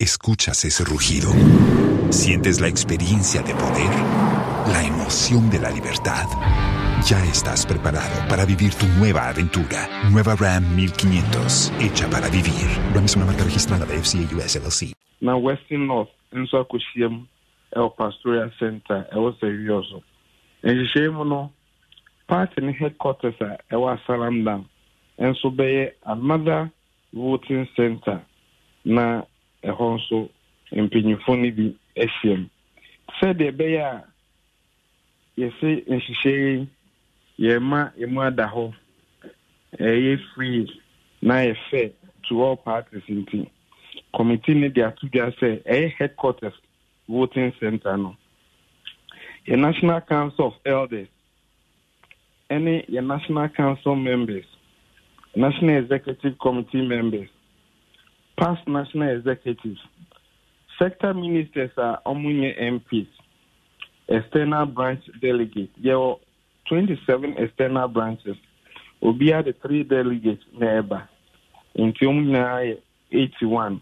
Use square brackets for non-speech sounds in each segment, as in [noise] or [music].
Escuchas ese rugido. Sientes la experiencia de poder, la emoción de la libertad. Ya estás preparado para vivir tu nueva aventura. Nueva Ram 1500, hecha para vivir. Ram es una marca registrada de FCA US LLC. Na Western North, nso akɔhyia el el Pastoral Center en el En Nhyehyɛe no, party headquarters a ɛwɔ Asalam Dam voting center na ɛhɔ nso mpanyimfo no bi ahyiam sɛdeɛ ɛbɛyɛ a yɛse nhyehyɛ yi yɛma ɛmu ada hɔ ɛyɛ free na yɛfɛ to all parties nti committee no de ato dwa sɛ ɛyɛ headquarters voting center no yɛ national council of elders ɛne yɛ national council members national executive committee members past national executives. Sector ministers are Omunye MPs, external branch delegates. There were 27 external branches. Obi the three delegates neighbor. In Tiomina, 81.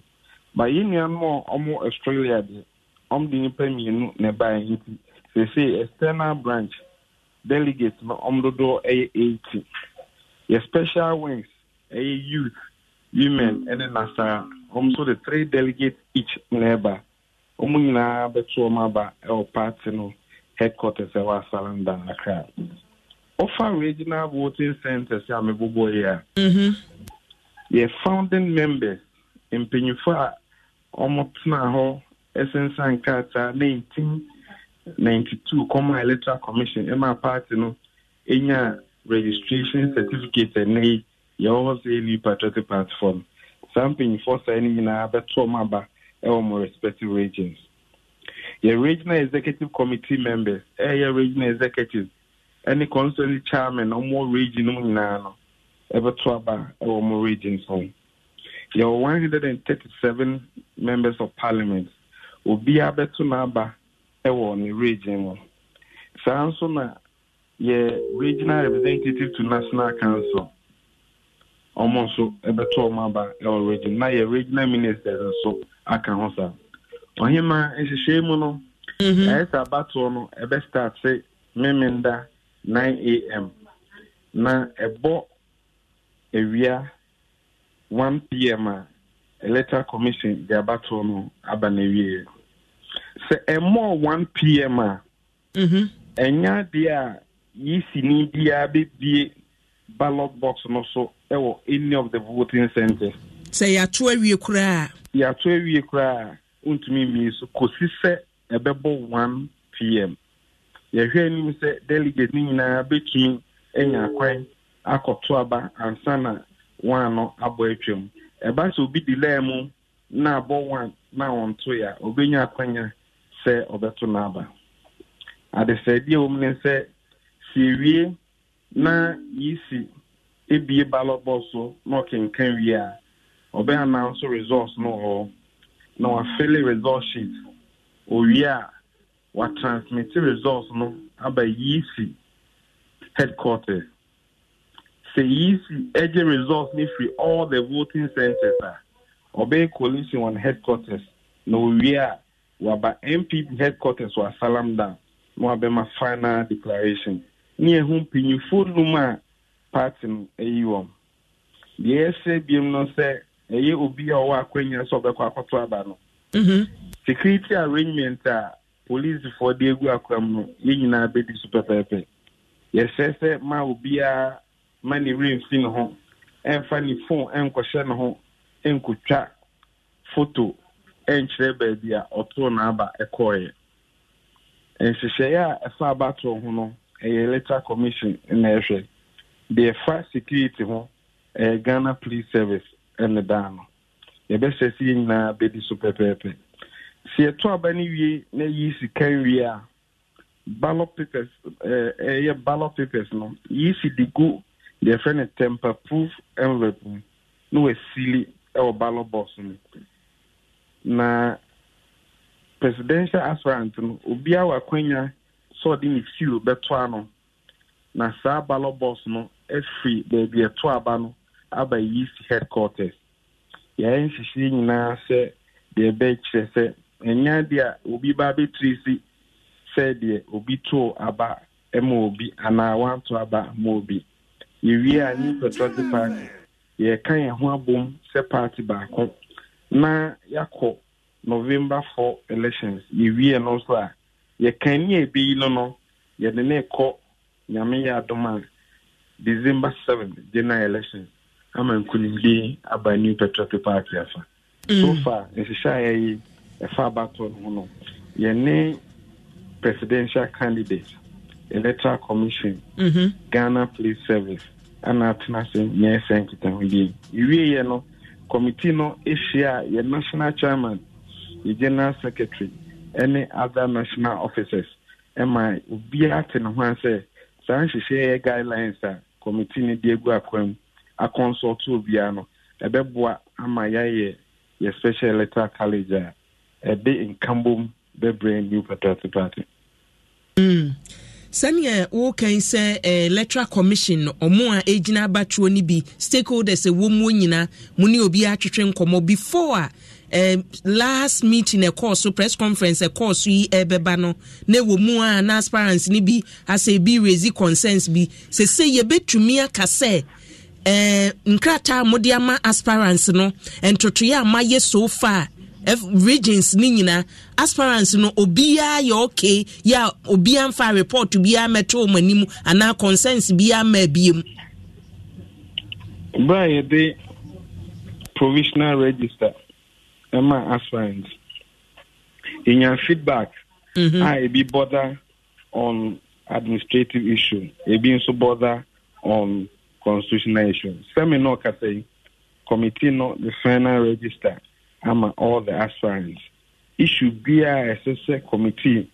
But you know more, almost Australia, I'm the Nipemian neighbor. They say external branch delegates, I'm the door 80. Your special wings, a youth. women ɛne nasa wɔn nso de three delegates each na ɛba wɔn nyinaa bɛto e wɔn aba ɛwɔ party no headquarters ɛwɔ e asalandan akra ɔfa regional voting centres a mebobɔ yi a mm-hmm. yɛ founding members mpanyinfo a wɔtena hɔ ɛsensan krataa nineteen ninety two kɔma electoral commission ɛma party no enya registration certificate ɛnɛ yi. yɛwɔ sɛ ɛli patriotic platform. Something for signing in our no nyinaa bɛtoɔ m aba ɛwɔ mo respective regions yɛ regional executive committee members ɛyɛ eh, regional executives ɛne constituent chairman ɔmo region regional nyinaa no ɛbɛto aba ɛwɔ mo regions ho yɛwɔ one hundred and thirty seven members of parliament obiara bɛto n'aba ɛwɔ ne region one. saa nso na yɛ regional representative to national council. ọmụ nso ebetụ ọmụaba ɛwɔ region na yɛ regional ministers nso aka ho saa ɔhema nhyehyɛ mu no ɛyɛ mhm. sɛ abatoɔ no ɛbɛ starte memenda 9 am na ɛbɔ ewia one pm a electoral commission de abatoɔ no aba na ewie sɛ ɛmɔɔ 1 pm a ɛnya mhm. adeɛ a yi si ni biara bebie ballot box no so wɔ any of the voting centers. sɛ yɛato awie koraa. yɛato awie koraa ntumi mmiri so kòsi sɛ ɛbɛbɔ one pm yɛhwɛ anim sɛ delegate ne nyinaa bɛtumi anya kwan akɔto aba ansa na one no abɔ atwam ɛba sɛ obi di lɛɛ mu na abɔ one na ɔnto yɛ a obɛnya akwanya sɛ ɔbɛto n'aba adesɛdeɛ wɔ mu ne sɛ sɛ ewie. na yisi ebie ballot box so na ɔkenkan wie a ɔbɛn ananso results no hɔ na wafili result sheet owie a watransmit results no aba yisi headquarters sɛ yisi ɛgye results no firi all the voting centres a ɔbɛyɛ coalition on headquarters na owie a waba npp headquarters wɔ asalam down na wabɛma final declaration. na yɛhu mpanyimfo num a paati no ayi wɔn deɛ yɛsɛ biem no sɛ ɛyɛ obi a ɔwɔ akwannya sɛ ɔbɛkɔ akɔto aba no mhm. security arrangement a polisifoɔ de egu akwam no yɛn nyinaa bɛdi so pɛpɛɛpɛ yɛsɛ sɛ ma obiara ma ne remfi ne ho ɛmfa ne phone ɛnkɔhyɛ ne ho ɛnkotwa foto ɛnkyerɛ baabi a ɔtoo n'aba ɛkɔɔeɛ nhyehyɛeɛ a ɛfa abatoɔ ho no ɛyɛ electoral commission na ɛhwɛ deɛ fa security ho ɛyɛ eh, ghana police service ɛne eh, daa no yɛbɛsɛ si yɛ nyinaa bɛdi so pɛpɛɛpɛ sɛ yɛto aba no wie na yi sika nwie a ballot papers ɛyɛ eh, ballot papers no yi si de gu deɛ fɛ no temper proof envelope mu na wɔasili ɛwɔ e ballot box no na presidential aspirant no obiara wɔ akwanya sɛ ɔde ne fuel bɛtɔ ano na saa ballot box no afiri baabi ɛto aba no aba yeast headquarters yɛayɛ nhyehyɛ nyinaa sɛ deɛ ɛbɛkyerɛ sɛ ɛnya deɛ a obi ba bɛtiri si sɛ deɛ obi too aba ma obi anaa wanto aba ma obi yɛwie a new patriotic party yɛka yɛn ho abom sɛ party baako na yɛakɔ november 4 elections yɛwie no nso a yɛkanea bi no no yɛde ne kɔ nyame yɛ adom a december 7 general election ama nkonimdie aba new petrol paper party afa mm. so far nhyehyɛ a yɛyi ɛfa abatoɔ no ho no yɛne presidential candidate electoral commission mm -hmm. ghana police service ana atena ase nyɛ sɛ nkitaho die ewieɛ no committee no ahyia yɛ national chairman yɛ general secretary ne other national officers ma obiara te ne ho asɛ saa nhyehyɛ yɛ guidelines a committee no de egu akwam mu akɔnsɔlto obiara no ɛbɛboa ama yɛayɛ yɛ special electoral college a ɛde nkambom bɛbrɛ new patriotic party. Mm. sɛneɛ wokan sɛ eh, electoral commission ɔmo a ɛgyina abatuo no bi stakeholders ɛwɔ muo nyinaa mu ne obi atwetwe nkɔmmɔ before a Eh, last meeting ɛkɔɔ so press conference ɛkɔɔ so yi ɛbɛba no na wɔ mu a na aspirants no bi asɛ bi raise concerns bi sɛsɛ yɛbɛtumi aka sɛ eh, nkrataa mode ama aspirants no ntotoeɛ a mayɛ so far F eh, regions ne nyinaa aspirants no obiara yɛ okay yɛ a obiara mfa report biara mɛto wɔn anim anaa concerns biara mɛ abiem. bra yɛde provisional register aspirants, in your feedback mm-hmm. I be bother on administrative issue be nso bother on constitutional issue sɛmi na committee not the final register I'm all the aspirants issue be a sɛ committee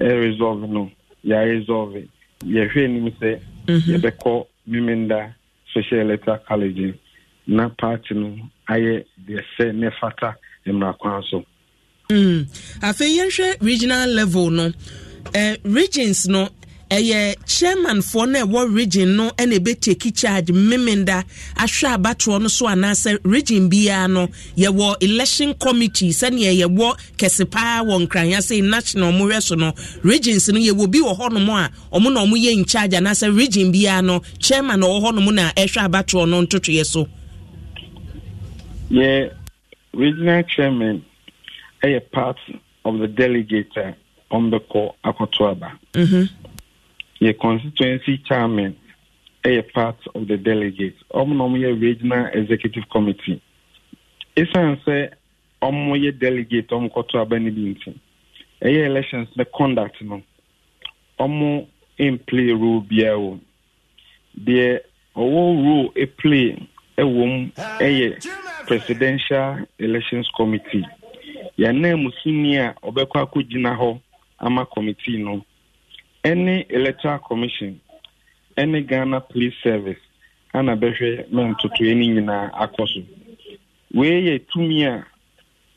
ɛ resolve no yɛ resolve yɛhwɛ anim sɛ yɛbɛkɔ miminda mm-hmm. social electoral college na party no ayɛ deɛ sɛ ne mmara kwan so. Mm. afei yɛnhwɛ regional level no eh, regions no ɛyɛ eh, chairmanfoɔ no ɛwɔ region no ɛna ɛbɛtaki charge memenda ahwɛ abatoɔ no so anaasɛ region biara no yɛwɔ election committee sɛneɛ yɛwɔ kɛse paa wɔ nkranya sɛ national ɔmohwɛ so no regions no yɛwɔ bi wɔ hɔnom a ɔmo na ɔmo yɛ in charge anaasɛ region biara no chairman ɔwɔ hɔnom na ɛhwɛ abatoɔ no ntotoeɛ so. regional chairman a part of the delegate on the call Akotuaba. Mm-hmm. A constituency chairman a part of the delegate. Omnomoye regional executive committee. Esan sɛ ɔmoyɛ delegate ɔmokɔto aba no bi nti ɛyɛ elections The conduct no ɔmo mplay role biara wɔ mu deɛ ɔwɔ role play A mu ɛyɛ presidential elections committee yɛnan mu sini a ɔbɛkɔ akɔgyina hɔ ama committee no ɛne electoral commission ɛne ghana police service ana bɛhwɛ ma ntotoeɛ no nyinaa akɔ so wei yɛ tumi a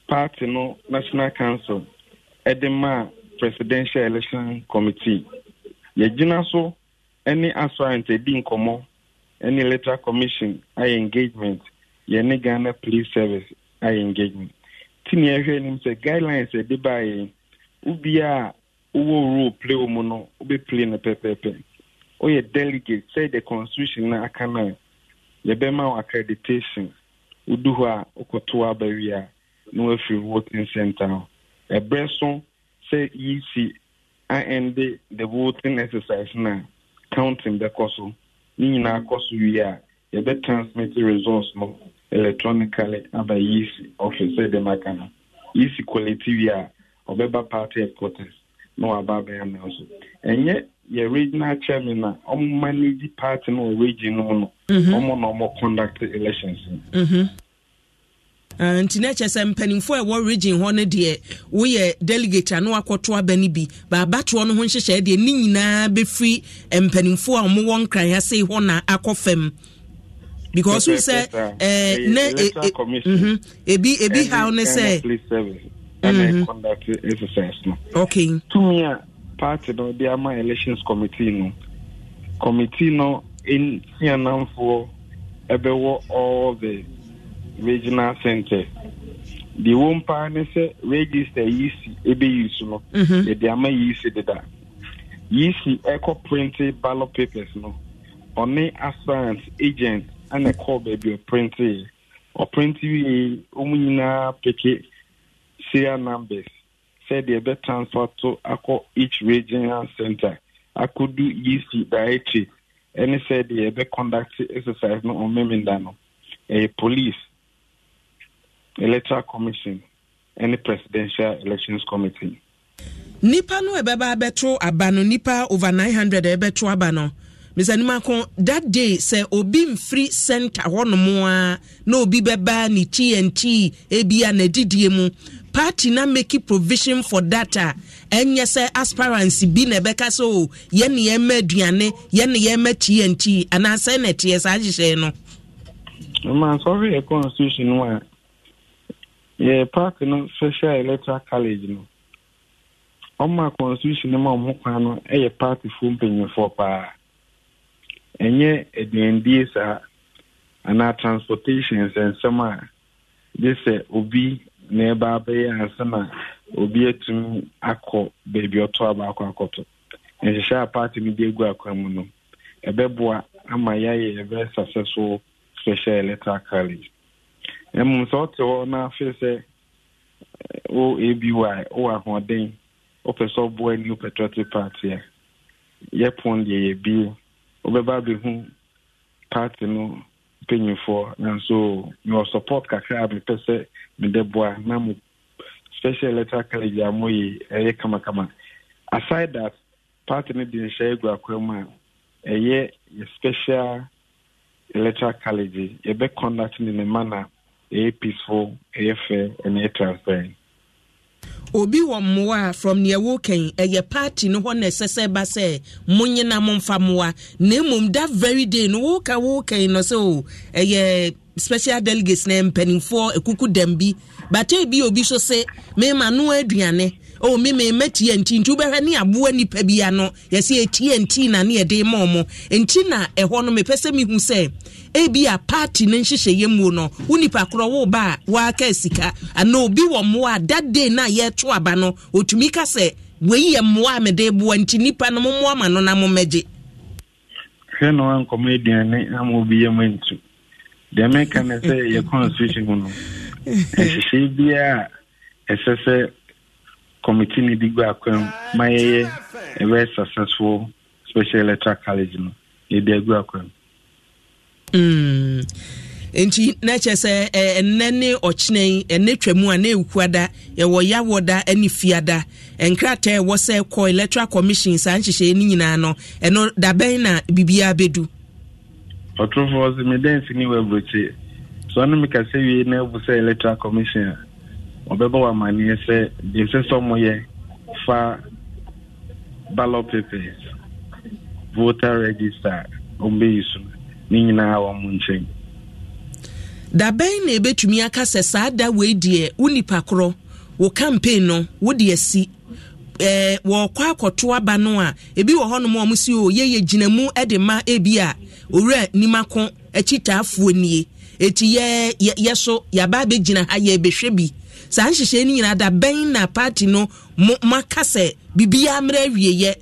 party no national council ɛde maa presidential election committee yɛgyina so ɛne aspirant adi nkɔmmɔ ɛne electoral commission ayɛ engagement yɛne ghana police service ayɛ engagement nti nea ɛhwɛ anim sɛ guidelines ɛde baayɛ wobia a wowɔ role play mu no wobɛplay no pɛpɛɛpɛ woyɛ delegate sɛ the constitution no aka no a yɛbɛma wo accreditation wodu hɔ a wokɔto aba wie a na woafiri voting center ho ɛberɛ so sɛ yisi aɛnde the voting exercise no a counting bɛkɔ so ne nyinaa kɔ so wie a yɛbɛtransmit results no electronically aba yisi office ɛde maka no yisi quality wie a ɔbɛba party headquarters na waba abɛyɛ mɛ so ɛnyɛ yɛ regional chairman a ɔmo manage party no wɔ region no no mhm. ɔmo na ɔmo conduct elections. Mhm. Eh, nti e e na kyerɛ sɛ mpanimfoɔ a ɛwɔ region hɔ no deɛ woyɛ delegate a na wakɔto aba no bi baabatoɔ no ho nhyehyɛe deɛ ne nyinaa bɛfiri mpanimfoɔ a ɔmowɔ nkran ase hɔ na akɔ fam because who sɛ ɛɛ eh, ne eh, eh, mm-hmm. ebi ebi how ne sɛ. Mm-hmm. okay. tumi uh, a party no de ama elections committee no committee no si ntianamfoɔ ɛbɛwɔ all the regional centre di wɔn paa ne sɛ register yi si ebe yi so no yɛde mm-hmm. ama yi si deda yi si ɛkɔ print ballot papers no ɔne aspirant agent ana ɛkɔɔ baabi ɔprintee eh. ɔprinte wie ɔmu nyinaa peke serial numbers sɛdeɛ ɛbɛtransfer to akɔ each regional center akɔdu ec dietary ɛne sɛdeɛ ɛbɛconduct exercise no ɔmemenda no ɛyɛ e police electoral commission ɛne presidential elections committee nipa no ɛbɛba e abɛto aba no nipa over nine hundred ɛbɛto e aba no misanimako that day sɛ obi mfiri center hɔnom a na obi bɛba ne tnt ebia n'adidie mu party na make provision for data ɛnyɛ sɛ aspirants bi na ɛbɛka sɛ o yɛn ne yɛn mɛ aduane yɛn ne tnt anaasɛ na ɛteɛ saa hyehyɛ no. mmaa sɔrɔ yɛ constitution mu a yɛ park no social electoral college no ɔmo constitution mu a ɔmo kwan no yɛ party fo mpanyinfoɔ paa. enye aduandie saa anaa transportation a gye obi na ɛba abɛyɛ ansa na obi atumi akɔ baabi ɔtɔ abaakɔ akɔtɔ nhyehyɛ a party no de egu akwan mu no ɛbɛboa ama yɛayɛ a ebe successful special electoral college mmom sɛ ɔte hɔ na afe sɛ wo eh, o wowɔ ahoɔden wopɛ sɛ ɔboa new party a deɛ wobɛba abɛhu party no mpanyinfoɔ nanso mewɔ support kakra a mepɛ sɛ mede boa na mo special electoral college a moyɛ ɛyɛ kamakama aside that party no de nhyɛ agu akwa mu a ɛyɛ yɛ special electoral college yɛbɛ conduct no ne ma na ɛyɛ peaceful ɛyɛ fair ɛne ɛyɛ transparent obi wɔ mmoa from nea ɛwɔ kɛn ɛyɛ party no hɔ na ɛsɛ sɛ ba sɛ mo nyina mo mfa mmoa na mmom that very day no wɔka wɔ kɛn no sɛ o oh, ɛyɛ special delegates na mpanimfoɔ ekuku dɛm bi bata bi obi so se mema no aduane o oh, me me meti TNT nti wobɛhwɛ ne aboa nipa bia ano yɛsɛ ɛti TNT na ne yɛde ma ɔmo enti na ɛhɔ no mepɛ sɛ mehu sɛ ebi a party ne nhyehyɛeɛ mu no wo nipa korɔ wo ba a woaka sika anaa obi wɔ mmoa a that day na a yɛto aba no ɔtumi ka sɛ wei yɛ mmoa a mede boa nti nipa no mommoa ma no na mommɛgye hwɛ na wankɔmɔ aduane na ma obi yɛ ma ntu deɛ meka ne sɛ yɛ constitution mu no nhyehyɛe biaa ɛsɛ sɛ committee ne di gu akwan ma yɛyɛ ɛbɛyɛ successful special electoral college no yɛde agu akwan Mm. nti na kyerɛ sɛ ɛnɛ ne ɔkyena ɛnɛ twam a na ɛwukuada yɛwɔ yawɔda ne fiada nkrataa ɛwɔ sɛ kɔ electoral commission saa nhyehyɛe no nyinaa no ɛno dabɛn na biribiara bɛdu ɔtorofoɔ sɛ medɛn si ne wɔaburokyi so ɔno mekasɛ wie na abu sɛ electoral commission a ɔbɛbɔ wɔ amanneɛ sɛ deɛ sɛ sɛ moyɛ fa ballot papers voter register ɔmbɛyi so no ne nyinaa wɔ mo nkyɛn da bɛn na ɛbɛtumi aka sɛ saa da wei deɛ wo nipa korɔ wo campaign no wode asi eh, wɔkɔ akɔto aba no a ebi wɔ hɔnom a ɔmo si o oh, yɛyɛ gyinamu de ma ebi a owura nimako akyitaafoɔ nie eti yɛ yɛ yɛ so yaba abɛgyina ha yɛ ebɛhwɛ bi saa nhyehyɛ no nyinaa da na party no mo mo aka sɛ biribiara mmerɛ awieɛ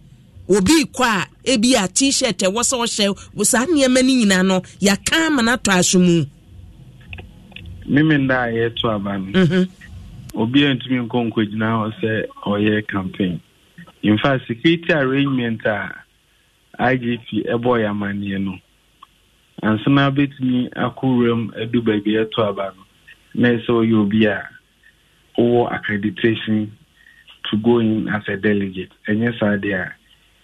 obi kɔ a ebi a t-shirt ɛwɔ sɛ ɔhyɛ saa nneɛma no nyinaa no yɛka ama na atɔ aso mu a aba mhm. obi a ntumi nkɔ nkɔgyina hɔ sɛ ɔyɛ campaign in fact security arrangement a igp ɛbɔ yɛ amanneɛ no ansana bɛtumi akɔ wuram adu baabi ɛto aba na ɛsɛ ɔyɛ obi a wowɔ accreditation to go in as a delegate ɛnyɛ saa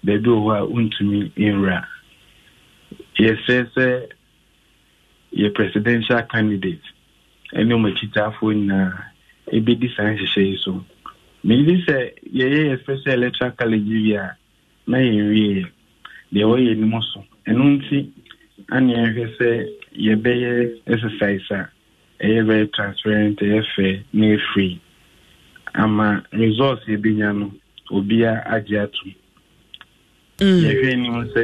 baabi wɔ hɔ a wontumi nwura yɛsrɛ sɛ yɛ presidential candidate ɛne ɔma kyitaafoɔ nyinaa ɛbɛdi saa nhyehyɛ yi so megye sɛ yɛyɛ yɛ special electoral college wie a na yɛnwieɛ deɛ ɛwɔ yɛ anim so ɛno nti ane yɛhwɛ sɛ yɛbɛyɛ exercise a ɛyɛ very transparent ɛyɛ fɛ na ɛfiri ama results yɛbɛnya no obia agye atom Mm. yɛhwɛ anim sɛ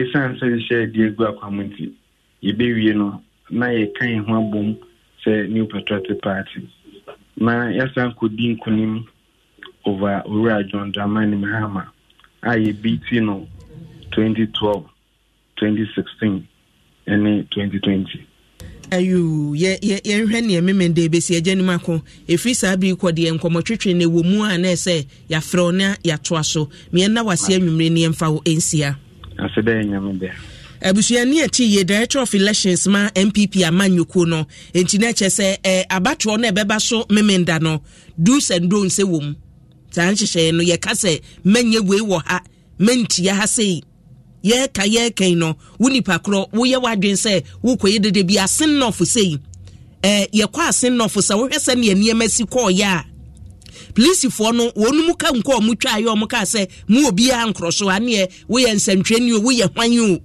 ɛsiane sɛ hyɛ adi agu akwam nti yɛbɛwie no na yɛka yɛn ho abom sɛ new patriotic party na yɛsan kɔdi nkonim ova owura john dramani mahama a yɛbiti no 2012 2016 ɛne 2020 ayo yɛnhwɛ neɛ memende bɛsi agya nim ako ɛfiri e saa bere kɔ deɛ nkɔmmɔtwetwe no ɛwɔ mu a na ɛsɛ yɛafrɛ wo na yɛatoa so meɛna wase anwummere ne yɛmfa wo ɛnsia ase dɛ nyame dea abusuani e ɛti yɛ director of elections ma npp amanyɔkuo no e nti na ɛkyɛ sɛ ɛ abatoɔ no ɛbɛba so memenda no do's and don'ts wɔ mu saa nhyehyɛeɛ no yɛka sɛ mɛnyɛ wei wɔ ha mɛntia ha sei yɛreka yɛreka no wo nipa korɔ woyɛ w'adwene sɛ wokɔyɛ dede bi ase nnɔfo sei eh, yɛkɔ ase nnɔfo sɛ wohwɛ sɛ neɛ nneɛma si kɔɔyɛ a polisifoɔ no wɔn mu ka nkɔɔ mu twaayɛ ɔmo kaa sɛ mu obiara nkorɔ so aneɛ woyɛ nsɛntwɛni o woyɛ hwan o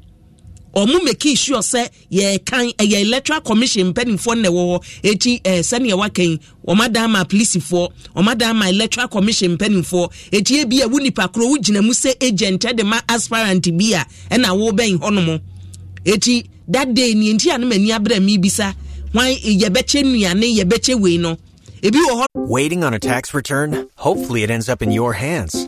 ɔmo sure sɛ ɛyɛ electoral commission na ɛwɔ hɔ eh, ɛɛ sɛnea waka yi ɔmo adan ma polisifoɔ ɔmo adan ma electoral commission ebi ɛwu nipa koro wo gyina mu sɛ agent ɛde eh, ma aspirant bi a ɛna eh, wɔbɛn hɔnom that day nti anum ani mi bisa wɔn yɛbɛkyɛ nnuane yɛbɛkyɛ wei no ebi wɔ hɔ. waiting on a tax return hopefully it ends up in your hands.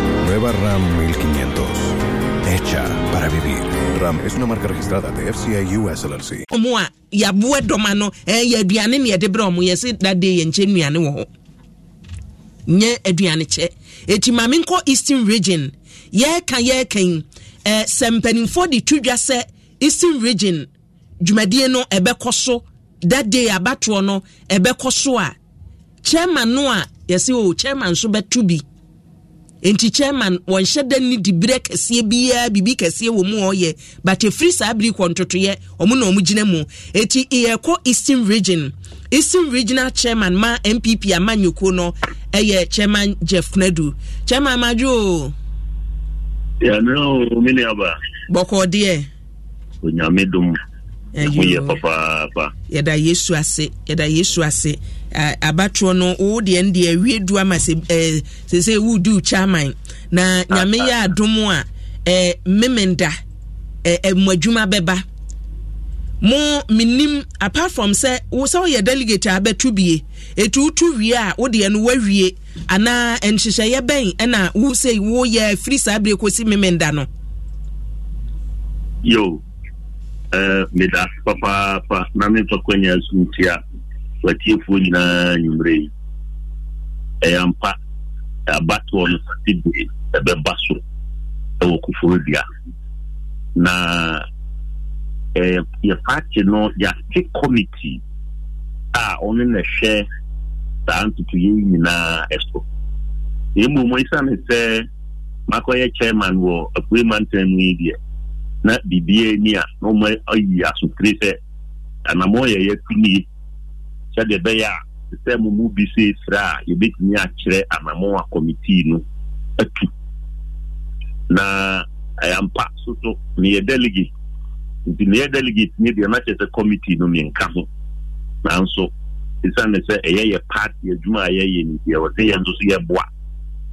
Nueva RAM 1500. Hecha para vivir. RAM es una marca registrada de FCA US LLC. Omo a yaboe dɔma no ɛyɛ eh, aduane ne yɛde brɛ ɔmo yɛsi dade yɛn nkyɛn nnuane wɔ hɔ aduane kyɛ eti maame nkɔ eastern region yɛɛka yɛɛka yi ɛɛ sɛ mpanimfoɔ de tu dwa eastern region dwumadie no ɛbɛkɔ so dade abatoɔ no ɛbɛkɔ so a chairman no a yɛsi o chairman nso bɛtu bi nti chairman wɔnhyɛ ni ne dibire kɛseɛ biara biribi kɛseɛ wɔ mu ɔyɛ but ɛfiri saa bere kɔ ntotoyɛ ɔmo na ɔmo gyina mu nti yɛkɔ eastern region eastern regional chairman ma npp ama nyoko no ɛyɛ chairman jeff knedu, chairman amadwo. yàrá o mi ni aba. bɔkɔɔdeɛ. onyame dum. ɛyọ yɛ papaapa. yɛda yesu ase yɛda yesu ase. abatoɔ no wo deɛ no deɛ awie du ama sɛsɛ e, wodu chairman na ah, nyame ah, yɛ ah. adom a eh, memenda eh, eh, mu adwuma bɛba mo menim apart from sɛ wo sɛ woyɛ delegate a bɛto bie ɛtu e wotu wie a wo deɛ no woawie anaa ɛnhyehyɛeɛ bɛn ɛna wo sɛ woyɛ firi saa bere kɔsi memenda no yo uh, meda papaapa na metɔkɔnya asumtia watiefoɔ nyinaa nwummere yi ɛyɛ ampa abatoɔ no satide ɛbɛba so ɛwɔ koforodua na yɛ party no yɛate committee a ɔno na ɛhwɛ saa ntotoyɛ yi nyinaa ɛso mmom ɛsiane sɛ makɔyɛ chairman wɔ apue mantam mu yi deɛ na biribiara ni a na ɔma ayi asotire sɛ anammɔn yɛyɛ tu nie sɛdeɛ ɛbɛyɛ a sɛ mo mu bi so efira a yɛbɛtumi akyerɛ amamɔwa kɔmitii no atu na ɛyampa soso neyɛ delegate nti neyɛ delegate ne deɛ n'akyɛ sɛ kɔmitii no nka ho nanso esiane sɛ ɛyɛ yɛ party adwuma a yɛyɛ ne deɛ wɔde yɛn nso so yɛboa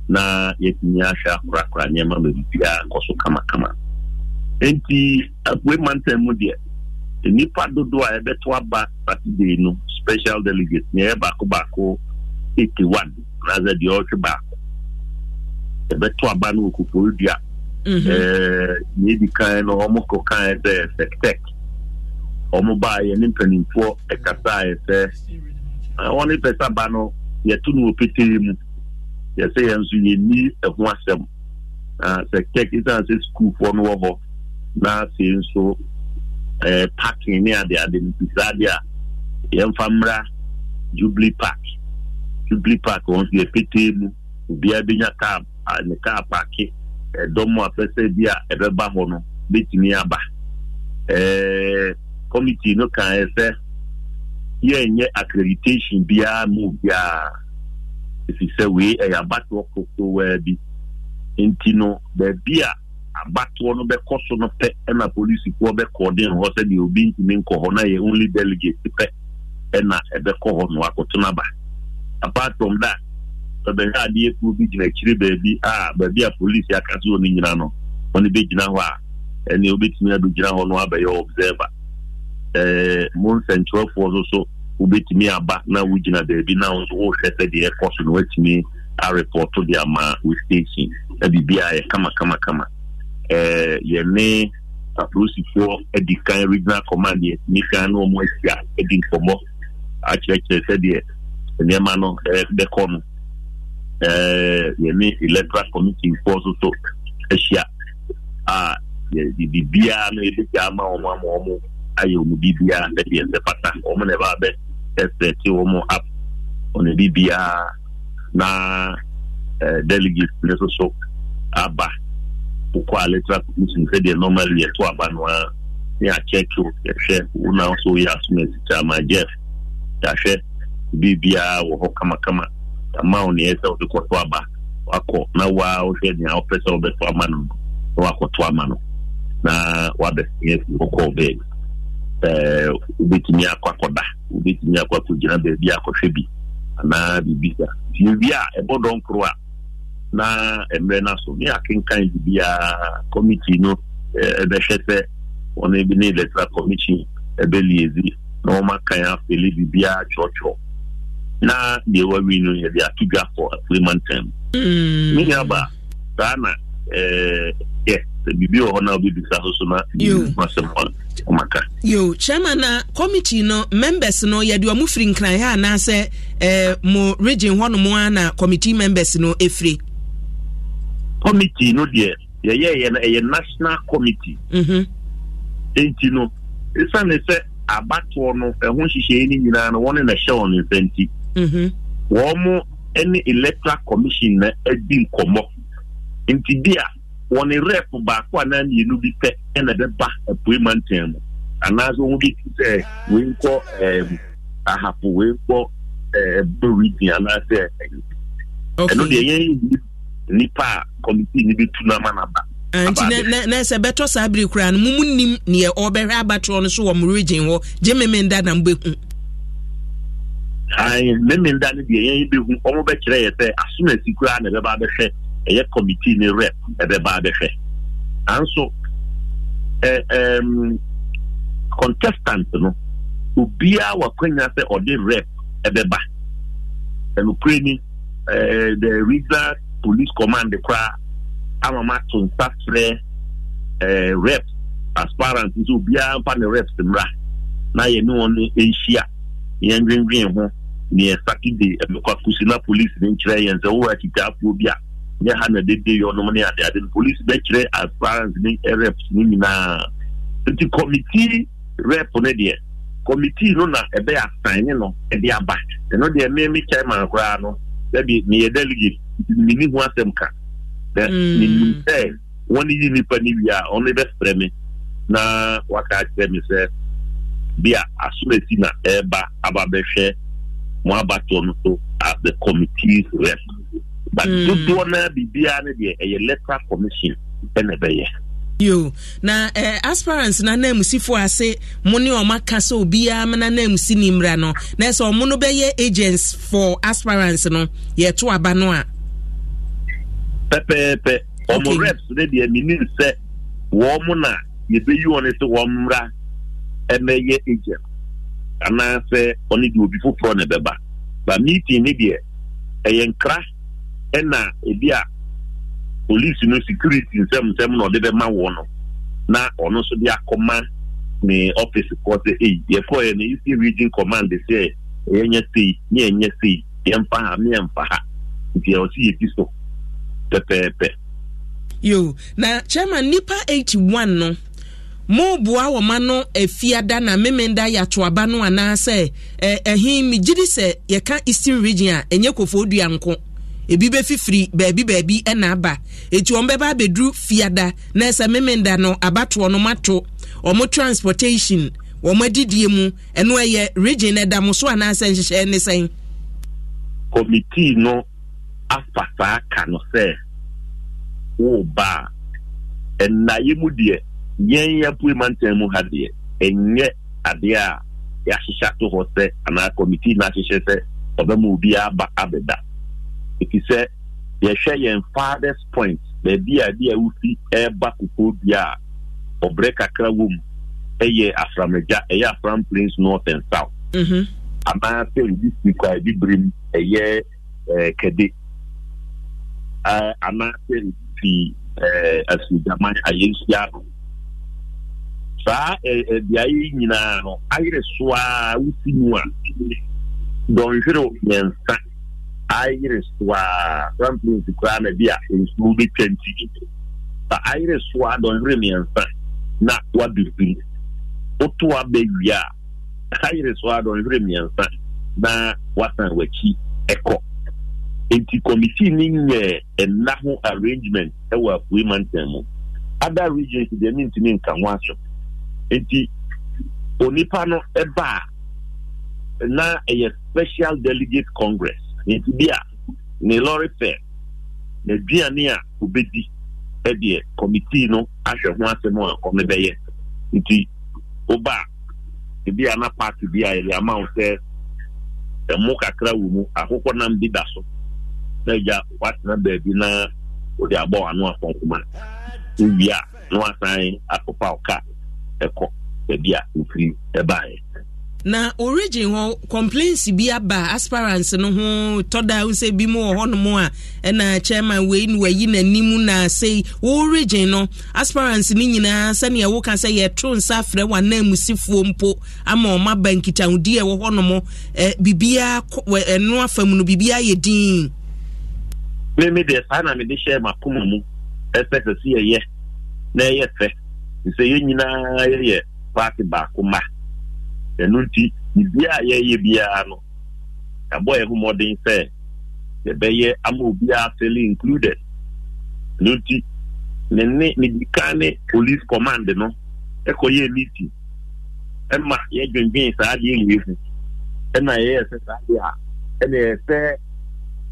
na yɛtumi ahwɛ akorakora nneɛma baabi biara nkɔ so kamakama nti apoe mantam mu deɛ nnipa dodoɔ a yɛbɛto aba saturday no special delegate na ɛyɛ baako baako eighty one anaasɛ deɛ ɔretwe baako yɛbɛto aba no wɔ kokorodua mhm. ɛɛ nea edi kan no wɔn kɔ kan sɛ sɛktɛk wɔn baa yɛ ne mpanimfoɔ ɛkasa yɛ sɛ wɔn ne pɛ sɛ aba no yɛto no wɔ petee mu yɛsɛ yɛn nso yɛnni ɛho asɛm na sɛktɛk esan sɛ sukuufoɔ no wɔ hɔ na sɛ nso ɛɛ eh, parking ne ade ade no sisan ade a yɛnfa jubilee park jubilee park wɔn nso yɛ petee mu obiara bi nya kaa ne kaa paaki ɛdɔm a pɛsɛ bi a ɛbɛba hɔ no betumi aba ɛɛ eh, committee no kan yɛ sɛ yɛnyɛ accreditation biara mu biara efi sɛ wei ɛyɛ abatoɔ koko wɛɛ bi nti no baabi a. agbatoɔ no bɛkɔ so no pɛ ɛna polisifoɔ bɛkɔɔden hɔ sɛdeɛ obi ntumi nkɔ hɔ na yɛ only delegate pɛ ɛna ɛbɛkɔ hɔ no akɔto no apart from that ɛbɛhwɛ adeɛ kuo bi gyina akyire baabi a baabi a polisi aka so wɔ no nyina no ɔne bɛgyina hɔ a ɛne wobɛtumi abɛgyina hɔ no abɛyɛ observer ɛɛ mo so obetumi aba na wogyina baabi na wo nso wohwɛ sɛdeɛ ɛkɔ so na de ama station a yɛ kama kama kama Eh, yɛne apolisifoɔ adi kan regional command yɛ ni kan na wɔn ahyia adi nkɔmmɔ akyerɛkyerɛ sɛdeɛ nneɛma no bɛkɔ no yɛne electoral committee foɔ nso so ahyia a yɛde biara no yɛbɛgya ama wɔn ama wɔn ayɛ wɔn biribiara sɛdeɛ ɛsɛ pata wɔn na ɛbaa bɛ ɛsɛte wɔn up wɔn biribiara na delegate ne nso aba wokɔ electoral commission sɛdeɛ normally yɛto aba no a ne akyɛke wo yɛhwɛ wo na nso woyɛ asoma sika ma jeff yɛahwɛ biribiaa wɔ hɔ kamakama ama wo neɛ sɛ wode kɔto aba wakɔ na woa wohwɛ nea wopɛ sɛ wobɛto ama no na wakɔto ama no na wabɛsea fi kɔkɔɔ baabi wobɛtumi akɔ akɔda wobɛtumi akɔ akɔgyina baabi akɔhwɛ bi anaa biribi sa fie wie a ɛbɔ dɔnkoro a na mmerɛ no so ne akenkan biribiaa committee no ɛbɛhwɛ sɛ wɔn bi ne electoral commission ɛbɛliezi na wɔn akan afeele biribiaa kyerɛkyerɛ na deɛ wawi no yɛde ato dwa for appointment time ne mm. nyaba saa na yɛ sɛ biribi wɔ hɔ na wobɛbisa so so na asɛm ɔmaka yo chairman na committee no members no yɛde ɔmo firi nkran ha anaasɛ eh, mo region hɔnom a na committee members no ɛfiri committee no deɛ yɛyɛ yɛ no ɛyɛ national committee mhm. nti no esiane sɛ abatoɔ no ɛho nhyehyɛe no nyinaa no wɔne na ɛhyɛ wɔn ne nsa nti mhm. wɔn mo ne electoral commission na adi nkɔmmɔ nti bi a wɔn rep baako anaa mmienu bi pɛ ɛna ɛbɛba apue mantan mu anaasɛ wɔn bi ti sɛ wɔn nkɔ ɛɛm ahapo wɔn nkɔ ɛɛ boridian anaasɛ ɛno deɛ yɛn yɛ nipa a kọmitii ni bi tu n'ama n'aba. nti na sɛ bɛtɔ saa bere koraa no mumu nim neɛ ɔbɛhwɛ abatoɔ no so wɔ mo region hɔ na mbɛhu memenda no deɛ yɛn bɛhu ɔmo bɛkyerɛ yɛ sɛ asom asi na ɛbɛba ɛyɛ kọmitii rep nanso no sɛ ɔde rep ni the police command koraa ama ma to nsa frɛ ɛɛ eh, rep aspirant nso obiara mfa ne reps mmra na yɛ ne wɔn nhyia yɛn nwinwin ho nea saturday ɛmɛkwakusi eh, na police ne nkyerɛ yɛn sɛ wɔwɔ akitaafoɔ bi a nyɛ ha na dede yɛ ɔnom ne ade ade no police bɛkyerɛ aspirant ne eh, reps ne nyinaa nti committee rep ne deɛ committee no na ɛbɛyɛ asan ne no ɛde aba ɛno deɛ mmɛmɛ chairman koraa no sɛbi ne yɛ delegate mini ho asɛm ka dɛ menim mm. sɛ wɔne yi nnipa no wie a ɔno bɛfrɛ me na waka akyerɛ me sɛ bi a asorɛsi na ɛreba aba bɛhwɛ mo abatoɔ no so as the committee's rep but mm. dodoɔ no a biribiara no deɛ ɛyɛ letter commission ɛna ɛbɛyɛ yo na eh, aspirants na nam sifo ase mo ne ɔma ka sɛ obiara mana nam si ne mmra no na ɛsɛ ɔmo no bɛyɛ agents for aspirants no yɛto aba no a pɛpɛɛpɛ ɔmo reps ne deɛ menim sɛ wɔn na yɛbɛyi wɔn sɛ wɔn mmra ɛmɛyɛ agent anaasɛ ɔne deɛ obi foforɔ na ɛbɛba ba meeting ne deɛ ɛyɛ nkra ɛna ebi a polisi no security nsɛmnsɛm na ɔde ma wɔn no na ɔno nso de akɔma ne ɔfisi kɔ sɛ eyi yɛfɔ yɛ no eastern region command sɛ yɛnyɛ sei ne yɛnyɛ sei yɛmfa ha ne yɛmfa ha nti ɔsi yɛ ti so. pɛpɛɛpɛ yo na chairman nipa 81 no moboa wɔ ma no efiada na memenda ya no anaasɛ na megye di sɛ yɛka eastern region a ɛnyɛ kofoɔ dua nko ebi bɛfifiri baabi baabi ɛna aba etu wɔn bɛba abɛduru fiada na ɛsɛ memenda no abatoɔ no mato wɔn transportation wɔn adidie mu ɛno ɛyɛ region ɛda mo so anaasɛ nhyehyɛ ne sɛn. committee no afa saa ka no sɛ woba a ɛnayɛ mu deɛ yɛn yɛpue mantam mu ha deɛ ɛnyɛ adeɛ a yɛahyehyɛ ato hɔ sɛ anaa committee no ahyehyɛ sɛ ɔbɛma obiara aba abɛda ɛfi sɛ yɛhwɛ yɛn farthest point baabi a bi a wofi ɛreba kokoo bi a ɔbrɛ kakra wɔ mu ɛyɛ aframagya ɛyɛ afram plains north and south mhm. anaasɛ obi si kwa ebi birim ɛyɛ ɛɛ eh, kɛde Eh, anaasɛ fi asugyaman ayɛnhyia no saa beaeɛ yi nyinaa no ayere so a wosi mu a dɔnhwere mmiɛnsa ayere so a ramplinsi koraa na bi a nsuo bɛtwa nti sa ayere so a dɔnhwere mmiɛnsa na wabifiri woto abɛwie a ayere so a dɔnhwere mmiɛnsa na wasan w'akyi ɛkɔ nti committee ni nyɛ ɛna ho arrangement ɛwɔ e apuei mantam mu other regions deɛ ne ntumi nka ho aso nti onipa no ɛba e na ɛyɛ e special delegate congress nti bi a ne lɔre fɛ n'aduane a obedi ɛdeɛ committee no ahwɛ ho asɛm a ɔmo bɛyɛ nti ɔba a ebi a na party bi a yɛde ama wo sɛ ɛmo kakra wɔ mu akokɔ nam bi da so. sɛ gya watena baabi na wode abɔ w'ano afɔnkoma wowie a na wasan akɔpa wo ka ɛkɔ baabi a wofiri ɛbaeɛ na origin hɔ complaints bi aba aspirants no ho tɔda wo sɛ bi mu wɔ hɔnom a ɛna chairman wei ne wayi n'anim na sei origin no aspirants no nyinaa sɛnea woka sɛ yɛto nsa frɛ w'anamusifoɔ mpo ama ɔma ba nkitahodie ɛwɔ hɔnom eh, biribiaa ɛno eh, afa mu no biribiaa yɛ din me me deɛ saa na mede hyɛ makoma mu ɛsɛ sɛ si yɛyɛ na ɛyɛ fɛ sɛ yɛn nyinaa yɛyɛ paati baako ma ɛno nti biribiara a yɛyɛ biara no yɛabɔ yɛn ho sɛ yɛbɛyɛ ama obiara sɛle included ɛno nti ne ne ne police command no ɛkɔyɛ meeting ɛma yɛdwendwen saa adeɛ yie ɛna yɛyɛ sɛ saa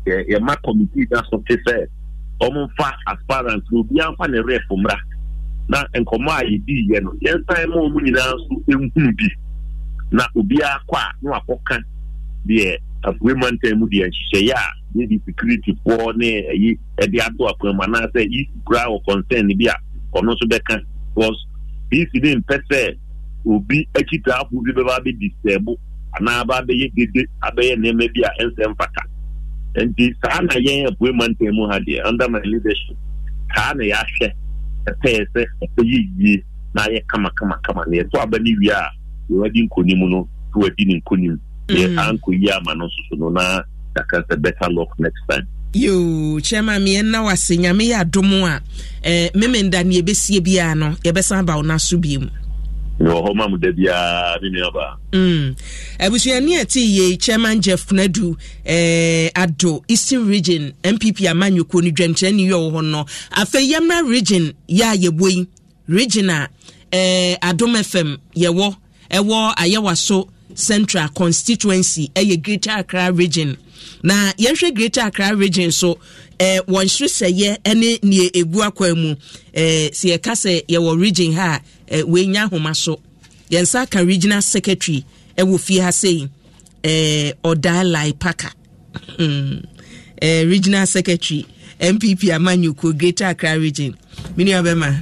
yɛma committee da so te sɛ ɔmomfa aspirants no obiara mfa ne rɛfo mmra na nkɔmmɔ a yɛdiiɛ no yɛnsan ma ɔ mu nyinaa nso nhunu bi na obiara kɔ a na wakɔka deɛ afoe mantam mu deɛ nhyehyɛeɛ a yɛde securityfoɔ ne ayi ɛde ato akwan mu anaasɛ isi koraa wɔ concern bi a ɔno nso bɛka because isi ne mpɛ sɛ obi akyitaafo bi bɛba abɛdi sɛɛbo anaa aba abɛyɛ dede abɛyɛ nneɛma bi a ɛnsɛ mfata nti saa na yɛn apue mantam mu ha deɛ under my leadership saa na yɛahwɛ ɛpɛɛ sɛ ɛsɛ yie na ayɛ kamakamakama na yɛsɔ aba ne wie a yɛwadi nkonim no sɛ wadi ne nkonim mm-hmm. yɛ saa nkɔyie ama no nsoso no na yɛaka sɛ better luck next time yo chairman mi ɛnna wase nyame yɛ adom a eh, memenda ne yɛbɛsie biara no yɛbɛsan ba wo no aso bio mu wɔ hɔ ma mu da biara ne nuabaa abusuani a ɛte mm. yie chairman jeff kunadu eh, ado eastern region npp amanyɔkuo no ni yɛ wɔ hɔ no afei yɛmmra region yɛ a yɛbɔ yi region a eh, adom fm yɛwɔ ɛwɔ ayɛwa central constituency ɛyɛ greater accra region na yɛhwɛ greater accra region so Eh, wɔn hyeresɛeɛ ne nea ɛbu akwan mu eh, si yɛka sɛ yɛwɔ region ha a eh, wɔanya ahoma so yɛnsa ka regional secretary wɔ fie ha sei ɔdaa lai paka hmm. regional secretary npp amanyuko greater accra region mini abema.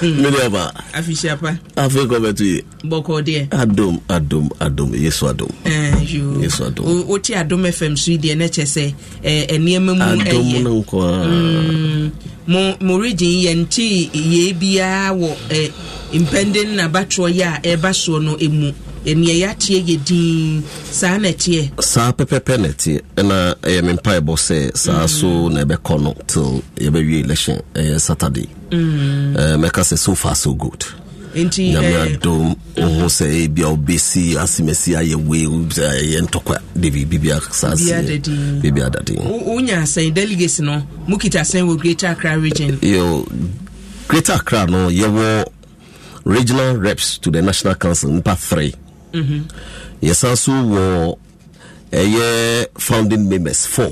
Hmm. mini aba. afisiapa. afe kɔmɛtu ye. bɔkɔdeɛ. adum adum adum yesu adum. ɛɛ eh, yesu adum. o o ti adum fm su deɛ ne kyɛ sɛ ɛɛ ɛnìyɛmɛ mu ɛyɛ. adum na nkɔ. mo mo region yɛn ti yie biara wɔ ɛ eh, impending nabatoɔ yɛ a ɛba eh, soɔ no emu. ɛneɛ yɛateɛ yɛ din saa na ɛteɛ saa pɛpɛpɛ na ɛteɛ ɛna ɛyɛ me mpaebɔ sɛ saa mm. so na ɛbɛkɔ no till yɛbɛwie election ɛyɛ saturday mm. eh, mɛka sɛ so far so good nti nyame eh, adom woho sɛ eh, a wobɛsi asemasi ayɛ wei ɛyɛ ntɔkwa de biribibia saaseɛ biribia daden wonya asɛn delegate no mokita asɛn wɔ greater accra region yo greater accra no yɛwɔ regional reps to the national council nipa three Mm-hmm. yɛsan so wɔ ɛyɛ founding members four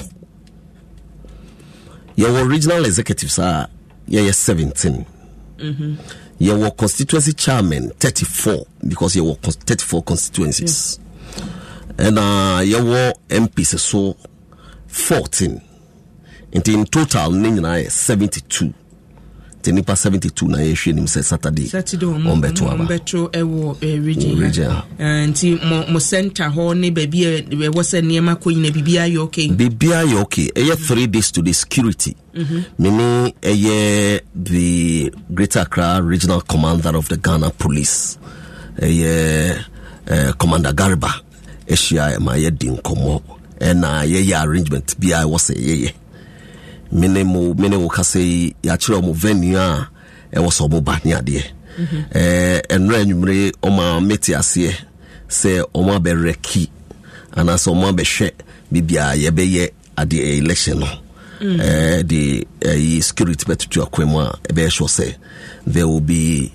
yɛwɔ regional executives a yɛyɛ seventeen. mm yɛwɔ constituency chairman thirty four because yɛwɔ four constituencies mm-hmm. ɛna yes. yɛwɔ mps so fourteen. nti in total ne nyinaa yɛ 72 Mm, e, eh, nti nipa 72 na yɛhwɛ nim sɛ saturday ɔmbɛto abanti mo center hɔ e, ne baabi ɛwɔ sɛ nneɛma kɔ nyina biribiaa yɛ ok biribiaa yɛ ok ɛyɛ 3 days to the security mene mhm. ɛyɛ the greater accra regional commander of the ghana police ɛyɛ uh, eh, commander garba ahyia ma di nkɔmmɔ ɛna eh, yɛyɛ arrangement biaa ɛwɔ sɛ yɛyɛ mene mo mene wo kasa yi yɛakyerɛ ɔmo venue a ɛwɔ sɛ ɔmo ba ne adeɛ mhm. ɛnora anwummere ɔma mete aseɛ sɛ ɔmo abɛwerɛ ki anaasɛ ɔmo abɛhwɛ biribiaa yɛbɛyɛ adeɛ election no mm de uh, security bɛtoto akwan mu a ɛbɛyɛ sɛ there will be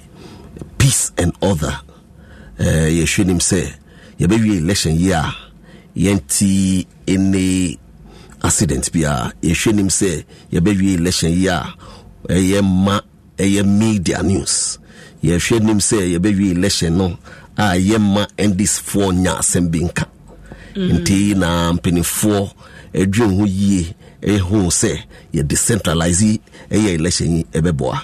peace and order yɛhwɛ nim sɛ yɛbɛwie election yi a yɛnti ne accident bi a yɛhwɛ nim sɛ yɛbɛwie election yi a ɛyɛ ma ɛyɛ media news yɛhwɛ nim sɛ yɛbɛwie election no a ɛyɛ ma ndisfoɔ nya asɛm bi nka mm. nti na mpanimfoɔ adwene ho yie ɛho sɛ yɛde centralise ɛyɛ election yi ɛbɛboa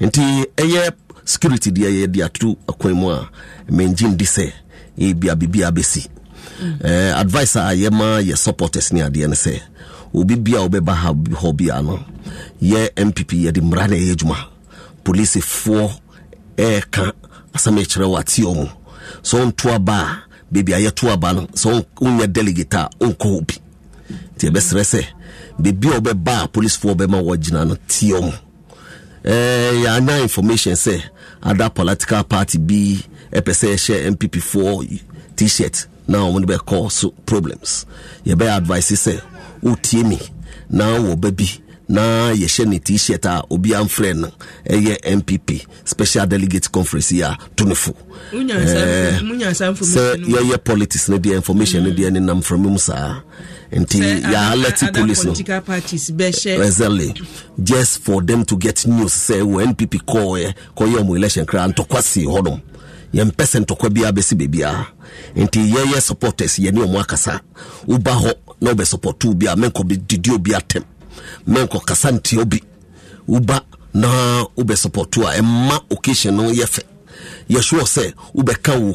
nti ɛyɛ security deɛ yɛde ato akwan mu a mengye ndi sɛ ebia biribi abɛsi Eh, advice a yɛma yɛ supporters ne adeɛ no sɛ obi bia wobɛba ha hɔ bia no yɛ mpp yɛde mmara na ɛyɛ adwuma policefoɔ ɛɛka asɛm ɛkyerɛ wɔ ateɛ mu sɛ wonto aba a baabi a yɛto aba no sɛ wonyɛ delegate a wonkɔ hɔ bi nti yɛbɛserɛ sɛ baabi a wobɛba a policefoɔ bɛma wɔgyina no teɛ mu eh, yɛanya information sɛ ada political party bi ɛpɛ sɛ ɛhyɛ mpp4 t-shirt na wɔn de bɛ cause problems yɛbɛyɛ advice sɛ wotie mi na wɔ ba bi na yɛhyɛ ne t-shirt a obi amfrɛ no ɛyɛ npp special delegate conference yi a to ne fo sɛ yɛyɛ politics no deɛ information no deɛ ne nam frɛ mu saa nti yɛalɛte police no exactly just for them to get news sɛ wɔ npp kɔɔɛ kɔyɛ ɔmo election kra ntɔkwa si hɔnom yɛmpɛ sɛ ntɔkwa biara bɛsi baabiara nti yɛyɛ supporters yɛne ɔmo akasa woba hɔ na wobɛ support wo bi a menkɔ didi obi atɛm menkɔ kasa ntia obi woba na wobɛ support a ɛma occasion no yɛ fɛ yɛsoɔ sɛ wobɛka wo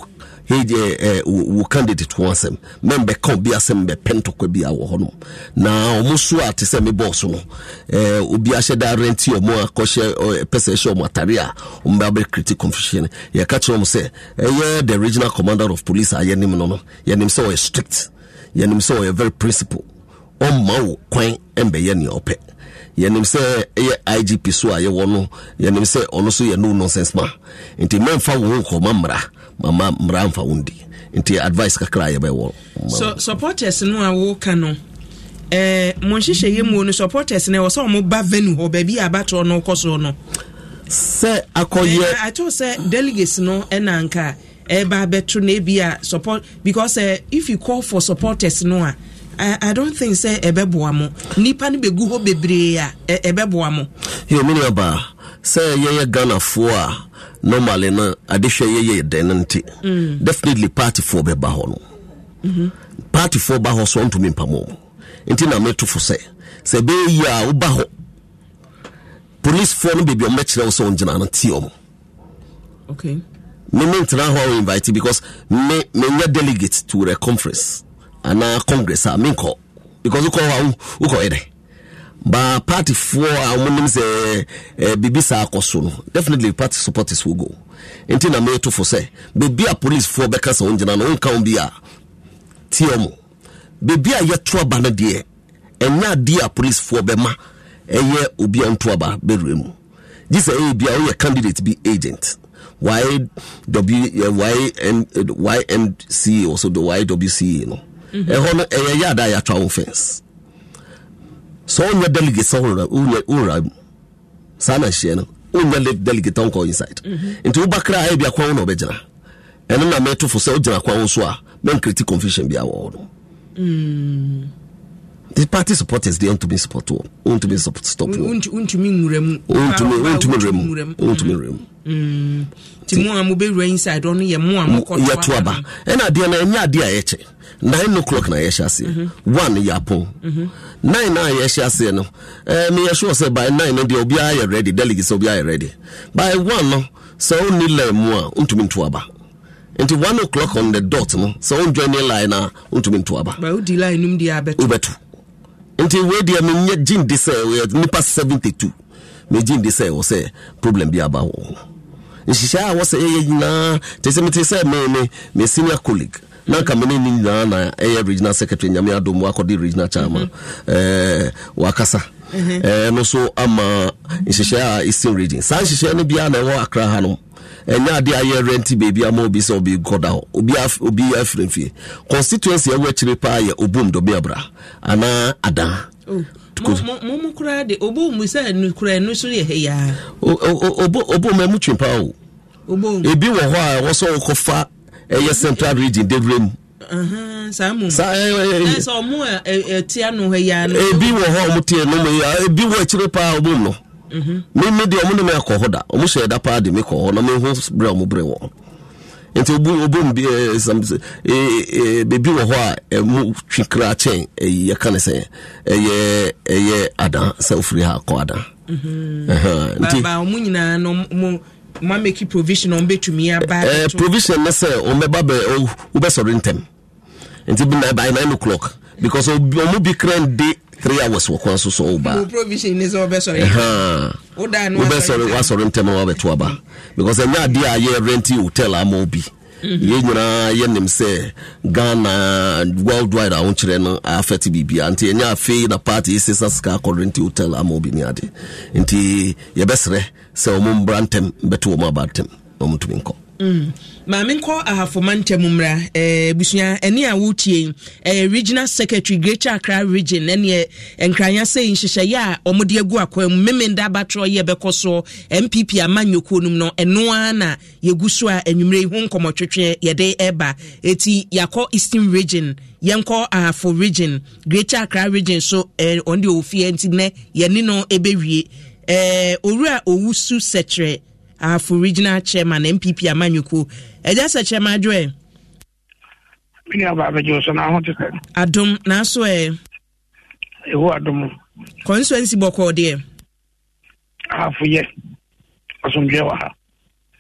ɛgye eh, wo candidate ho asɛm membɛka obi asɛm bɛpɛ ntɔkwa bi a wɔ hɔ nom na ɔmo so a te sɛ me bɔɔso no eh, obi ahyɛ da renti ɔmo a kɔhyɛ pɛ sɛ ɛhyɛ ɔmo atare a ɔmo bɛ abɛkriti confusion yɛka kyerɛ ɔmo sɛ ɛyɛ the regional commander of police a yɛnim no no yɛnim sɛ ɔyɛ strict yɛnim sɛ ɔyɛ very principle ɔmma wo kwan ɛmbɛyɛ nea ɔpɛ yɛnim sɛ ɛyɛ eh, igp so a yɛwɔ no yɛnim sɛ ɔno so yɛ no nonsense ma nti memfa wo nkɔma mmara mama mmara mfa wo ndi nti advice kakra yɛbɛwɔ so supporters no a woka no eh, mo nhyehyɛ yɛ muo no supporters no ɛwɔ sɛ ɔmo ba venue hɔ baabi abatoɔ no kɔ so no sɛ akɔyɛ atɔ eh, sɛ delegates no ɛna nka ɛba abɛto na ebi support because uh, if you call for supporters no a I, I don't think sɛ ɛbɛboa mo nipa no bɛgu hɔ bebree a ɛbɛboa mo yɛ mene ɔbaa sɛ yɛyɛ ghanafoɔ a normally no adehwɛ yɛyɛ dɛn no nti mm. definitely partyfoɔ bɛba hɔ no mm-hmm. partyfoɔ ba hɔ so ɔntumi mpamɔ mu nti na meto fo sɛ sɛ bɛyɛ a woba hɔ policefoɔ no baabi ɔmmɛkyerɛ wo sɛ wongyina no tie ɔmo okay. me mentena hɔ a woinvite because me menyɛ delegate to the conference anaa congress a menkɔ because wokɔ hɔ a wokɔyɛ dɛ ba partyfoɔ a uh, wɔnim sɛ uh, eh, uh, biribi saa akɔ so no definitely party supporters will go nti na meeto fo sɛ baabi a policefoɔ bɛka sɛ wongyina no wonka wo bi a tie mu baabi a yɛto aba no deɛ ɛnyɛ adeɛ a policefoɔ bɛma ɛyɛ obi a nto aba bɛwura mu gye sɛ ɛyɛ bi a woyɛ candidate bi agent wayɛ ymca ɔso ywca no mhm. ɛhɔ no ɛyɛ yɛ ada yɛatwa wo fence sɛ wonyɛ delegate sɛ wowura mu saa na hyeɛ no wonyɛ delegate mm-hmm. a wonkɔ inside nti woba kra ayɛ biakwan wo na wobɛgyina ɛno na mɛtofo sɛ wogyina kwan wo so ah, a mɛnkriti confusion bia wɔ no the party supporters deɛ wontumi support wɔ oh. wontumi stop wɔ wontumi nwura mu wontumi nwura mu wontumi nwura mu nti mm. mo a mobɛwura inside ɔno yɛ mo a mokɔyɛto aba ɛna adeɛ na ɛnyɛ adeɛ a yɛkyɛ nine o'clock na yɛhyɛ aseɛ mm-hmm. one yɛ apɔn mm-hmm. nine na yɛhyɛ aseɛ no eh, meyɛ sure sɛ by nine no deɛ obiara yɛ ready delegate sɛ obiara yɛ ready by one no sɛ wonni lɛ mu a wontumi nto aba nti one o'clock on the dot no sɛ wonjoin ne line na wontumi nto aba wobɛto nti wei deɛ menyɛ gyen de sɛ nipa 72 megyen de sɛ ɛwɔ sɛ problem bi aba wɔ ho nhyehyɛe a wɔ ɛyɛ nyinaa te sɛ mete sɛ meme me senior colleague na nka ne nyinaa na ɛyɛ regional secretary nyame adom wakɔde regional chairman mhm. wakasa mhm. ɛno so ama nhyehyɛe a eastern region saa nhyehyɛe no biara na ɛwɔ akra hanom ɛnyɛ ade ayɛ renti baabi ama obi sɛ obi kɔ hɔ obi afiri mfie constituency ɛwɔ akyire paa yɛ obom dɔme abra anaa adan oh. momu kura de obo mu sɛ nukura no so yɛ heyaa obo ma mu twe pa o ebi wɔ hɔ a ɛwɔ sɛ wokɔfa ɛyɛ central region dawura uh-huh, mu saa mu sɛ ɔmo ɛtia ebi wɔ hɔ a ɔmo tie no mu ebi wɔ akyire paa obo mu no me me deɛ ɔmo ne me akɔ hɔ da ɔmo hyɛ da paa de me kɔ hɔ na me ho berɛ ɔmo berɛ wɔ nti obu obom bi ɛɛ eh, sam ɛɛ eh, eh, beebi wɔ hɔ a ɛmu twi kra kyɛn ɛyi yɛka ne sɛ ɛyɛ ɛyɛ adan sɛ ofiri ha kɔ adan. Mhm. baba ɔmu nyinaa no mo mo ameki provision ɔmu betumi aba. ɛɛ provision na sɛ ɔmu bɛba bɛ ɔmu bɛ sɔrɔ ntɛm nti bi na by nine o'clock because ɔmu bi kra de three hours wɔ kwan so sɛ woba wobɛsɔre wasɔre ntɛm a wabɛto aba because ɛnyɛ adeɛ a yɛrente hotel ama bi mhm. yɛ nyinaa yɛnim sɛ ghana worldwide a wonkyerɛ no afɛte biribia nti ɛnyɛ afei na party ɛsesa sika akɔrente hotel ama obi ne ade nti yɛbɛserɛ sɛ ɔmo mbra ntɛm bɛto ɔmo aba ntɛm ɔmotumi nkɔ Mm. maame nkɔ ahafoma ntɛm mmra eh, busua ɛne a wotie ɛyɛ eh, regional secretary greater accra region ɛneɛ eh, nkranya sɛ nhyehyɛeɛ a ɔmode agu akwa mu memenda abatorɔ yɛ bɛkɔ soɔ mpp ama nnwokuo nom no ɛno ara na yɛgu so a anwummerɛ yi ho nkɔmmɔtwetwe yɛde ɛba ɛti yɛakɔ eastern region yɛnkɔ ahafo region greater accra region so ɔnde ɔwɔ fie nti nɛ yɛne no ɛbɛwie owura owu su sɛkyerɛ afọ ah, regional chairman npp amanyɔkuo ɛgya eh, sɛ chairman adwoɛ. mini aba abɛgye so na aho te sɛ. adum n'aso ɛ. Eh? ewu adum. constituency bɔ kɔɔ deɛ. ahafo yɛ asomdwe wɔ ha.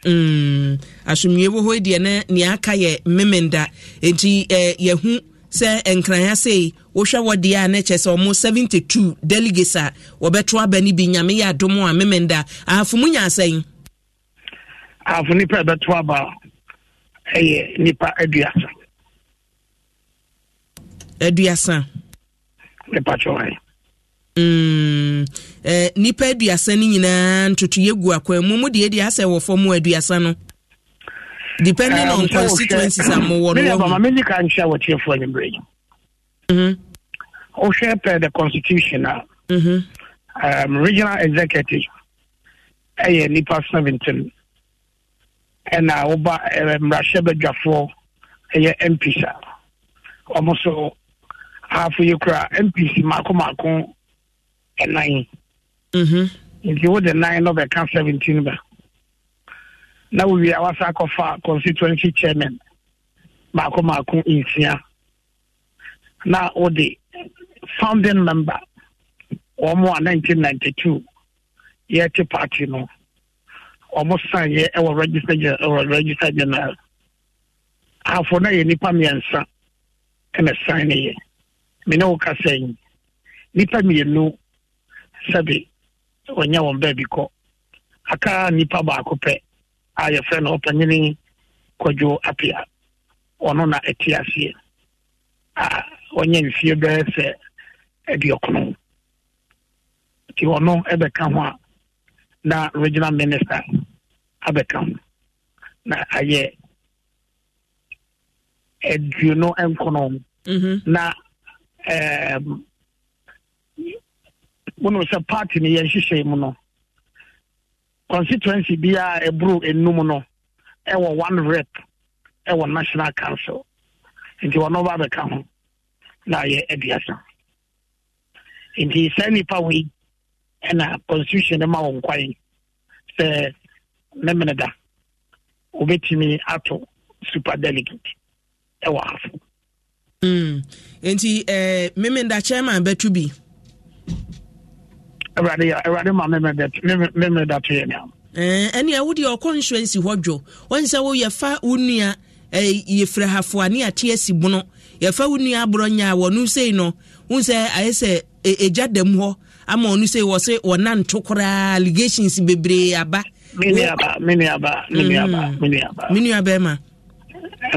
Mm, asomdwe wɔ hɔ deɛ na nea aka yɛ mmemmenda nti eh, yɛhu sɛ nkran ase yi wohwɛ wɔ deɛ a na kyɛ sɛ ɔmo seventy two delegates a wɔbɛto aba no bi nyame yɛ adum a mmemmenda ahafo mu nya asɛn. afo nipa ɛbɛto aba ɛyɛ nipa aduasa aduasa nipa kyɛwɛ Mm, eh, nipa aduasa no nyinaa gu akwan mu mu deɛ deɛ asɛ aduasa no depending eh, on constituencies a mowɔ no ka nkyɛ wɔtiefoɔ anwummerɛ yi mhm. wohwɛ pɛ the constitution a mm -hmm. um, regional executive ɛyɛ nipa 17 ɛna woba eh, mmarahyɛ badwafoɔ ɛyɛ mps a ɔmo so haafo yi kora mps mako mako ɛnan mhm. nti wode nan na ɔbɛka seventeen ba na wowie a wasa akɔfa constituency chairman mako mako nsia na wode founding member wɔn a nineteen ninety two yɛte party no. ọmụ sayɛ ɛwɔ register gen ɛwɔ register general afọ na yɛ nipa mmiɛnsa ɛna san ne yɛ mene wo kasa yi nipa mmienu sɛbi wɔnyɛ wɔn baabi kɔ aka nipa baako pɛ a yɛfrɛ no ɔpanyini kwadwo apia ɔno na ɛte aseɛ a ɔnyɛ mfie bɛyɛ sɛ aduɔkono nti ɔno ɛbɛka ho a na regional minister abɛka na ayɛ aduonu nkɔnɔ na wonom sɛ party na yɛnhyehyɛe mu no constituency biaa eburu enum no ɛwɔ one rep ɛwɔ national council nti wɔno ba abɛka ho na ayɛ aduasa nti saa nnipa wei ɛna constitution no ma wɔ nkwan sɛ ne mene da wobɛtumi ato super delegate ɛwɔ afo mm. nti eh, memenda chairman bɛto bi awurade awurade ma memeda to yɛ neam eh, ɛne a wodeɛ ɔkɔ insurance hɔ dwo wɔn sɛ woyɛ fa wo nua eh, yɛfiri hafoane a te asi bono yɛfa wo nua aborɔ nyaa wɔ sei no wo sɛ ayɛ sɛ ɛgya e, dam hɔ ama ɔno sɛ wɔ sɛ wɔnanto koraa allegations bebree aba menua mm. bɛma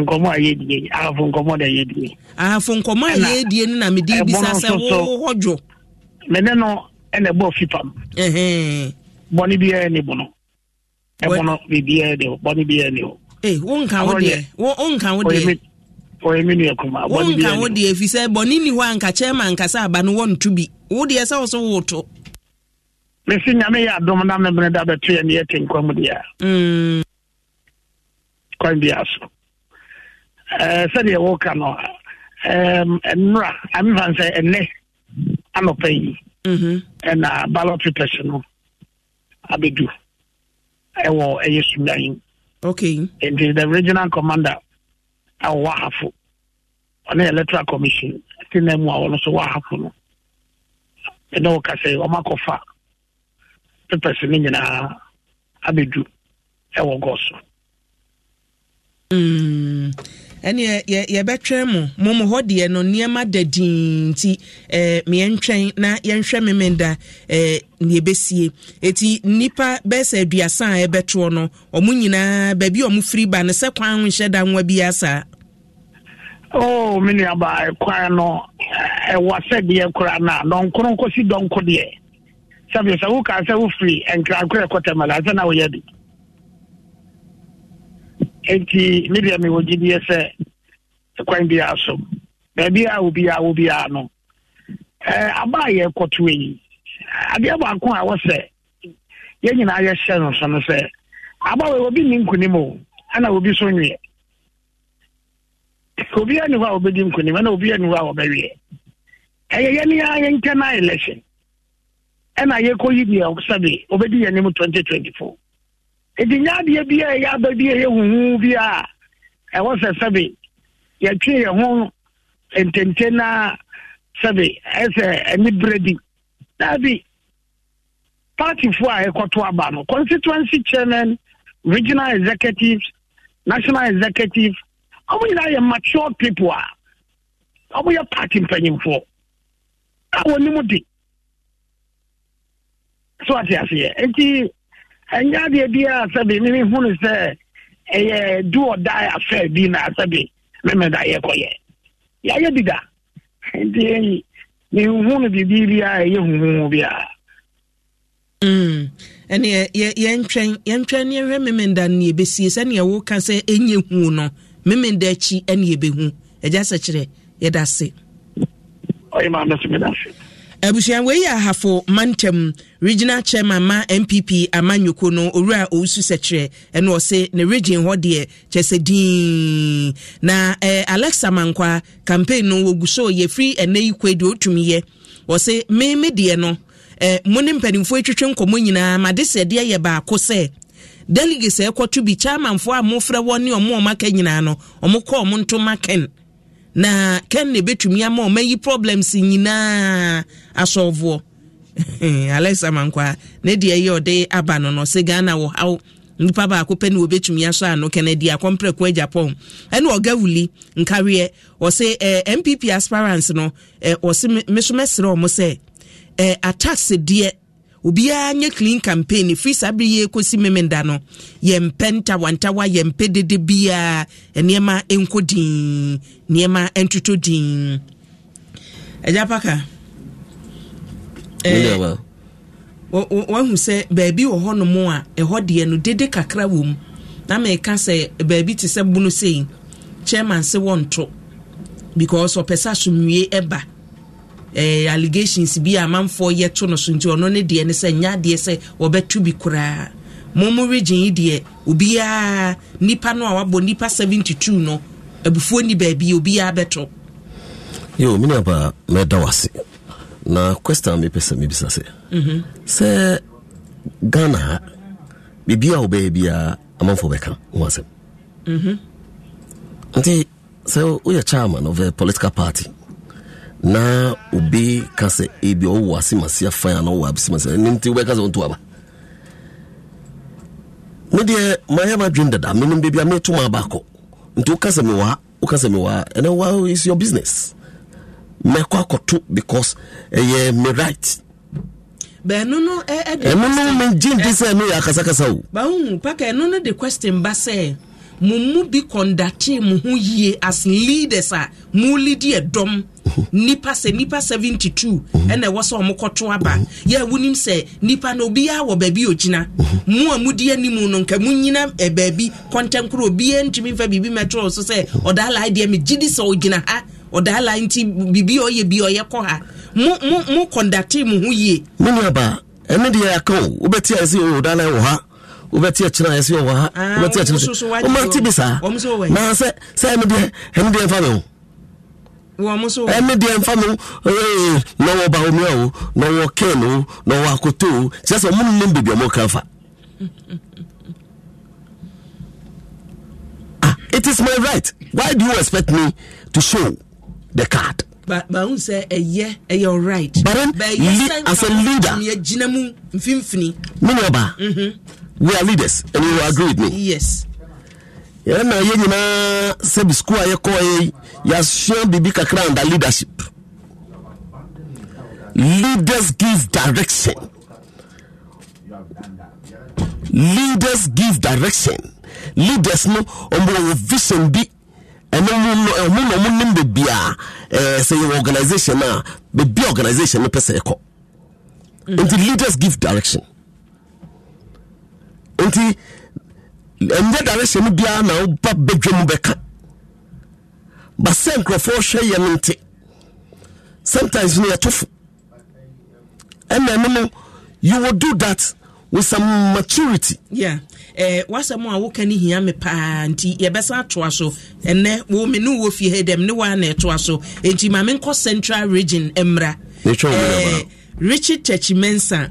nkɔmmɔ a yɛdie ahafo nkɔmmɔ da yɛdie ahafo nkɔmmɔ a yɛdie no na mede bisa sɛ wo hɔ dwo mene no ɛna ɛbɔ fipam bɔne biara ni bono ɛbono biribiara ni hɔ bɔne biara ni hɔ wonka eh, wo deɛ wonka wo deɛ ɔyɛ me nua ɛfiri sɛ bɔne ni hɔ anka kyɛma ankasa aba no wɔnto bi wo deɛ sɛ wo so woto nyame yɛ adom na memene da bɛto yɛ ne yɛte nkwa mu deɛ mm. kwan bia so eh, sɛdeɛ woka no nnora amefan sɛ ɛnɛ anɔpa yi mhm. ɛna ballot pɛsɛ no abɛdu ɛwɔ ɛyɛ sudan nti the regional commander a ahafo ɔne electoral commission ɛte na mu a wɔno so wɔ ahafo no ɛna wɔka sɛ ɔmakɔfa papers no nyinaa abɛdu ɛwɔ gɔ so mm. ɛne yɛbɛtwerɛ mo mom hɔ deɛ no nneɛma da dii nti meɛntwɛn na yɛnhwɛ me meda yɛbɛsie ɛti nnipa bɛsɛ aduasa a ɛbɛtoɔ no ɔmo nyinaa baabi a ɔmo firi ba no sɛ kwan ho nhyɛ da nwa biaa saa oh me nuaba ɛkwan no ɛwɔ eh, sɛdeɛ na no a dɔnkoro nkɔsi dɔnko deɛ sɛbi sɛ woka sɛ wofiri nkrankorɛ kɔtamala sɛ na woyɛ bi enti me deɛ mewɔ gyideɛ sɛ kwan biaa so eh, baabi a obiaa wo biaa no aba yɛ kɔtoa yi adeɛ baako a wɔ sɛ yɛn nyinaa yɛhyɛ no so no sɛ aba wei obi nni nkonim o ana obi so nweɛ obiara ni hɔ a wɔbɛdi nkonim ɛna obiara ni hɔ a wɔbɛwiɛ ɛyɛ yɛn ni yɛn ntɛm a election ɛna yɛkɔ yi deɛ ɔsabe wɔbɛdi yɛn nim twenty twenty four edi nya adeɛ e e e bi a ɛyɛ aba bi a ɛyɛ huhu bi a ɛwɔ sɛ sabe yɛtwe yɛn ho ntenten na sabe ɛsɛ ɛni bere bi daabi paatifoɔ a ɛkɔto aba no constituency chairman regional executives national executives. ɔmo nyinaa yɛ mature people a ɔmo yɛ party mpanyinfoɔ a nimu de so ate aseɛ nti ɛnyɛ adeɛ bi a sɛbi mimi hunu sɛ ɛyɛ do or die affair bi na sɛbi mɛmɛ da yɛ kɔyɛ yɛayɛ bi da nti mihunu biribi bi a ɛyɛ huhu bi a. ɛne yɛntwɛn yɛntwɛn ne yɛhwɛ memenda no yɛbɛsie sɛneɛ woka sɛ ɛnyɛ hu no meme e e da akyi ne yɛbɛhu agya sɛ kyerɛ yɛda se abusua wei yɛ ahafo mantam regional chairman ma mpp ama nyoko no owura sɛ kyerɛ. ɛna ɔse ne regin hɔ deɛ kyɛ sɛ dii na eh, alexa mankwa campaign no wɔgu so yɛfiri ɛnɛ yi kwe deɛ ɔtumi yɛ ɔse me deɛ no eh, mo ne mpanimfoɔ atwitwe nkɔmmɔ nyinaa made sɛ yɛ baako sɛ delegates ɛkɔto bi chairmanfoɔ a mofrɛ wɔ ne ɔmo ɔma ka nyinaa no ɔmo kɔ ɔmo ntoma ken na ken na ebetumi ama ɔmo ayi problems nyinaa asɔɔvoɔ [laughs] alexa mankwa ne deɛ yɛ ɔde aba no no sɛ ghana wɔ haw nipa baako pɛ ne wɔbɛtumi asɔ ano kennedy akɔmprɛko agyapɔn ɛne ɔga wuli nkareɛ ɔse eh, mpp aspirants no eh, ɔse me so mɛserɛ ɔmo sɛ eh, atax obiara nyɛ clean campaign firi saa bere yie kɔsi memenda no yɛmpɛ ntawantawa yɛmpɛ dede biara nneɛma nkɔ din nneɛma ntoto din agya paka eh, wahu sɛ baabi wɔ hɔnom a ɛhɔ deɛ no dede kakra wɔ mu na meka sɛ baabi te sɛ bono sei chairman se wɔnto because ɔpɛ sɛ asomwie ɛba Eh, allegations bi a amanfoɔ yɛ to no so nti ɔno ne deɛ ne sɛ nya deɛ sɛ wɔbɛtu bi koraa momu region yi deɛ obiara nipa no a wabɔ nipa 72 no abufuo ni baabi obiara bɛtɔ yo mene aba mɛda wo na question mepɛ sɛ mebisa sɛ mhm. sɛ ghana ha biribia wobɛyɛ biaa amanfoɔ bɛka ho asɛm mhm. nti sɛ woyɛ chairman of a political party na obi ka sɛ ebi ɔwɔ asemase afan anaa ɔwɔ asemase ɛne nti wobɛka sɛ wonto aba me deɛ mayɛ madwen dada menom baabi a meto ma abaakɔ nti woka sɛ mewɔ ha woka sɛ mewɔ ha ɛnɛ wa is your business mɛkɔ akɔto because ɛyɛ me right bɛɛno no ɛde ɛno no megye nti sɛ meyɛ akasakasa o bahu paka ɛno no de question ba sɛ mo mu bi kɔndakye mo ho yie as leaders a mo lidi ɛdɔm nipa sɛ nipa seventy two ɛna ɛwɔ sɛ ɔmo kɔto aba yɛ wunim sɛ nipa no obiara wɔ baabi ogyina mu a mo di anim no nka mo nyina ɛ baabi kɔntɛnkoro obiara ntumi nfa biribi mɛtoro so sɛ ɔdaa laa deɛ mi gyi di sɛ ogyina ha ɔdaa laa nti biribi ɔyɛ bi ɔyɛ kɔ ha mo mo mo kɔndakye mo ho yie. mo ní aba ɛne deɛ yɛ aka o wobɛti a yɛ sɛ oh, ɔdaa laa wɔ ha. wobɛte akyena ɛsɛ ɔwɔ ha wobɛte akyena womate bi saa na sɛ sɛ deɛ ɛno deɛ mfa me ho ɛne deɛ mfa me na wɔ baomia o na wɔ ken o na wɔ akoto o kyerɛ sɛ ɔmonom baabi a mɔka fa it is my right why do you expect me to show the card but but n sɛ ɛyɛ ɛyɛ alright but then as a leader mi ni ɔba we are leaders and you will agree with me. yes. ɛna yɛ nyinaa sɛbi sukuu a yɛkɔɔ yɛ yɛasua biribi kakra under leadership leaders give direction leaders give direction leaders no ɔmo wɔ vision bi ɛno mu no ɔmo na ɔmo nim beebi a ɛɛ sɛ yɛ organisation a beebi a organisation no pɛ sɛ ɛkɔ mm. nti leaders give direction nti ɛnyɛ direction biara na woba badwa bɛka ba sɛ nkurɔfoɔ hwɛ yɛ no nte sometimes no yɛtofo ɛna ɛno no you will do that with some maturity. Yeah. Eh, wasɛm a woka ne hia me paa nti yɛbɛsa atoa so ɛnɛ wo me ne wo fie ha dɛm ne waa na ɛtoa so enti ma menkɔ central region mmra eh, richard tachimensa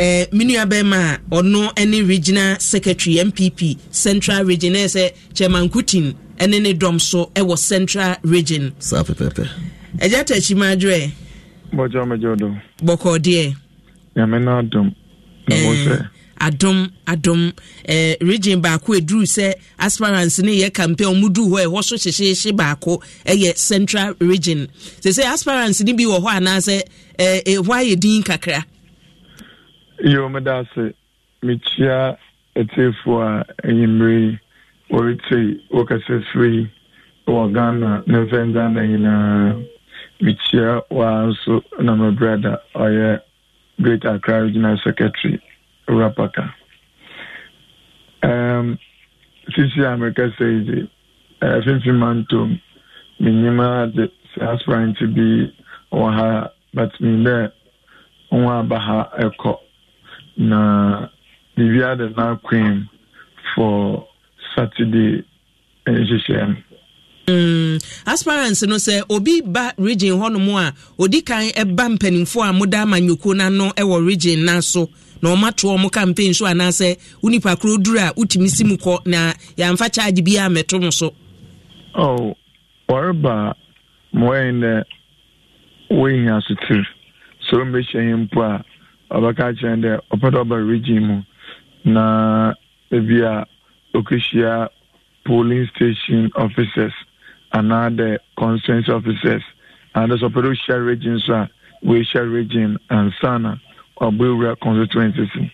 eh, menua bɛrima a ɔno ne regional secretary mpp central region ɛ eh, sɛ chairman kutin ne ne dɔm so eh, wɔ central region saa pɛpɛpɛ agya eh, ta akyima adwerɛ bɔgya mɛgya do bɔkɔɔdeɛ nyame no adom na mo sɛ adom eh, region baako ɛduru sɛ aspirants ne yɛ campaign mu duu hɔ ɛhɔ so hyehyehye baako ɛyɛ central region sɛ sɛ aspirants ne bi wɔ hɔ anaasɛ ɛhɔ ayɛ din kakra yo meda ase mekyia atiefoɔ a anwummere yi wɔretei wɔkasafiri yi wɔ ghana ne mfɛ ghana nyinaa mekyia waa nso na my brother ɔyɛ great accra regional secretary rapaka um, sisi a mekasa yi de uh, fimfim mantom menyim ade sɛ aspirant bi wɔ ha but me dɛ nwa aba ha ɛkɔ na biribiara de na akwam for saturday nhyehyɛ no hmm, aspirants no sɛ obi ba region hɔnom a ɔdi kan ɛba mpanimfoɔ a moda ama nnwoko no ano wɔ region no so na ɔmato ɔmo campaign so anaasɛ wo nipa koro duru a wotumi si mu kɔ na yɛamfa charge bi a mɛto so oh, wɔreba mmoaɛn dɛ wɔyɛ nyasetiri sɛ ɔmmɛhyɛ yɛ mpo a ɔbɛka kyerɛ dɛ ɔpɛ dɛ ɔba region mu na ebi a okehyia polling station officers anaa dɛ constituency officers anaa sɛ ɔpɛ dɛ ohyia region so a woehyia region ansana ɔbɔ ewura constituency si.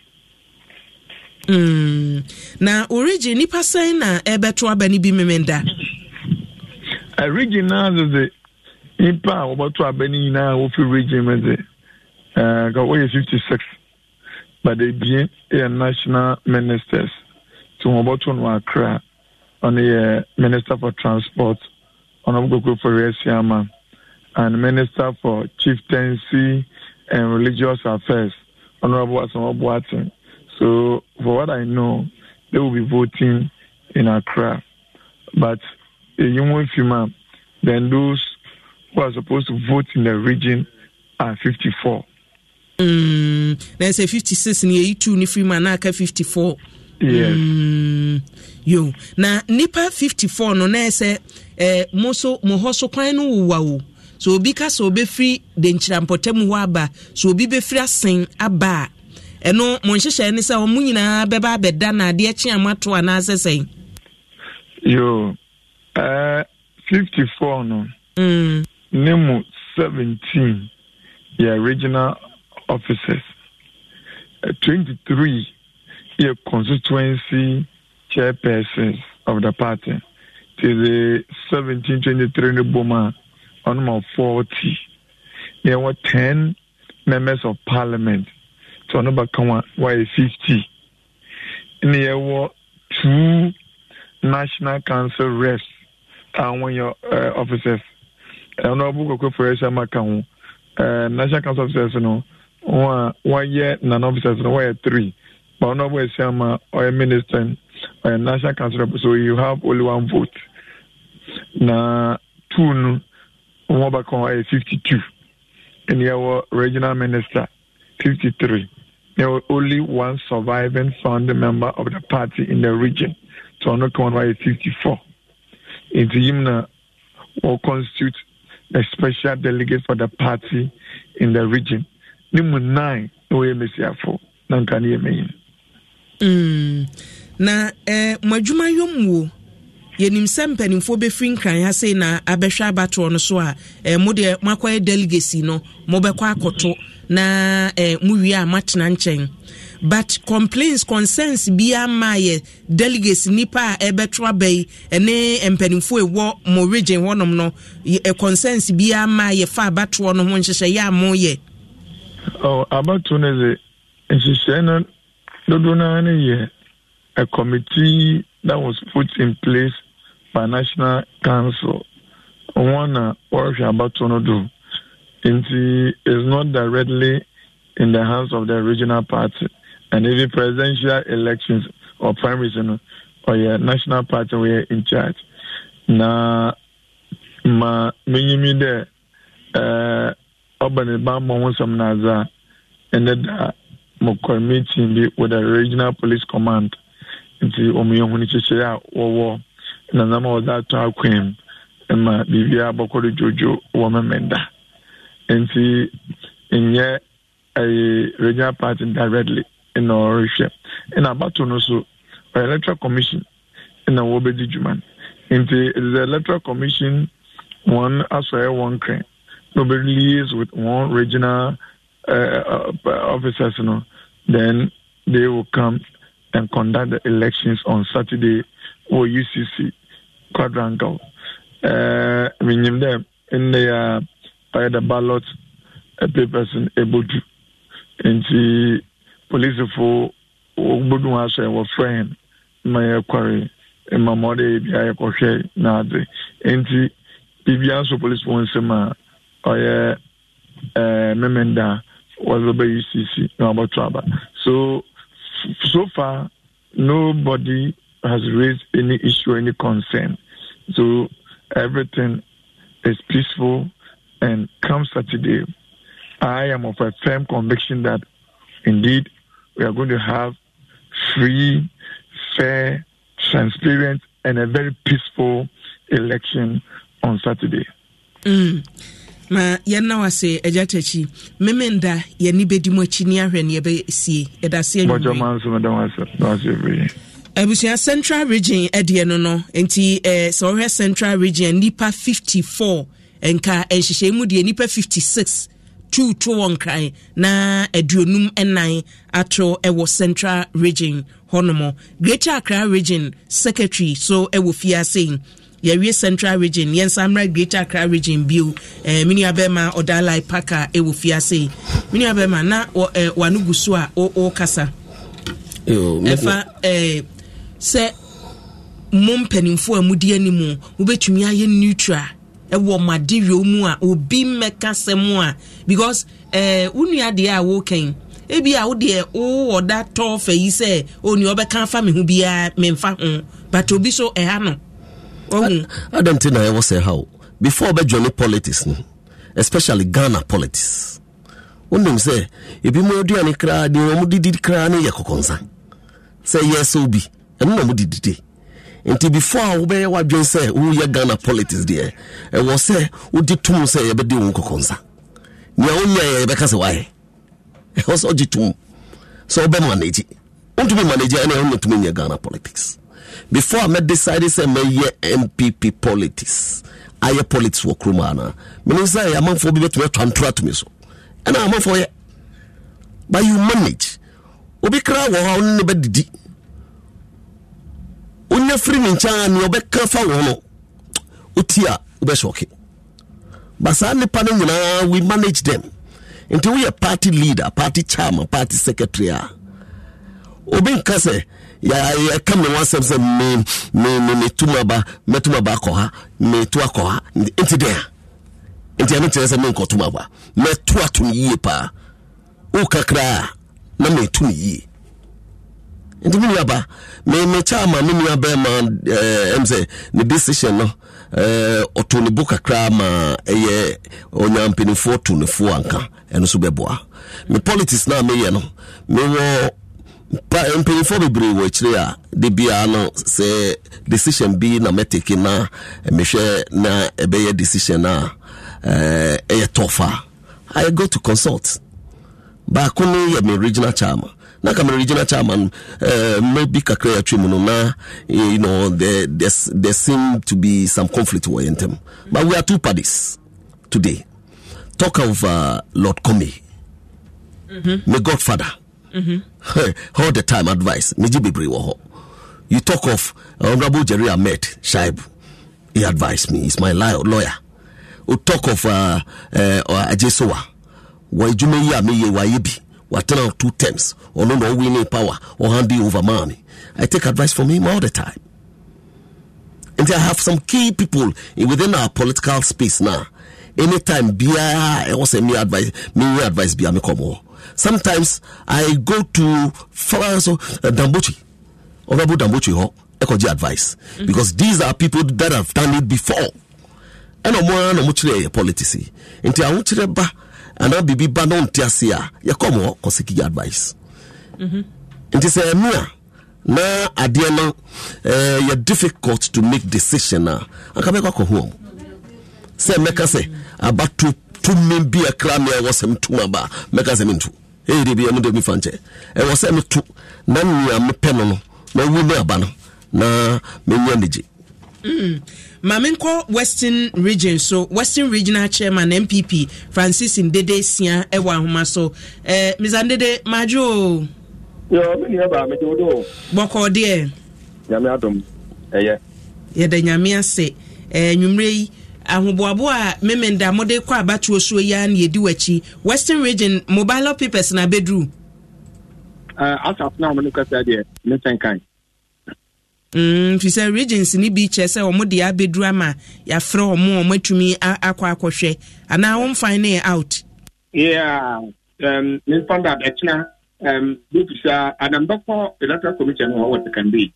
Hmm. na origin nipa sɛn na ɛbɛto aba no bi memenda region naa dze dze nipa a wɔbɛto aba no nyinaa wɔfi region mu dze nka wɔyɛ fifty six but ebien yɛ national ministers tí wọn bɔ to no akra ɔno yɛ minister for transport ɔno gbogbo for resiama and minister for chieftaincy and religious affairs honourable asamoah boateng so for what i know they will be voting in accra but eyi wọn fi ma then those who are supposed to vote in the region are fifty-four. Mm, na sɛ 56 ne yɛyi tu ne firi mu aka 54 yes. Mm. yo na nipa 54 no na ɛsɛ eh, mo so mo hɔ so kwan no wowa wo so obi ka sɛ obɛfiri denkyirampɔta mu hɔ aba so obi bɛfiri asen aba a ɛno mo nhyehyɛ ne sɛ ɔmo nyinaa bɛba abɛda na adeɛ kye a moato anaasɛ sɛn yo uh, eh, 54 no mm. ne mu 17 yɛ yeah, regional officers, uh, 23 your constituency chairpersons of the party, to the 1723 Boma, on 40. There were 10 members of parliament, so no back why 50. And there were two national council reps, and one your uh, officers, Honorable Koko Feresa Makamu, uh, national council officers, you know wọn a wɔyɛ nana officers no wɔyɛ three but ɔno ɔbɔ esi ama ɔyɛ minister ɔyɛ national council so you have only one vote na two no wɔn ɔba kan ɔyɛ fifty two ɛna yɛwɔ regional minister fifty three there were only one surviving founding member of the party in the region so ɔno kan ɔyɛ fifty four nti yim na wɔ constitute a special delegate for the party in the region. ne mu nnan na wɔyɛ mmesiafo na nka ne yɛ mɛyin mm. na eh, mo adwuma yom wo yɛnim sɛ mpanimfoɔ bɛfiri nkran ha sei na abɛhwɛ abatoɔ no so a eh, mo deɛ moakɔyɛ delegacy no mobɛkɔ akɔto na eh, mowie a moatena nkyɛn but complaints concerns biara ma yɛ delegates nipa a ɛbɛto aba yi ɛne mpanimfoɔ ɛwɔ mo region hɔnom no eh, concerns biara ma yɛ fa abatoɔ no ho nhyehyɛ yɛ a moyɛ abato no dze nhyehyɛe no dodoɔ no no yɛ a committee that was put in place by national council wɔn na wɔrehwɛ abato no do nti is not directly in the hands of the regional party and even presidential elections or primaries no ɔyɛ national party wɔyɛ in charge na ma menyimi dɛ ɛɛ eh, ɔbɛn ne bammɔ ho nsɛm n'adze a ɛnɛ mokɔ meeting bi with the regional police command nti wɔn yɛ hu ne kyekyere a wɔwɔ na nam a wɔdze ato akwan mu ma biribiara bɔkɔ do dwodwo wɔ memenda nti nyɛ ɛyɛ regional party directly na ɔrehwɛ na abato no so ɔyɛ electoral commission na wɔbɛdi dwuma no nti the electoral commission wɔn asɔre wɔn kran na wɔbɛ liaise with wɔn regional. Uh, uh, officers, you know, then they will come and conduct the elections on Saturday for UCC quadrangle. Uh, meaning them in the uh, by the ballot uh, papers in Ebudu. nti polisifoɔ wɔgbɔdu ho ahyɛ wɔfrɛ hɛn ma yɛkɔre ma ma ɔde yɛ biara yɛkɔhwɛ n'adze nti biribiara nso polisifoɔ nsɛm I ɔyɛ ɛɛ memenda was by UCC, number Traba. So, so far, nobody has raised any issue, any concern. So, everything is peaceful. And come Saturday, I am of a firm conviction that indeed we are going to have free, fair, transparent, and a very peaceful election on Saturday. Mm. ma yɛna w ase agya takyi memenda yɛne bɛdi mu akyi ne ahwɛ ne yɛbɛsie yɛdase anwummerɛ abusua central region ɛdeɛ no no nti eh, sɛ wɔhwɛ central region nipa 54 nka nhyehyɛ mu deɛ nipa six, tuutu wɔ nkran na aduonum nan ato ɛwɔ central region hɔnom greater accra region secretary so ɛwɔ fiase yɛwie central region yɛnsa mmra greater accra region bio eh, me nuabɛma ɔdalai paka ɛwɔ fiase me nuabɛma na eh, wano gu so a wɔkasa ɛfa eh, sɛ mo mpanimfoɔ a mudi anim wobɛtumi ayɛ neutral ɛwɔ mo adewiɛ mu a obi mmɛka sɛm a because eh, wo nuadeɛ a wokan ebi a wodeɛ wowɔ da tɔɔ fɛ yi sɛ onua ɔbɛka fa me ho biara memfa ho but obi so ɛha no adam ti na ɛwɔ sɛ ha o before ɔbɛdwane politics no especially ghana politics wonim sɛ ebi mu aduane koraa deɛ wɔn didi koraa ne yɛ kɔkɔnsa sɛ yɛ sɛ obi ɛno na wɔn didide nti before a wobɛyɛ wadwene sɛ woyɛ ghana politics deɛ ɛwɔ sɛ wodi tom sɛ yɛbɛde wɔn kɔkɔnsa nea wonyɛ yɛ yɛbɛka sɛ wayɛ ɛwɔ sɛ ɔgye tom sɛ ɔbɛ manage wontumi manage ɛne ɛno na tumi nyɛ ghana politics before I made a decide sɛ mɛyɛ mpp politics ayɛ politics wɔ kurom ana menim sɛ amanfoɔ bi bɛtumi atwa ntora tumi so ɛna for yɛ but you manage obi kra wɔ hɔ a wone ne bɛdidi free firi ne nkyɛn a nea ɔbɛka fa wɔ no woti a wobɛsɔke but saa nnipa no nyinaa we manage them we woyɛ party leader party chairman party secretary a ah. obi nka sɛ yɛkam na wasɛm sɛ mɛtum maba akɔ ha meto akɔ ha nti dɛn a nti ɛno kyerɛ sɛ menkɔtom aba mɛto ato no yie paa wokakraa na meto no yie nti me nuaba mekyɛ ama me nua bɛma ɛm eh, sɛ ne decision no ɔto ne bo kakra ma ɛyɛ ɔnyampanifoɔ to nefoɔ anka ɛno so bɛboa me politics no a meyɛ no mewɔ mpanyinfoɔ bebree wɔ akyire a de biara no sɛ decision bi na mɛteke na mehwɛ na ɛbɛyɛ decision a ɛyɛ tɔfa i go to consult baako no yɛ me regional chairman na ka regional chairman mmerɛ bi kakra yɛatwe mu no na you know there, there, there seem to be some conflict wɔ yɛ ntam but we are two parties today talk of uh, lord comey mm-hmm. my godfather mm-hmm. all [laughs] the time advice meji bebree wɔ hɔ you talk of uh, honorable jerry ahmed shaib he advised me he's my lawyer we talk of uh, uh, ajesowa wa edwuma yi a meyɛ wayɛ bi watena two terms ɔno na ɔwinne power Or be over maami i take advice from him all the time And i have some key people within our political space now anytime biara ɛwɔ sɛ me advice me advice biara me kɔ mu hɔ sometimes i go to france uh, dambochi honorable dambochi hɔ ɛkɔgye advice mm-hmm. because these are people that have done it before ɛna ɔmo ara na ɔmo kyerɛ yɛ politics nti ahokyerɛ ba anaa biribi ba na ɔnte ase a yɛkɔ mo kɔsiki yɛ advice mm-hmm. nti sɛ ɛnu a na adeɛ no eh, ɛɛ yɛ difficult to make decision a anka bɛkɔ akɔ ho ɔmo sɛ mɛka sɛ aba tu tumi bi a kra mi a ɛwɔ sɛm tum aba mɛka sɛ ntu ɛyɛ de bia mede mefa nkyɛ ɛwɔ sɛ meto na nea mepɛ no no na wu ne aba no na menya ne gye maame nkɔ western region so western regional chairman npp francis ndede sia ɛwɔ ahoma so ɛɛ eh, mr ndede madwo. yɔ mi ni ẹ bá mi jẹ o do. bɔkɔ deɛ. nyame adum ɛyɛ. yɛda nyame ase ɛɛ eh, nwumire yi ahoboabo a memenda mode kɔ abatoɔ suo yi a na yɛdi w'akyi western region mobile papers na abɛduru asafo ah, no a mone kasa deɛ ne sɛnkan mm, firi sɛ regions no bi kyerɛ sɛ ɔmo deɛ abɛduru ama yɛafrɛ ɔmo ɔmo atumi akɔ akɔhwɛ anaa wɔmfan no yɛ out yeah um, ne standard ɛkyena um, bɛfisa na electoral commission hɔ wɔ secondary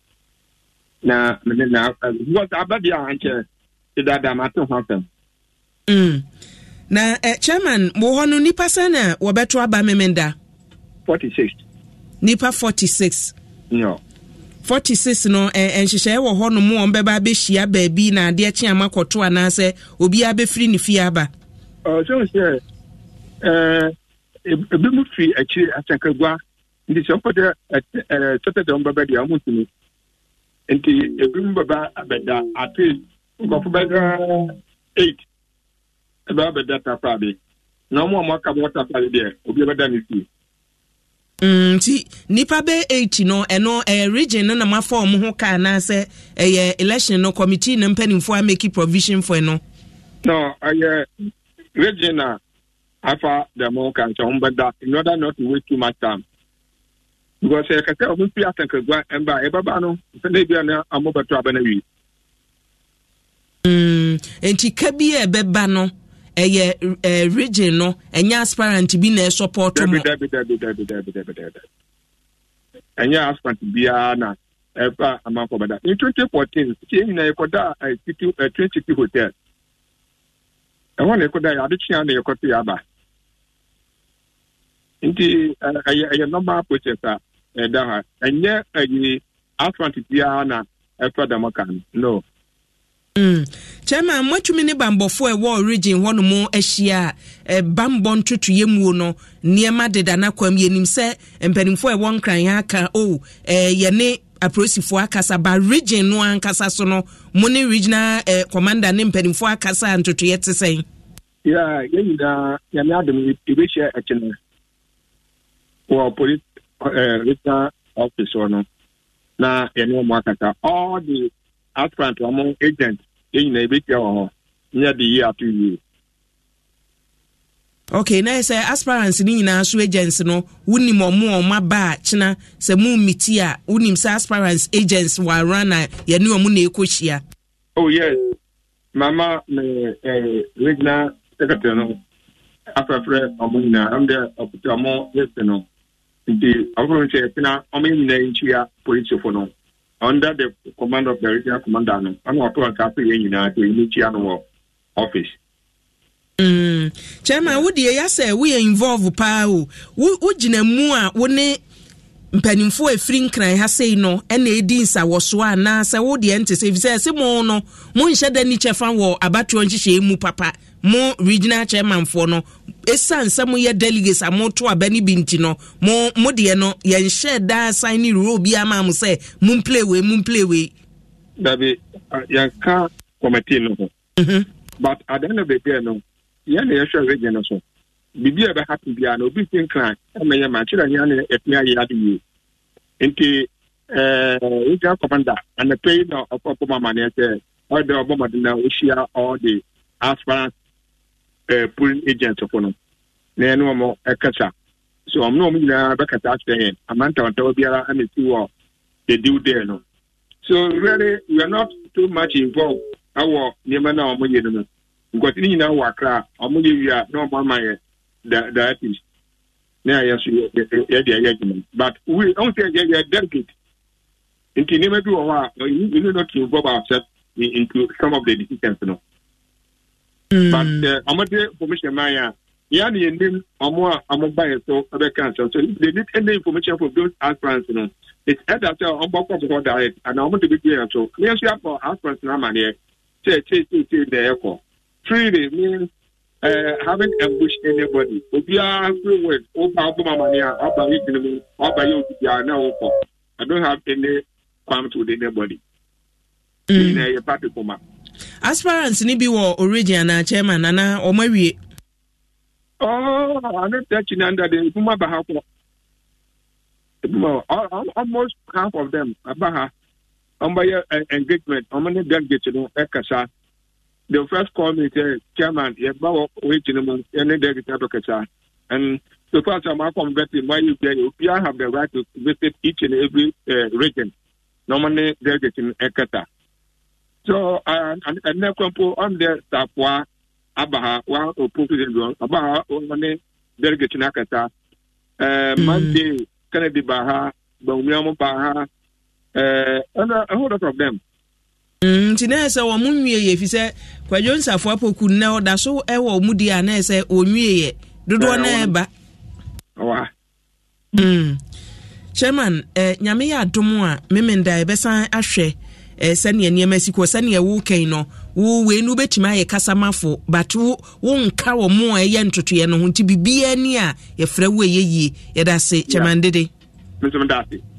na mene na um, because aba deɛ ankyɛ dada mate ho asɛm mm. na eh, chairman wo hɔ no na wɔbɛto aba memenda 46 nnipa 46 yeah. 46 no eh, eh nhyehyɛeɛ wɔ hɔ no mu wɔn bɛba abɛhyia baabi na adeɛ kye ama kɔto anaasɛ obiara bɛfiri ne fie aba sɛhu sɛ eh, ebi mu fi akyiri asankagua nti sɛ wopɛ dɛ sɛtɛdɛ wo bɛbɛ deɛ ɔmo nti ebi mu bɛba abɛda apei nkɔfo bɛyɛ eight ɛbɛ abɛda taprabe na ɔmo a ɔmo aka bɔ taprabe deɛ obi bɛda ne fie. Mm, nti nnipa bɛ eight no ɛno ɛyɛ region no na mafa ɔmo ho kaa anaasɛ ɛyɛ election no committee no mpanimfoɔ a make provision for no. no ɛyɛ region a afa dɛm ho kaa nkyɛn ɔmo bɛda in order not to waste too much time because ɛyɛ eh, kɛse a ɔmo fi asankagua ɛmba ɛbɛba no sɛ ne bi a na ɔmo bɛto abɛn awie. Mm. nti ka bi a ɛbɛba no ɛyɛ region no ɛnyɛ aspirant bi na ɛsɔpɔɔto mɔ ɛnyɛ aspirant biara na ɛfa amanfo in 2014 tie nyina yɛkɔda train city hotel ɛhɔ na yɛkɔda yɛ adekyea na yɛkɔto ya aba nti ɛyɛ ɛyɛ normal process a ɛda ha, ɛnyɛ aspirant biara na ɛfa dɛm ka kyɛma mm. moatumi ne bambɔfoɔ ɛwɔ origin hɔ ahyia a eh, bambɔ ntotoyɛ muo no nneɛma deda no akwam yɛnim sɛ mpanimfoɔ nkran aka o oh, eh, yɛne apolisifoɔ akasa ba region no ankasa so no mo ne regional eh, ne mpanimfoɔ akasa a te sɛn yɛne adom akyene wɔ police regional office hɔ na yɛne ɔmo akasa all aspirant ọmụ agent yɛn nyinaa ebetia wɔ hɔ nyɛ de yie ato yie. okay na sɛ aspirants n'i nyinaa so agents no wonim ɔmo ɔmo aba a kyena sɛ mo mmiti a wonim sɛ aspirants agents wɔ ara na yɛne ɔmo na ɛkɔ hyia. oh yes mama ne ɛɛ eh, regional secretary no afɛfrɛ ɔmo nyinaa ɛmu dɛ ɔkuta ɔmo list no nti ɔmo sɛ yɛtena ɔmo nyinaa nhyia polisifo no. under the command of the regional commander no ana wato aka so yɛn nyinaa to yɛn kyia no wɔ office. Mm. chairman wo deɛ yasɛ woyɛ involve paa o wogyina mu a wo ne mpanimfoɔ ɛfiri nkran ha sei no ɛna ɛdi nsawɔsoɔ anaa sɛ wodeɛ nte sɛ ɛfiri sɛ ɛse mo no monhyɛ da ni kyɛfa wɔ abatoɔ nhyehyɛe mu papa mo regional chairmanfoɔ no ɛsiane sɛ moyɛ delegates a moto aba no bi nti no mo modeɛ no yɛnhyɛ daa san ne ruro bi ama mo sɛ momplewe momplewe dabi yɛnka committee no ho mhm. but at the end of the day no yɛhwɛ region so biribi a ɛbɛhape biara na obi fi nkran ɛma yɛ ma nkyerɛ hia ne yɛtumi ayɛ ade yie nti wogyina kɔmanda anapa yi na ɔkɔkɔ ma amaneɛ sɛ ɔdɛ ɔbɔ mmɔden na ɔhyia ɔde aspirant polling agent fo no na ɛne ɔmo eh, ɛkasa so ɔmo na ɔmo nyinaa bɛkasa akyerɛ yɛn amantawantawa biara ama si wɔ uh, the deal there no so really we are not too much involved ɛwɔ nneɛma na ɔmo yɛ no no nkɔsi ne nyinaa wɔ akra ɔmo yɛ wie na ɔmo ama yɛ That diapies na yɛ so yɛde ayɛ adwuma but we ɔn sɛ yɛyɛ delegate nti nneɛma bi wɔ hɔ a you need not to involve ourselves into some of the decisions no. but ɔmɔde information man a yɛa ne yɛnim ɔmo a ɔmoba yɛ so ɛbɛka nsɛm so they need any information from those aspirants no it's either sɛ ɔmbɔkɔ bɔkɔ direct anaa ɔmɔde bi gyina yɛn so ne yɛn so yɛakɔ aspirants no amaneɛ sɛ sɛ sɛ sɛ deɛ yɛkɔ freely means uh, eh, haven't ambushed anybody. Obiara afterwards, Opa Obama Mania, Oba Yitinimu, Oba Yodia, now Opa. I don't have any qualms with anybody. Mm. In a party coma. As far as Nibi were original chairman, Nana, or Mary. Oh, I'm not touching under the Puma Bahako. Almost half of them, Abaha, on by eh, engagement, on my delegate, you know, Ekasa the first call me say chairman yẹ bá wọ wéjì ni mo yẹ ní dẹ́gì tẹ́ bẹ̀kẹ̀tà and so far so my converting why you get you have the right to visit each and every uh, region normally dẹ́gì in Ekata. so ẹnẹ kwampo ọ̀n dẹ sàpọ̀ abaha wa òpó president wọn abaha wọn ní dẹ́gì in ẹ̀kẹta uh, mm. monday kennedy baha gbọ̀nwéwọ́n baha uh, and a whole lot of them. Mm, nti na ɛsɛ wɔn nwie yɛ fi sɛ kwadwo nsafo apoku na ɔda so ɛwɔ ɔmo di a na ɛsɛ onwie yɛ dodoɔ na ɛba. Mm. chairman ɛ nyame yɛ adum a memenda ɛbɛsan ahwɛ ɛ sɛnea nneɛma si kɔ sɛnea wɔrekɛn no wo wei no wobɛtumi ayɛ kasamafo but wo wonka wɔ mo a ɛyɛ ntotoeɛ no ho nti biribiara ni a yɛfrɛ wo ɛyɛ yie yɛda se chairman dede. Yeah.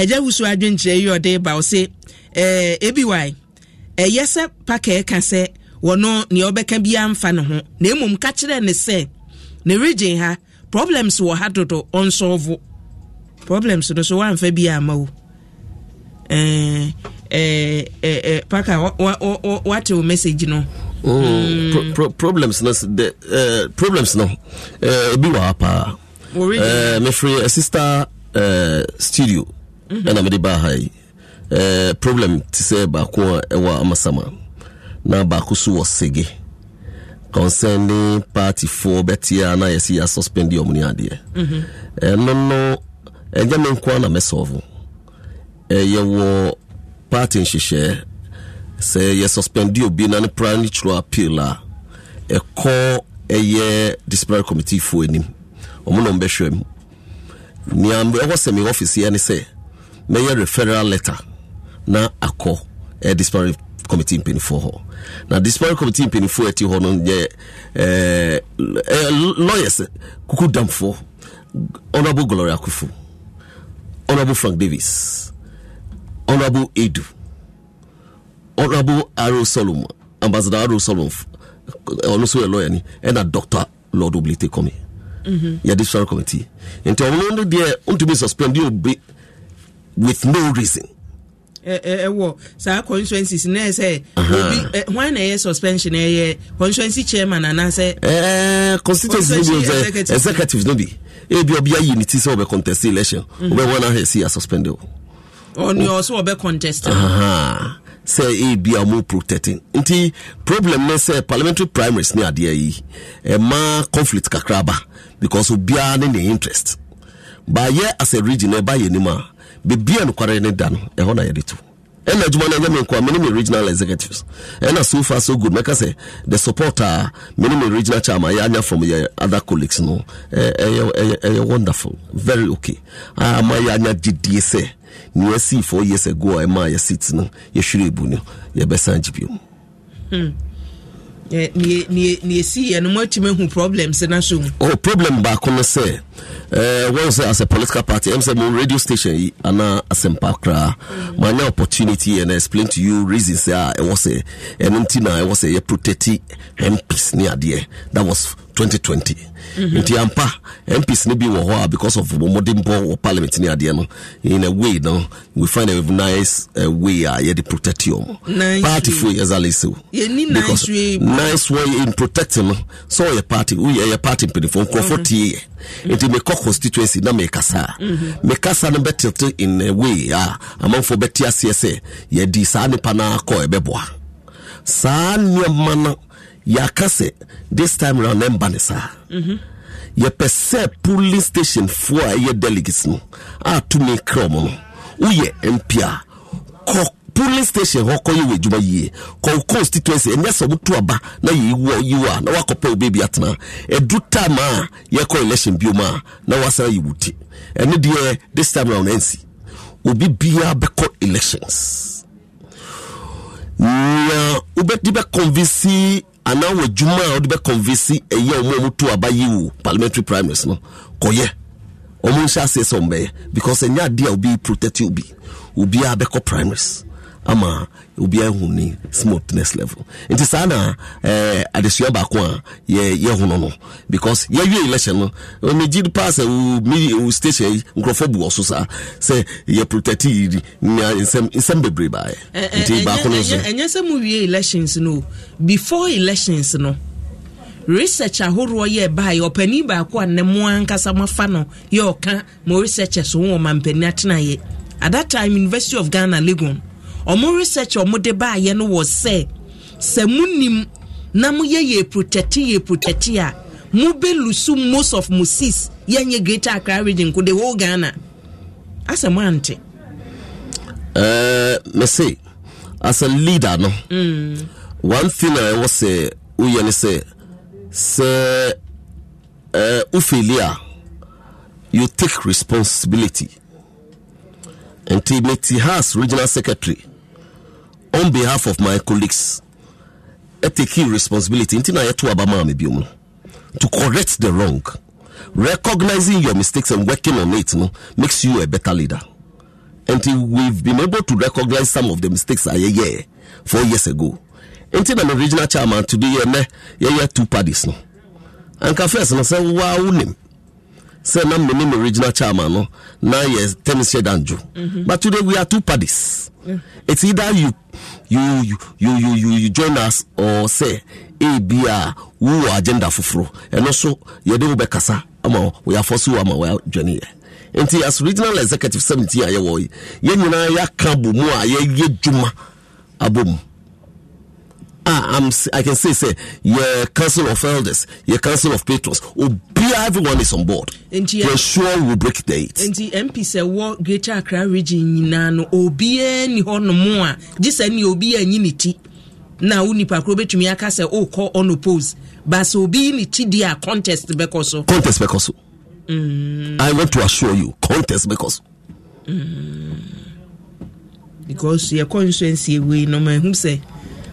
ɛgya hmm. wusu adwenkyerɛ yi ɔde ba ɔse eh, ebi wae eh, ɛyɛ sɛ paka ɛka sɛ wɔno nea ɔbɛka biara mfa ne ho na emu ka kyerɛ ne sɛ ne ha problems wɔ ha dodo ɔnsɔɔvo problems no so wɔamfa biara ma wo paka wate wo message no problems no problems no ebi wɔ ha paa mefiri sister Eh, studio ɛna mhm. mede baa ha yi eh, problem te sɛ baako a ɛwɔ amasama na baako so wɔ sege concerning partyfoɔ bɛteɛ a na yɛsɛ yɛ suspend ɔm ne adeɛ ɛno mhm. eh, no ɛnyɛ me nko a na mɛsɔɔvo ɛyɛwɔ party nhyehyɛɛ sɛ yɛ suspend obi na ne pra ne kyerɛ appeal a ɛkɔ ɛyɛ disciplinary committee foɔ anim ɔmo na ɔmbɛhwɛ mu nea ɛwɔ sɛ me office yɛ ne sɛ mɛyɛ referral letter na akɔ eh, disparate committee mpanimfoɔ hɔ na disparate committee mpanimfoɔ ɛti eh, hɔ no yɛ eh, eh, lawyers eh, kuku damfoɔ honourable glory akufo honourable frank davis honourable edu honourable aro solomon ambassador aro solomon ɔno nso yɛ lawyer ni ɛna doctor lord kɔmi. Mm-hmm. yɛde sɔre committee nti ɔno no deɛ ntumi suspend obi with no reason ɛwɔ saa constituencies na ɛsɛ obi hwan na ɛyɛ suspension ɛyɛ constituency chairman anaasɛ. ɛɛ constituency no bi ɛsɛ executive no bi ebi ɔbi ayi ne ti sɛ ɔbɛ contest election ɔbɛ wɔn ahɛ si yɛ suspend o. ɔni ɔsɛ ɔbɛ contest sɛ ebi a ɔmo protecting nti problem ne sɛ parliamentary primaries ne adeɛ yi ɛma conflict kakra ba because obiara ne ne interest baayɛ as a region ɛba yɛ nim a beebi a nokware ne da no ɛhɔ na yɛde to ɛna adwuma no ɛnyɛ me nkoa mene me regional executives ɛna so far so good mɛka sɛ the support a mene me regional chairman yɛanya from yɛ other colleagues no ɛyɛ wonderful very okay ah, ama yɛanya gyedie sɛ nea ɛsii four years ago a ɛma yɛsit no yɛhwerɛ bu no yɛbɛsan gye biom neyɛsiiɛ no moatumi ahu problems no so mu oh, problem baako no sɛ uh, eh, wɔn sɛ as a political party ɛm sɛ mo radio station yi anaa asɛmpa koraa mm. opportunity and I explain to you reasons a ɛwɔ sɛ ɛno nti na ɛwɔ sɛ yɛ protecti mps ne adeɛ that was 2020 mm-hmm. nti ampa mps no bi wɔ hɔ a because of wɔmɔde mpɔ wɔ parliament ne adeɛ no in a way no we find a nice uh, way a yɛde protect yɛ ɔm party fo ɛzale sɛ because nice way in protect no sɛ ɔyɛ party woyɛyɛ party mpanimfoɔ nkurɔfoɔ mm. tie yɛ nti mekɔ constituency na mekasa mm-hmm. mekasa no bɛtete in a way a amanfoɔ bɛte aseɛ sɛ yɛde saa nipa no akɔ ɛbɛboa saa nneɛma no yɛaka sɛ this time round ɛmba ne saa yɛpɛ sɛ polling station foɔ a ɛyɛ delegates no a tumi kra mu no woyɛ mp a kɔ polling station hɔ kɔyɛ wɔ adwuma yie kɔ constituency ɛnyɛ sɛ woto aba na yɛyiwa yiwa a na woakɔpɛ wo baabi atena ɛdu time a yɛkɔ election biom a na woasana yɛ wo ti ɛno e deɛ this time round ɛnsi obi biara bɛkɔ elections na wobɛdi bɛ convince anaa wɔ adwuma a wɔde bɛ convince ɛyɛ wɔn a wɔn to aba yi wɔ parliamentary primaries no kɔyɛ wɔn nhyɛ aseɛ sɛ wɔn bɛyɛ because ɛnyɛ adeɛ a obi protect obi obiara bɛkɔ primaries ama obiara hu ne smoothness level nti saa na eh, adesua baako a yɛhu no no because yɛwie election no megye paa sɛ wo station yi nkurɔfoɔ bu wɔ so saa sɛ yɛ protect yiri nsɛm nsɛm bebree baayɛ eh, eh, nti eh, baako no so ɛnyɛ sɛ mu wie elections no before elections no research ahoroɔ yɛ baayɛ ɔpanin baako a ne mo ankasa mafa no yɛ ɔka ma researchers ho wɔ mampanin atenaeɛ at that time university of ghana legon ɔmo research a ɔmo de baayɛ no wɔ sɛ sɛ mo nim na mo yɛ yɛ protɛti yɛ protɛti a mo bɛ lusu most of mo sis yɛnyɛ greater accra region ko the whole ghana asɛ mo ante. ɛɛ uh, eh, se as a leader no. Mm. one thing a ɛwɔ sɛ woyɛ ne sɛ sɛ uh, wofeli a you take responsibility nti meti house regional secretary on behalf of my colleagues a ɛtake responsibility nti na yɛto aba maa me biom no to correct the wrong recognizing your mistakes and working on it no makes you a better leader and we've been able to recognize some of the mistakes I yɛyɛ four years ago nti na my regional chairman today yɛ mɛ yɛyɛ two parties no anka first no sɛ waa wo nim sɛ na mmene my regional chairman no na yɛ term hyɛ danjo but today we are two parties mm. it's either you you you you you you, join us or say ebi a wowɔ agenda foforɔ ɛno so yɛde wo bɛkasa ama wɔyɛafɔ so wo ama wɔadwane yɛ nti as regional executive 17 a yɛwɔ yi yɛn nyinaa yɛaka abɔ mu a yɛyɛ dwuma abɔ mu ah, I'm, I can say, say, your council of elders, your council of patrons, obiara, everyone is on board. Nti, We're sure we'll break the eight. Nti, MP sɛ what Greater Accra region nyinaa no, obiara ni hɔ nom a, any sɛ ni obiara nyi ne ti. Na wo nipa koro betumi aka sɛ okɔ unopposed, but sɛ obi ne ti di a contest because. so. Contest because. Mm. I want to assure you, contest because. so. Mm. Because your constituency wei no, man who say.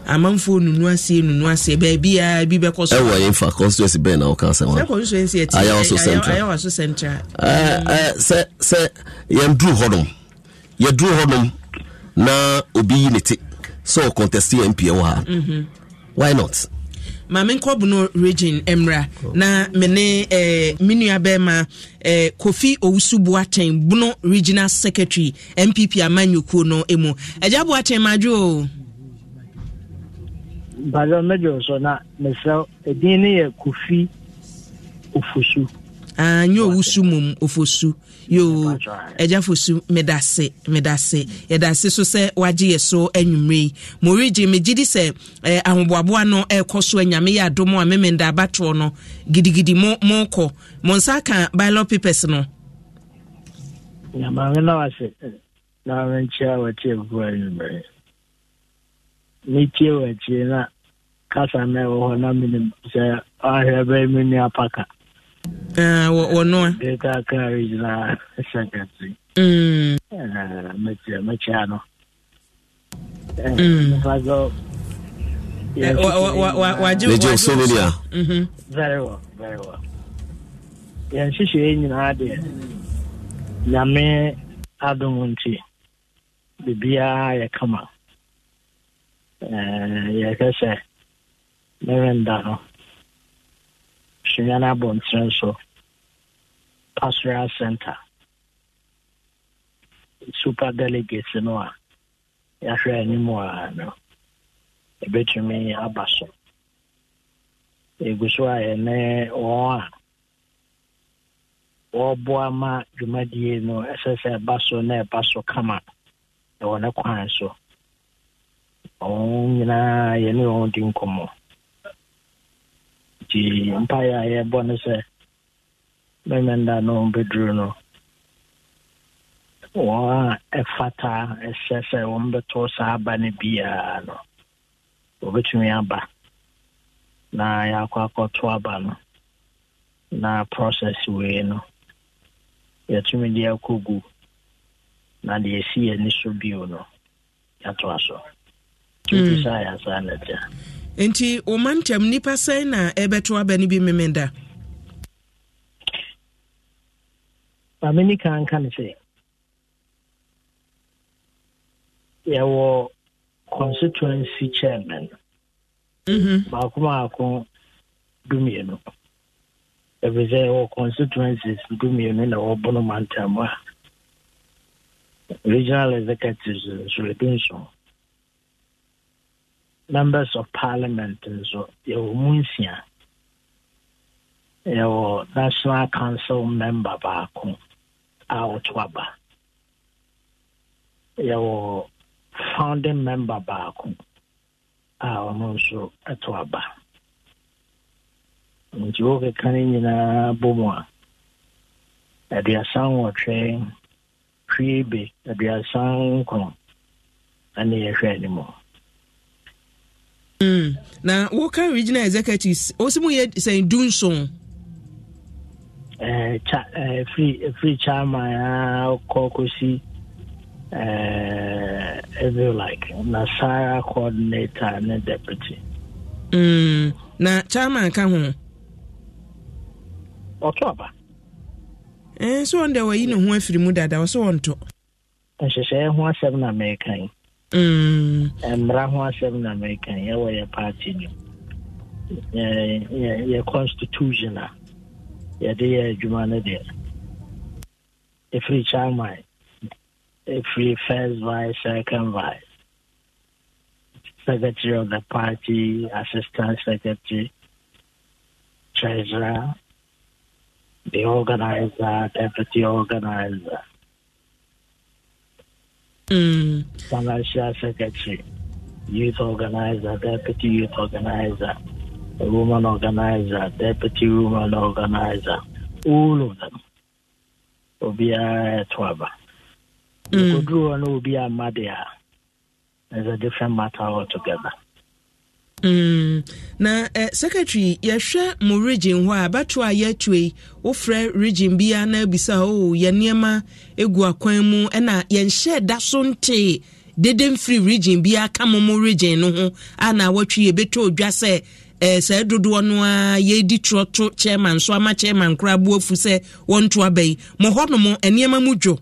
amanfoɔ nunu aseɛ nunu aseɛ baabiaa bi bɛkɔ so ɛwɔ yɛmfa constituency bɛn na woka sɛ sɛ constituency ɛtiayɛwaso central central sɛ sɛ yɛnduru hɔnom yɛduru hɔnom na obi yi ne te sɛ ɔconteste mpa wɔ ha mhm. why not maame nkɔbono region mmra na mene eh, me bɛrima eh, kofi owusu boateng bono regional secretary mpp amanyokuo no mu agya boateng madwo o mpadzɔ mɛjɔ sɔ na mesrɛ edin ne yɛ kofi ofosu ah nye owusu mom ofosu yoo medase medase yɛdase so sɛ wagye yɛ so anwummerɛ yi morigye megye di sɛ eh, ahoboaboa no ɛrekɔ eh, so anyame yɛ adom a memenda abatoɔ no gidigidi mokɔ mo nsa ka bilot papers no nyamaame na wase na wamenkyia wɔte abubu anwummerɛ metie wɔ akyire na kasa na ɛwɔ hɔ na menim sɛ ahwɛ bɛyɛ me nua paka wɔnoa data regional secretary metie mekyia no megye so no dea very well very well yɛnhyehyɛe nyinaa deɛ nyame adom nti biribiaa ah, yɛ kama yɛkɛsɛ eh, merenda no sua no abɔntere so pastoral center super delegate no a yɛahwɛ anim a no ɛbɛtumi aba so ɛgu so a ɛne wɔn a wɔreboa ma dwumadie no ɛsɛ sɛ ɛba so na ɛba kama ɛwɔ ne kwan so ɔho nyinaa yɛne wɔn di nkɔmmɔ nti mpaeɛ a yɛbɔ no sɛ mɛmɛnda no bɛduru no wɔn a ɛfataa ɛhyɛ sɛ wɔmbɛto saa aba no biara no wɔbɛtumi aba na yɛakɔ akɔto aba no na process wei no yɛtumi de akɔgu na deɛ ɛsi n'i so bio no yɛatoa so Mm. nti wo ma ntam nnipa sɛn na ɛbɛto aba no bi memeda mamani ka nka no sɛ yɛwɔ constituency chairman mhm. baako maako dumienu ɛfiri sɛ yɛwɔ constituencies dumienu na wɔbono mantam a regional executives nso nson members of parliament nso yɛwɔ mu nsia yɛwɔ national council member baako a wɔto aba yɛwɔ founding member baako a ɔno nso to aba nti wokeka no nyinaa bɔ mu a aduasa nwɔtwe hwiebe aduasa nkron ɛne yɛhwɛ anim Mm. na woka regional executives ɔsi mu yɛ sɛn du nson. ɛɛ eh, eh, eh, chairman a ah, kɔ kosi ɛɛ every like na sara coordinator ne deputy. Mm. na chairman ka ho. ɔtɔ aba. ɛɛ so wɔn de wɔyi ne ho afiri mu dada ɔsɛ wɔn tɔ. nhyehyɛ ho asɛm na mɛka mmara ho seven American. america yɛwɔ yɛ party no yɛ constitution a yɛde yɛ adwuma no deɛ ɛfiri chairman ɛfiri first vice second vice secretary of the party assistant secretary treasurer the organizer deputy organizer mm. commercial secretary, youth organizer, deputy youth organizer, woman organizer, deputy woman organizer, all of them. Obiara Twaba. Mm. Kudruwa no Obiara Madia. It's a different matter altogether. Mm. na eh, secretary yɛhwɛ mo region hɔ a bɛto a yɛatwe yi wofrɛ region bia na abisa o oh, yɛ nneɛma egu akwan mu ɛna yɛnhyɛ da so ntee dede mfiri region bia ka mo mo region no ho a na watwi yɛbɛtɔ odwa sɛ eh, sɛ dodoɔ no a yɛdi twerɛ to chairman so ama chairman koraa boafu sɛ wɔnto aba yi mo hɔ nom nneɛma mu dwo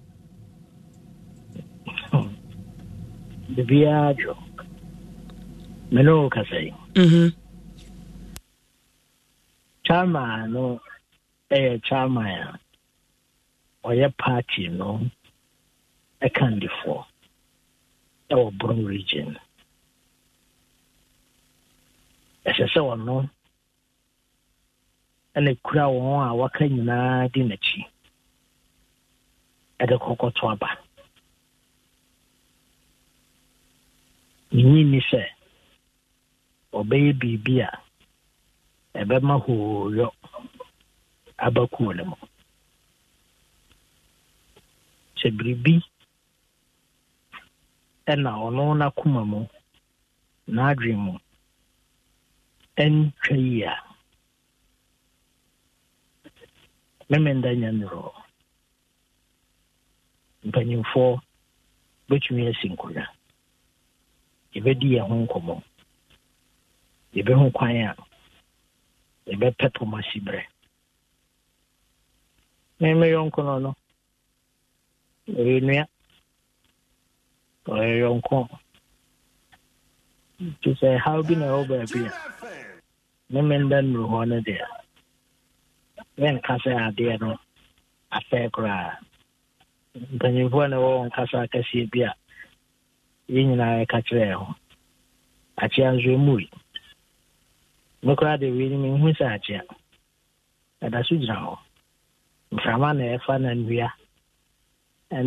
biribiara dwo mene wo ka sɛe mm-hmm. chairman no ɛyɛ eh, chairman a ɔyɛ party no ɛkandifoɔ e ɛwɔ e brown region ɛsɛ sɛ ɔno ɛna kura wɔn a waka nyinaa di n'akyi ɛde e kɔkɔto aba menyi ni sɛ ɔbɛyɛ biribi a ɛbɛma hooyɔ aba kuo no mu sɛ biribi ɛna ɔno n'akoma mu n'adwen mu ɛntwa yi a memenda nya nnerɔ mpanyimfoɔ bɛtumi asi nkonnwa yɛbɛdi yɛn ho nkɔmmɔ yɛbɛhu kwan a yɛbɛpɛ poma si berɛ me me yɔnko no no ɔyɛ ɔyɛ yɔnko nti sɛ haw bi na ɛwɔ baabi a ne me nda nnuro hɔ no deɛ menka sɛ adeɛ no afɛɛ koraa mpanyimfoɔ na ɛwɔ nkasa akɛseɛ bi a yɛn nyinaa ɛka kyerɛɛ ho akyea nso mekora de wei nim nhu sɛ akyea ɛda so gyina hɔ mframa na ɛfa na nnua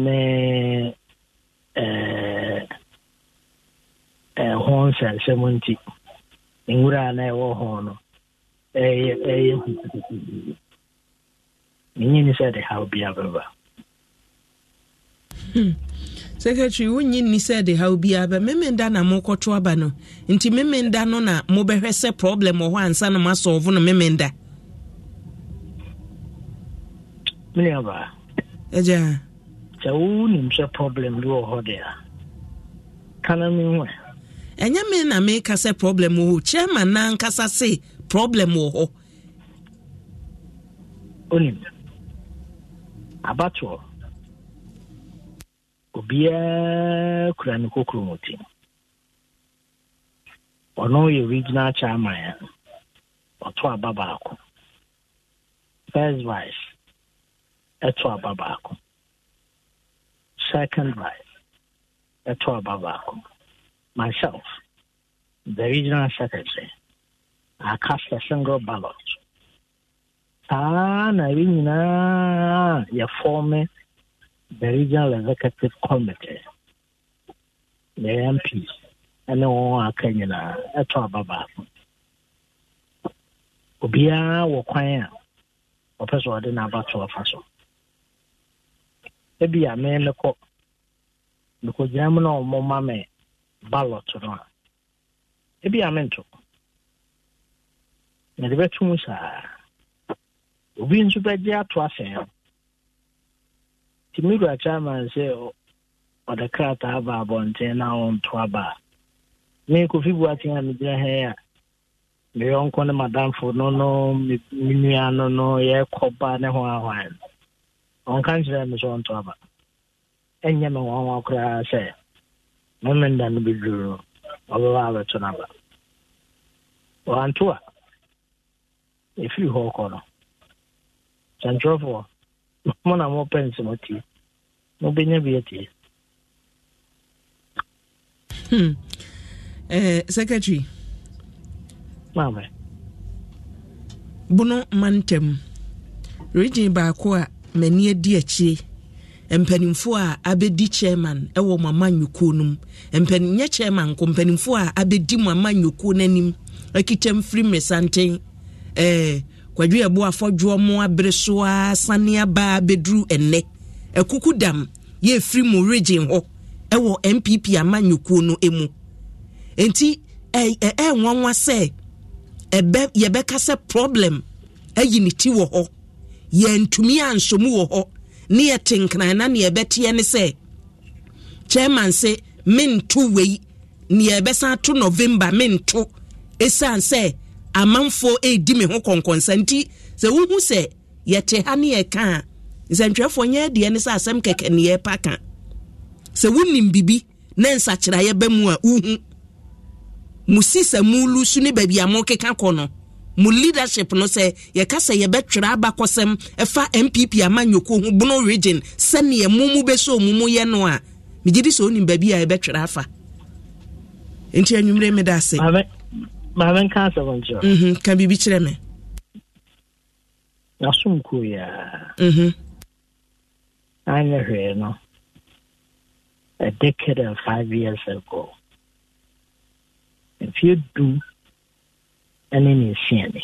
ne ho nsɛnsɛm nti nwura na ɛwɔ ho no ɛyɛ ɛyɛ huhuhuhu sɛ de haw bia bɛba Hmm. sekretary wonyi nni sɛ de haw biaa bɛ memenda na mokɔto aba no nti memenda no na mobɛhwɛ sɛ problem wɔ hɔ ansa na moasɔɔvo no memenda mene problem a kana ɛnyɛ me na meka sɛ problem wɔ hɔ kyɛma problem wɔ hɔ obiara kura ne kokuromoti ɔno yɛ regional chairman a ɔto aba baako first vice ɛto aba baako second vice ɛto aba baako myself the regional secretary I cast a single ballot saa na ɛyɛ nyinaa yɛ fɔɔme. the regional executive committee the mp ɛne e wɔn obiara wɔ kwan a ɔpɛ sɛ ɔde n'abato afa so ebi a mee mekɔ mekɔgyina mu na ɔmo ma me ballot no a ebi a mento mede bɛto saa obi nso bɛgye ato timidwa chairman sɛ ɔde krataa aba abɔnten na ɔnto aba a me kofi buaten a megyina hɛn a me yɔnko ne madamfo no no me nua no no yɛkɔ ne ho ahwan no ɔnka nkyerɛ me sɛ ɔnto aba ɛnyɛ me nwanwa koraa sɛ meme no bɛduru no abɛto no aba ɔanto a ɛfiri hɔ [laughs] mo na mo pɛ nsɛm tie mo bɛnya bi eh, region baako a m'ani adi akyire mpanimfoɔ a abɛdi chairman wɔ mo amanyɔkuo no mu chairman nko mpanimfoɔ a abɛdi no anim akita mfiri ɛɛ kwadwo ɛbo afɔdwoɔ mo abere so a sane aba bɛduru ɛnɛ ɛkuku dam yɛfiri mu region hɔ ɛwɔ npp amanyɔkuo no mu nti ɛɛnwanwa sɛ ɛbɛ yɛbɛka sɛ problem ayi ne ti wɔ hɔ yɛntumi ansomu wɔ hɔ ne yɛte nkran na ne yɛbɛteɛ ne sɛ chairman se mento wei ne yɛbɛsan to november mento ɛsiane sɛ amanfoɔ ɛredi me ho kɔnkɔnsa nti sɛ wohu sɛ yɛte ha ne yɛka a nsɛntwerɛfoɔ nyɛ deɛ ne sɛ asɛm kɛkɛ ne yɛpa ka sɛ wonim biribi na nsakyerɛeɛ bɛ mu a wohu mo sisa mu lusu ne baabi a mokeka kɔ no mo leadership no sɛ yɛka sɛ yɛbɛtwerɛ abakɔsɛm ɛfa mpp ama nyoko ho bono region sɛneɛ mo mu bɛsɛ mu mu yɛ no a megye di sɛ wonim baabi a yɛbɛtwerɛ afa nti anwummerɛ meda ase maame nka asɛm nkyerɛ mhm, ka biribi kyerɛ me nasom kuoyɛa mhm. anyɛ hwee no a decade and five years ago mfeɛ du ne ne nsia ne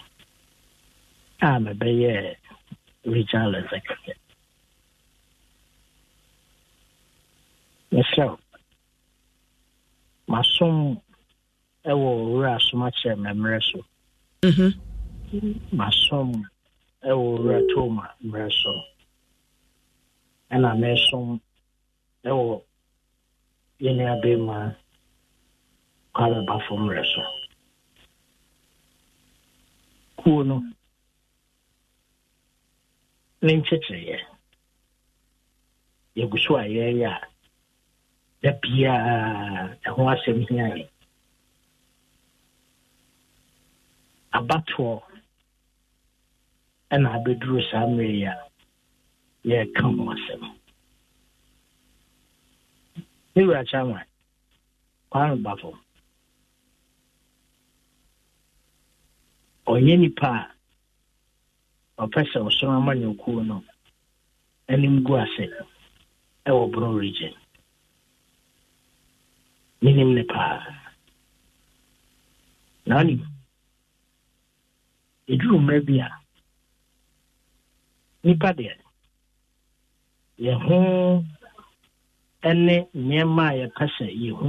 a ah, mebɛyɛ regional executive mesrɛ masom ɛwɔ e owura asom akyerɛ mmɛmmerɛ so mhm. masom ɛwɔ e owura toma mmerɛ so ɛna e mesom ɛwɔ yɛnuabɛma kwabɛbafo mmerɛ so kuo no ne nkyekyereɛ yɛgu so a yɛyɛ a da biaa ɛho asɛm abatoɔ ɛna abɛduru saa mmerɛ yi a yɛreka ho asɛm ne wura kyama kwame bafo ɔnyɛ nipa a ɔpɛ sɛ ɔsoro amanyɔkuo no anim gu ase ɛwɔ borɔ region menim ne paa na ɔnim ɛduru bi a nnipa deɛ yɛho ne nneɛma a yɛpɛ sɛ yɛhu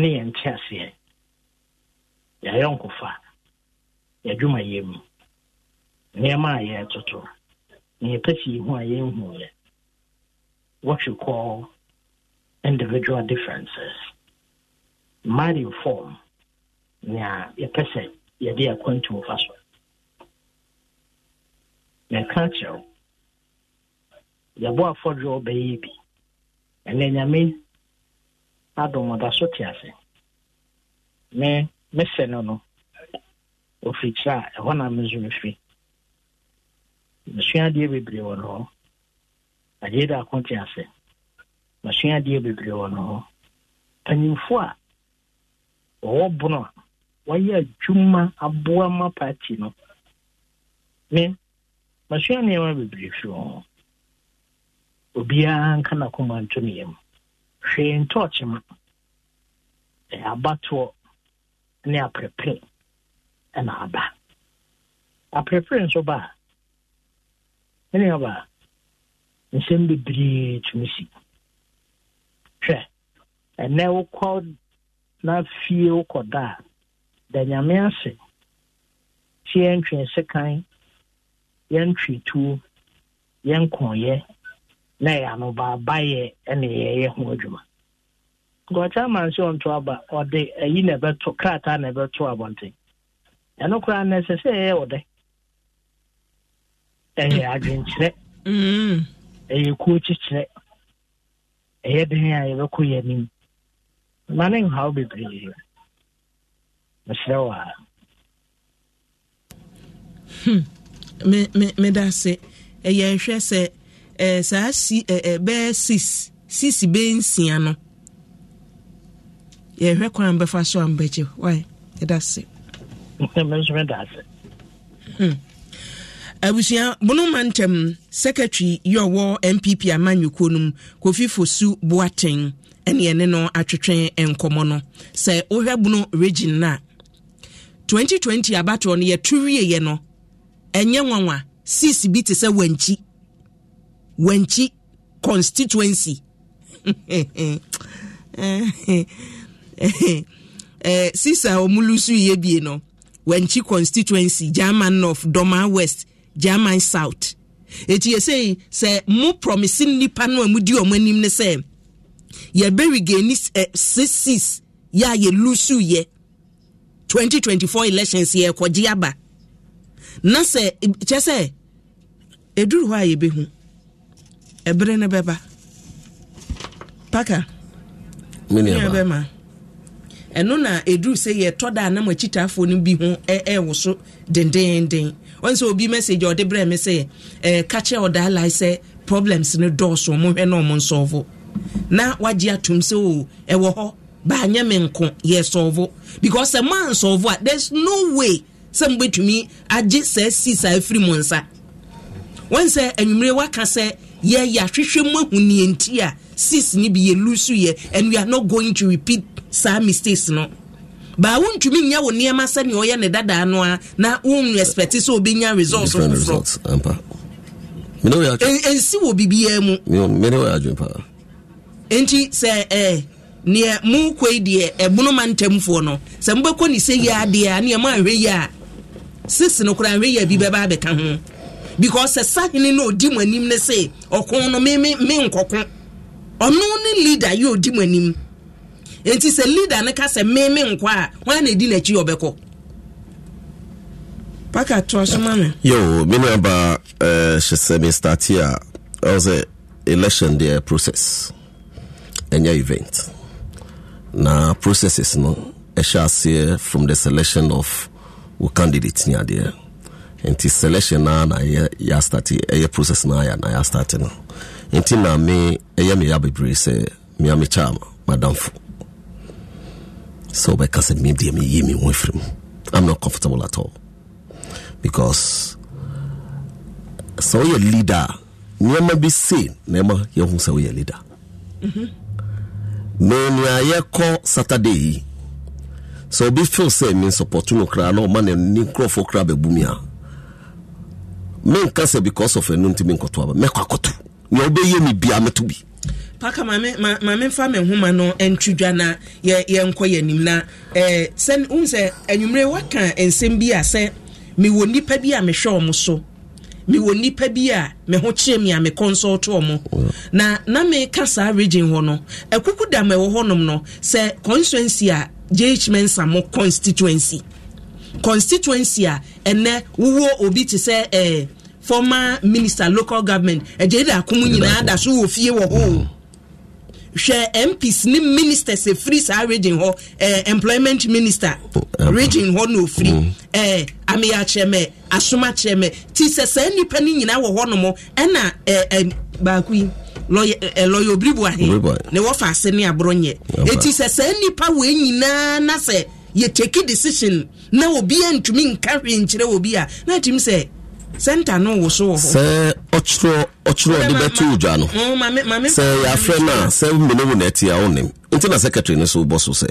ne yɛn nteaseɛ yɛayɛ nkofa yɛadwuma yɛ mu nneɛma a yɛretoto na yɛpɛ sɛ yɛhu a yɛnhuuɛ what you call individual differences Mind inform. nea yɛpɛ sɛ yɛde akwantu fa so mɛka kyerɛ wo yɛbɔ afɔdeɛ ɔbɛyɛ bi ɛnɛ nyame adomɔda so te ase me mesɛ no no ofirikyerɛ a ɛhɔ na me nso mefiri mesua adeɛ bebree wɔ no hɔ agye da ako te ase masua adeɛ bebree wɔ no hɔ panyimfoɔ a wɔwɔ bono a wayɛ adwuma aboa ma party no me masua nneɛma bebree firi ho obiara nka nakoma nto ne yam hwee ntɔɔkye ma ɛyɛ abatoɔ ne aperepere ɛna aba aperepere nso ba a ɛne aba a nsɛm bebree tumi si hwɛ ɛnɛ wokɔ na fie wokɔ da a da nyame ase sɛ yɛntwe sekan yɛntwe tuo yɛnkɔɔyɛ na ɛyɛ anobaabayɛ ne yɛyɛ ho adwuma nkɔkyɛ ma nse ɔnto aba ɔde ayi na ɛbɛto krataa na ɛbɛto abɔnten ɛno koraa na ɛsɛ sɛ ɛyɛ ɔdɛ mm. ɛyɛ adwenkyerɛ mm. ɛyɛ kuo kyekyerɛ ɛyɛ den a yɛbɛkɔ yɛ anim ma ne nhaw bebree mesrɛ wo a hmm. meda ase ɛyɛ eh, hwɛ sɛ eh, saa si eh, bɛɛ sis sisi bɛɛ nsia no yɛhwɛ kwan bɛfa so a mbɛgye wae yɛda se hmm. abusua bonoma ntɛm secretary yɛ ɔwɔ npp amanyɔkuo no mu kofi fosu boaten ɛne ɛne no atwetwe nkɔmmɔ no sɛ wohwɛ bono region no a 2020 abatoɔ no yɛtu wieɛ no ɛnyɛ nwanwa sis bi te sɛ wankyi wankyi constituency sis [laughs] eh, a ɔmo lusu bie no wankyi constituency german north doma west german south eti yɛsɛ sɛ mo promise nipa no a mo di ɔmo anim ne sɛ yɛbɛrige ni ɛ sisis eh, yɛ a yɛ lusu yɛ. 2024 elections yɛ kɔgye aba na sɛ kyɛ sɛ ɛduru hɔ a yɛbɛhu ɛbere no bɛba paka bɛma ɛno na ɛduru sɛ yɛtɔ da a na mo akyitaafoɔ no bi ho ɛɛwoso dendenden wɔn sɛ obi message ɔde brɛ me sɛ kakyɛ ɔda alae sɛ problems no dɔɔso ɔmo hwɛ na ɔmo nsɔɔfo na wagye atom sɛ o ɛwɔ hɔ baanyɛ me nko yɛsɔɔvo because sɛ maa nsɔɔvo a there's no way sɛ mobɛtumi agye saa si saa afiri mu nsa wɔn sɛ anwummerɛ waka sɛ yɛyɛ ahwehwɛ mu ahu nienti a sis ni bi yɛ lusu yɛ and we are not going to repeat saa mistakes no baa wontumi nya wo nneɛma sɛnea ɔyɛ ne dadaa no a na won expect sɛ obɛnya results foforɔ ɛnsi wɔ biribiaa mu nti sɛ eh, neɛ mu kwei deɛ ɛbonoma ntamfoɔ no sɛ mobɛkɔ ne sɛ yia deɛ a neɛ ma ahwɛ yi a sisi no koraa ahwɛ yi a bi bɛba abɛka ho because sɛ sahene no ɔdi mu anim ne se ɔko no me me me nkɔko ɔno ne leader yɛ ɔdi mu anim nti sɛ leader no ka sɛ me me nkɔ a wɔn na edi n'akyi ɔbɛkɔ. paka to asoma mi. yo mi na ba ɛɛ eh, hyesɛ mi start a ɔsɛ election deɛ process ɛnyɛ event. na processes no ɛhyɛ aseɛ from the selection of wo candidate ni adeɛ nti selection na na yɛ start ɛyɛ process na yɛ na yɛ start no nti na me ɛyɛ me ya bebree sɛ me a me kyɛ madamfo sɛ wobɛka sɛ me deɛ meyi me ho afiri mu i'm not comfortable at all because sɛ woyɛ leader nneɛma bi se na ɛma yɛhu sɛ woyɛ leader mm -hmm na nea yɛkɔ saturday yi sɛ obi feel sɛ me nsupɔto no koraa na ɔma ne ne nkurɔfoɔ koraa bɛbu me a menka sɛ because of ɛno nti menkɔto aba mɛkɔ akɔto nea wobɛyɛ me bia mɛto bi paka maame maame nfa me nhoma no ntwidwa na yɛ yɛnkɔ yɛ nim na ɛɛ eh, sɛ n sɛ enyimire waka nsɛm bi a sɛ mewɔ nipa bi a mehwɛ ɔmo so mewɔ nipa bi a me ho kyerɛ me a me consult ɔmo na na meka saa region hɔ no ɛkuku dam ɛwɔ hɔnom no sɛ constituency a jh mensa mo constituency constituency a ɛnɛ wowɔ obi te sɛ eh, former minister local government ɛgye eh, da akomu nyinaa da so wɔ fie wɔ hɔ Mm. hwɛ mps ni ministers efiri saa region hɔ ɛɛ eh, employment minister eh, region hɔ na ofiri ɛɛ mm. eh, ameya kyerɛmɛ asoma kyerɛmɛ ti sɛ saa nipa ne nyinaa wɔ hɔ nom ɛna ɛɛ ɛɛ baako yi lɔyɛ ɛ lɔyɛ obiribu ahe ne wɔfa ase ne aboro nyɛ eti sɛ saa nipa wɔ nyinaa na sɛ yɛ take decision na obi a ntumi nka hwee nkyerɛ obi a na etumi sɛ center no wo so wɔ hɔ. sɛ ɔtwerɛ ɔtwerɛ ɔde bɛto odwa no sɛ yɛafrɛ no a sɛ mmene wo na ɛte a wonem nti na secretary no so wobɔ so sɛ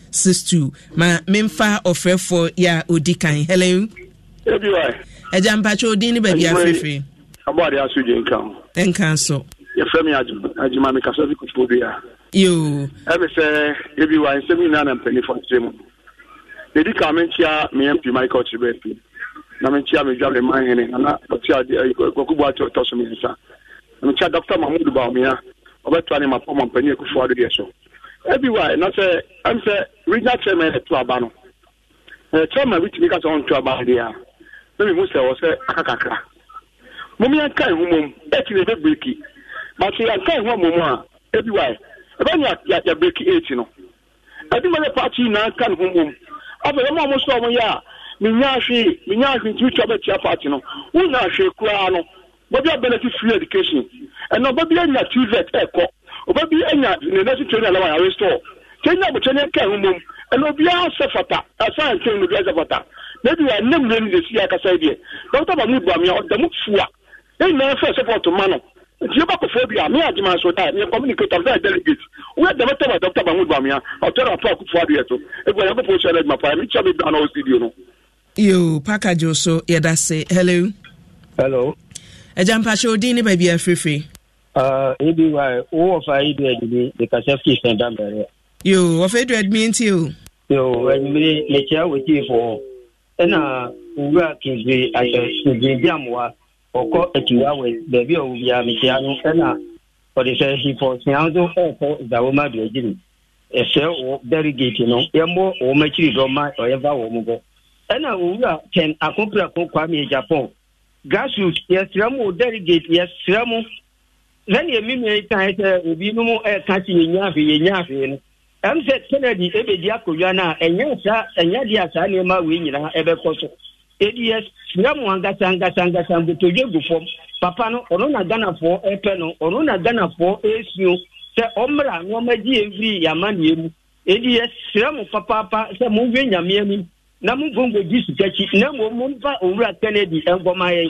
six ma memfa ɔfrɛfoɔ yɛ a ɔdi kan helen. ɛgya mpatwa odin ne baabi afefe. abɔade aso gye nka ho. nka so. yɛfrɛ e me agyima me kasa bi kutubo bi a. yoo. ɛmi sɛ ebi wa nsɛm nyinaa na mpanimfoɔ nkyɛn mu dedi kan mi nkyia mi yɛ mpi michael tiri bɛ mpi na mi nkyia mi dwabere man hene na ɔtia kɔkubu eh, ati ɔtɔ so mmiɛnsa na mi nkyia dɔkta mahmud baomiya ɔbɛtoa ne ma pɔ ma ekufu e ado deɛ so. ebi wa na sɛ ɛm sɛ regional chairman ɛto aba no ɛɛ uh, chairman bi tumi ka sɛ aba deɛ na mi mu sɛ wɔ sɛ aka kakra yɛn ka ehu eti na ebe breki bàtò yɛn ka ehu mom a ebi wa ebe ni yɛ yɛ breki eti no ɛdi na ka ne ho afɛ yɛn mo ya sɔ mo yɛ a mi nya ahwe mi nya ahwe ntumi twa bɛ no ti free education ɛnna ọba bi anya ne nurse training allowance arestore kenya abotire ne ka ehumom ɛna obiara sɛ fata ɛsan nkyɛn no obiara sɛ fata n'ebi yɛ ne mmiri de si akasa deɛ dɔkita baamu ibuamia ɔdamu fua ne nyinaa fɛ support ma no nti yɛ bakɔfo bi a e mi adwuma so ta mi communicator mi sɛ delegate wɔyɛ dɛmɛ tɛmɛ dɔkita baamu ibuamia ɔtɔrɔ apɔ akufo adeɛ so ebi yɛ akɔfo sɛ ɛlɛ dwuma mi kyɛn mi dan na ɔsidio no. yoo package o so yɛda se hello. hello. ɛgya mpakyɛ odin ne baabi afirifiri. ebi uh, uh, wa wo wɔ fa edward bi mekasa fii sɛn da Yoo, yo wɔfa edward bi nti o yo anwumere mekyia wɔ tiefoɔ ɛna owura kente ahyɛ kente gyamoa ɔkɔ atiwa wɛ baabi bebi ɔwia mekyia no ɛna ɔde sɛ hifɔsia nso ɛɛkɔ zawoma do agyiri ɛsɛ wɔ derigate no yɛmmɔ wɔ makyiri dɔ ma ɔyɛva wɔ mu bɔ ɛna owura ten akoprako kwame japan grassroot yɛsrɛ mu derigate yɛsrɛ mu sɛdeɛ me nua yi kan sɛ obinom ɛka sɛ yɛnya afei yɛnya afei no ɛm sɛ kennedy ɛbɛdi akonnwa no a ɛnyɛ saa ɛnyɛ deɛ a saa nneɛma wei nyinaa ɛbɛkɔ so ɛdiɛ sua mu ankasa ankasa ankasa nkotodwe gu fam papa ọ ɔno na ghanafoɔ ɛpɛ no ɔno na ghanafoɔ ɛsuo sɛ ɔmmra na ɔmagye ɛmfiri yɛamanneɛ mu ɛdiɛ srɛ mụ papaapa sɛ mụ nyameɛ mu na momfo nkɔgyi sikakyi na mụ mmom momfa owura kennedy ɛnkɔma ya.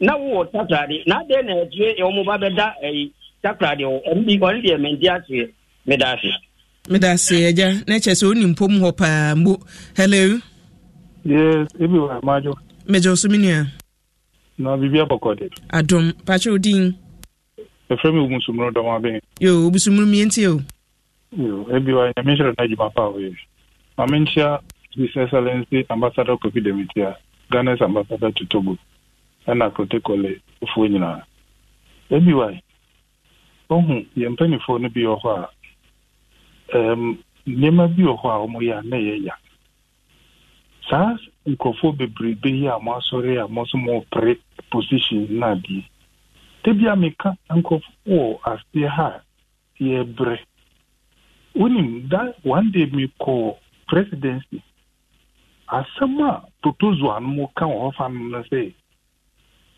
na wowɔ takrade na adɛn na ɛtue ɔmo e ba bɛda ɛyi e takrade wɔ ɔno bi ɔno deɛ mɛnti aseɛ meda ase meda ase agya e na kyerɛ sɛ ɔni mpom hɔ paa mbo hello yes ebi wɔ amadwo mɛgya so me nua na biribi abɔkɔ de adom pakyɛ wo din ɛfrɛ me obusumuro dɔm abɛn yo obusumuro mienti o yo ebi wɔ nyame nhyerɛ no adwuma paa wɔyɛ ma menkyia his excellency ambassador kofi demitia ghana's ambassador to togo ɛna kotekɔle fofoɔ nyinaa anyway ohun yɛ mpanimfoɔ no bi wɔ hɔ a um, nneɛma bi wɔ hɔ a a na ya. saa nkurɔfoɔ bebrebe yi a moasɔre a nso position na adeɛ da bi nkurɔfoɔ wɔ aseɛ ha a yɛbrɛ wonim da one day mekɔɔ presidency asɛm a proposal a ka hɔ fa no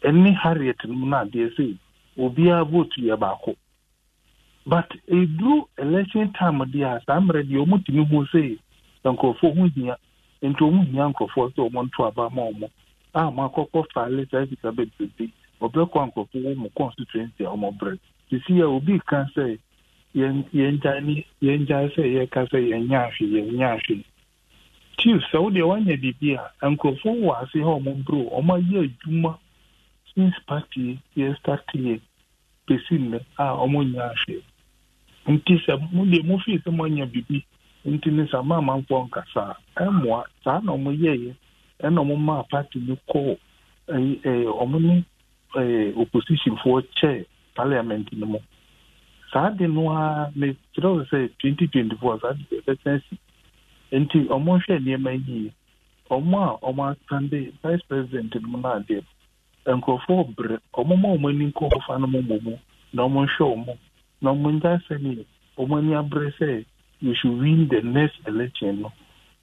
ɛne harriet no no adeɛ sei obiara vote yɛ baako but ɛduru election time deɛ a saa mmerɛ deɛ ɔmutumi hu sei sɛ nkurɔfoɔ ho hia nti ɔmu hia nkurɔfoɔ sɛ ɔmo nto aba ma ɔmo a ɔmo akɔkɔ faale saa sika bebrebe ɔbɛkɔ nkurɔfoɔ wɔ mo constituency a ɔmo brɛ sisi a obi ka sɛ yɛngyae yɛngyae sɛ yɛka sɛ ahwe ahwe chief sɛ wodeɛ woanyɛ biribi a nkurɔfoɔ wɔ ase hɔ ɔmo bro ɔmo adwuma inspectie yɛstarteyɛ pɛsi nnɛ a ɔmo nya ahwɛ nti sɛ modeɛ mofii sɛ moanya biribi nti ne sɛ ma amanfoɔ nkasa a ɛmmoa saa na ɔmo yɛeɛ ɛna ɔmo maa party no kɔɔ ɔmo ne oppositionfoɔ kyɛɛ parliament no mu saa de no a mekyerɛ sɛ twenty twenty four saa de bɛbɛsan si nti ɔmo hwɛ nneɛma yie ɔmo a ɔmo asande vice president no mu no adeɛ nkurɔfoɔ brɛ ɔmoma ɔmo ani nkɔ ɔfa no mo bɔ mu na ɔmo nhwɛ ɔmo na ɔmo nya sɛnea ɔmo ani abrɛ sɛ you should win the next election no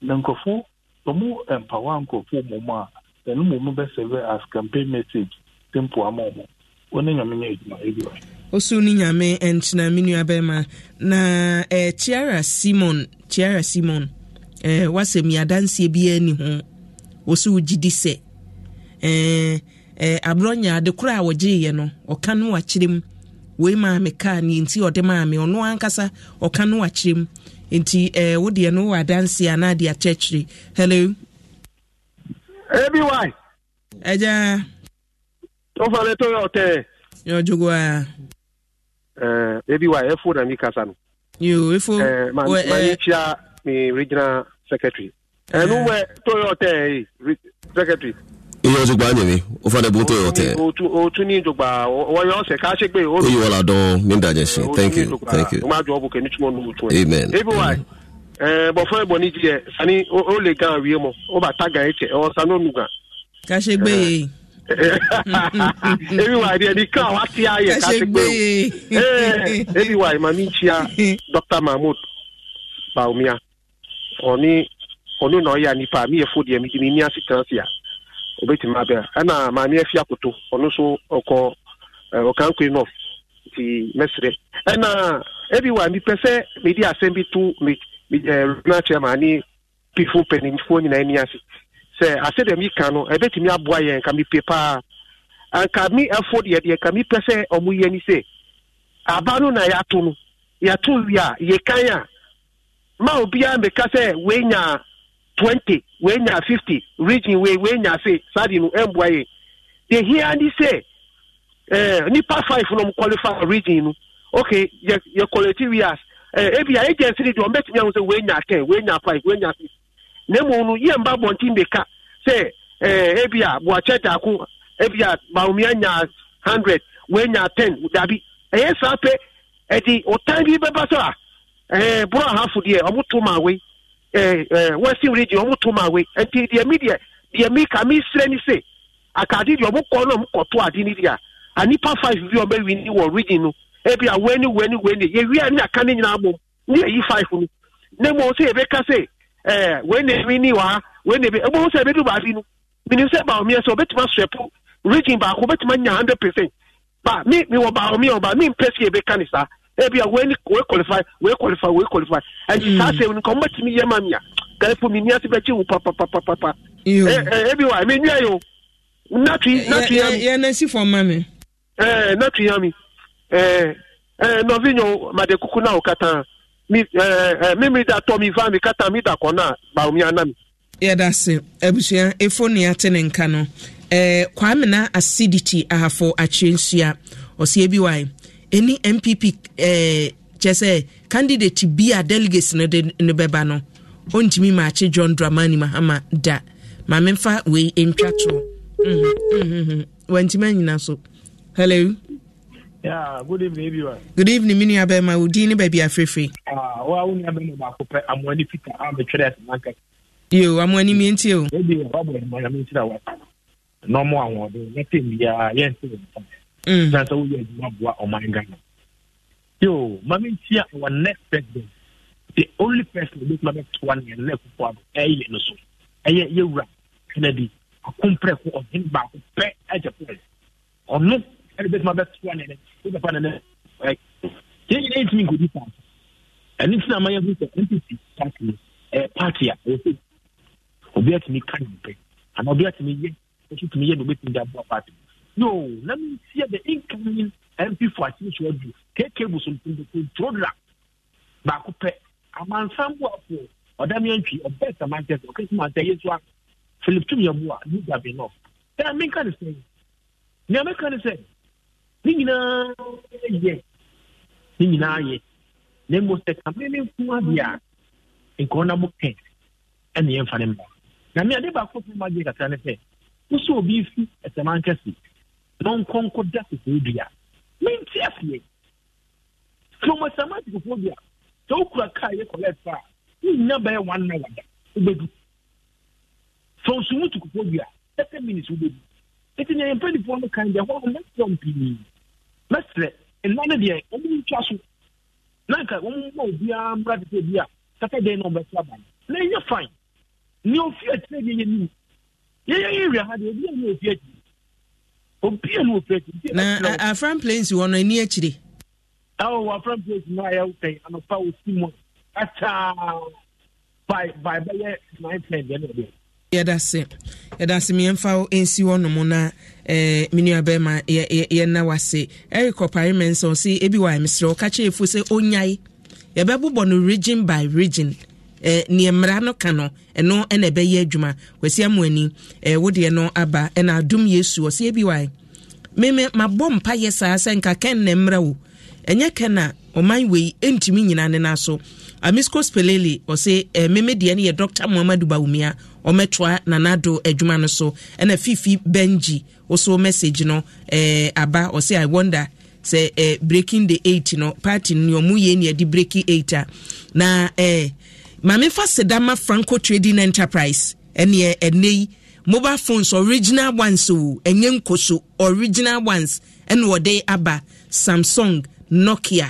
na nkurɔfoɔ ɔmo mpawa nkurɔfoɔ mo mu a ɛno mo mu bɛsɛbɛ as campaign message simple ama ɔmo wɔne nyame nyɛ adwuma adwuma osu ne nyame ɛntena me nua bɛma na eh, chiara simon chiara simon eh, wasɛm yɛ adanseɛ biaa ni ho wɔ sɛ wogyidi eh, aborɔnya ade koro a wɔgyeeɛ no ɔka no wakyerɛ mu wei maame kaa ne nti ɔde maame ɔno ankasa ɔka no wakyerɛ mu nti wodeɛ no wɔ adanseɛ anaa de akyerɛkyerɛ hello ebi ɛgya tɔfale to yɛ ɔtɛ yɛɔdwogo a ebi wa ɛfo na mi kasa no yo ɛfo manikyia me regional secretary ɛnu wɛ to yɛ secretary ihe ozugbo a nyere ụfọdụ bụ ụtọ ọtẹ otu n'ijogba wọnyọ ọsẹ ká ṣe pé o yìí wọlá dán ní ìdájẹ ṣe thank you thank you ọmọ àjọ ọbùn kẹni túmọ̀ nínú ìtún ẹ amen amen bọ̀fọ́ ẹ̀bọ̀ ní jíjẹ sani ó lè gan àwíyé mọ̀ ó bá tága ẹ̀ tẹ̀ ọ̀ sanu ònù gan. ká ṣe gbé e. Eh. ebi wa ẹni kan wa ti ayẹ ká ṣe gbé e. ebi wa ìmọ̀ ní dr mahmood baumia ọ̀ní ọ̀ní nà ọ̀yà nípa mi yẹ e fún diẹ mi ní ní àsìkò náà sí obetumi abia ɛna maame afi akoto ɔno nso ɔkɔ ɔkankoe nɔf nti mɛsrɛ ɛna ebiwa mipɛ sɛ mede asɛm bi to me na chairman ne pifo mpanimfoɔ nyinaa ani ase sɛ ase deɛ meka no ɛbɛtumi aboa yɛn ka mepɛ paa anka me ɛfo deɛ deɛ ka mepɛ sɛ ɔmo yɛ ni sɛ aba no na yɛato no yɛato wie a yɛkan a ma obiara meka sɛ woenya twenty wee nya fifty region wee wee nya sadi no ɛmboa yɛ ni nipa five na ɔmo region no okay yɛ yɛ quality wias ebi eh, agency de deɛ ɔmo bɛtumi ahun sɛ wee nya ten wee nya five wee six na emu no yɛ mba abɔnten beka sɛ ebi eh, a buakyɛ daako ebi a baomia nya hundred wee nya ten dabi ɛyɛ saa pɛ ɛdi ɔtan bi bɛba so a ɛɛ boro ahafo deɛ ɔmo western region ɔmo to ma we nti deɛ mi deɛ deɛ mi ka mi srɛ ni se akaade deɛ ɔmo kɔ na ɔmo kɔ to adi ni deɛ a nipa five bi ɔmo ewi wɔ region no ebi a wɛni wɛni wɛni yewia ni aka ne nyinaa bom ni eyi five no ne mo se ebe ka ɛɛ wɛni ewi ni wa wɛni ebi ebo se ebi du baabi no mini sɛ baomi ɛsɛ ɔbɛtuma sɛpo region baako ɔbɛtuma nya hundred percent ba mi mi wɔ baomi ɔba mi mpɛ si ebe ka ne saa. ebi a wee wee qualify wee qualify wee qualify ɛnti saa sɛ nka ɔmo bɛtumi yɛ ma mia gɛlɛfo mi nia ti bɛ pa wo papapapapa eh, eh, ebi wa mi nia yi o natu eh, natu yami yɛ n'asi fɔ ma mi. ɛɛ natu yami ɛɛ ɛɛ nɔvi nyɔ made kuku na o ka tan mi ɛɛ ɛɛ mi mi da tɔ e mi va mi ka mi da kɔ na bawo mi ana mi. yɛda se abusua efo ni ate ne nka no ɛɛ kwamina acidity ahafo akyerɛ nsua ɔsi ebi wa yi. E. ɛne mpp eh, kyɛ candidate bi a delegates no de no bɛba no ɔntumi maakye john dramani mahama da ma memfa wei ntwa toɔ wantimi anyina so hello Yeah, good evening, everyone. Good evening, Mini Abema. Udi ni baby afrefe. Ah, uh, wa uni abema ba kope amwani pita ambe chere asanaka. Yo, amwani mienti yo. Ebi, wabo amwani mienti da wa. Normal amwani. Nothing ya, yes. Mm. na sɛ woyɛ adwuma boa ɔman ghana yo ma mentia our next president the only person wobɛtumi bɛtoa ne yɛnnɛ kokoa no ɛyɛ no so ɛyɛ yɛwura kennedy akomprɛko ɔhene baako pɛ agya pɔn ɔno ɛne bɛtumi bɛtoa ne ne wobɛpa ne ne yɛnyina ɛntumi nkɔdi saa ɛno nti na ma yɛhu sɛ npp party no ɛyɛ party a ɛwɔ sɛ obi atumi ka ne mpɛ anaa obi atumi yɛ ɔtumi yɛ na obɛtumi de aboa party no no let me see the incoming mp for ati nso adu keke bu so ntrodra baako pɛ amansambo afo ɔdamiantwi ɔbɛ samantɛ sɛ ɔkesi mantɛ yesu a philip tum yabu a ni dabi nɔ ɛn mi nka ne sɛ nea mi ka ne sɛ ne nyinaa yɛ ne nyinaa yɛ na mbɔ sɛ kame ne nko adeɛ a nkɔɔ na mo kɛ ɛna yɛmfa ne mba na mi ade baako fɛn ma gye kakra ne sɛ wosɛ obi fi ɛsɛmankɛse na ɔnkɔ nkɔ da kɔkɔɔ dua menti aseɛ somosamati kɔkɔɔ dua sɛ wokura kaa yɛ kɔlɛt a wonya bɛyɛ one na wada wobɛdu fɔnsumu tu kɔkɔɔ dua thirty minutes wobɛdu nti nea yɛmpanifoɔ no kan deɛ hɔ mɛsrɛ mpii mɛsrɛ nna no deɛ ɔmo ntwa so na nka wɔn mma obiara mbra te bi a saturday na ɔbɛso aba na ɛnyɛ fine nea ofi akyire deɛ yɛ nim yɛyɛ yɛ wia ha deɛ obiara yɛ ofi akyire obi a na operate. na afran plains wɔ no ani akyire. ɛwɔ wɔ afran plains na ayɛ kɛyɛ anɔpa osi mu akyɛ by by bɛyɛ nine ten deɛ na ɛdeɛ. yɛda se yɛda se miɛmfa wo ɛnsi hɔ nom na eh, me nuabɛma yɛna wase eric ɔparemɛn sɛ ɔse ebi wɔ ayɛmesrɛ ɔka kyerɛ sɛ ɔnyae yɛbɛbobɔ no region by region neɛ mmara no ka no ɛno ɛna ɛbɛyɛ adwuma kwasi amoani wodeɛ no aba ɛna adom yesu ɔsɛ bi wae meme mabɔ mpa yɛ saa sɛ nka kɛn na mmerɛ wo ɛnyɛ kɛ na ɔman wei ntumi nyina ne na so amisco spelele ɔse eh, deɛ no yɛ dr mohamadu baumia ɔmɛtoa nanado adwuma no so ɛna fifi benji woso message no eh, aba ɔse i wonder sɛ eh, breaking the eight no party ne ɔmu yɛ ne yɛde breaking eight a na eh, maame fa sedama franco trading enterprise ɛneɛ ɛnɛ yi mobile phones original ones o ɛnyɛ nkoso original ones ɛna wɔde aba samsung nokia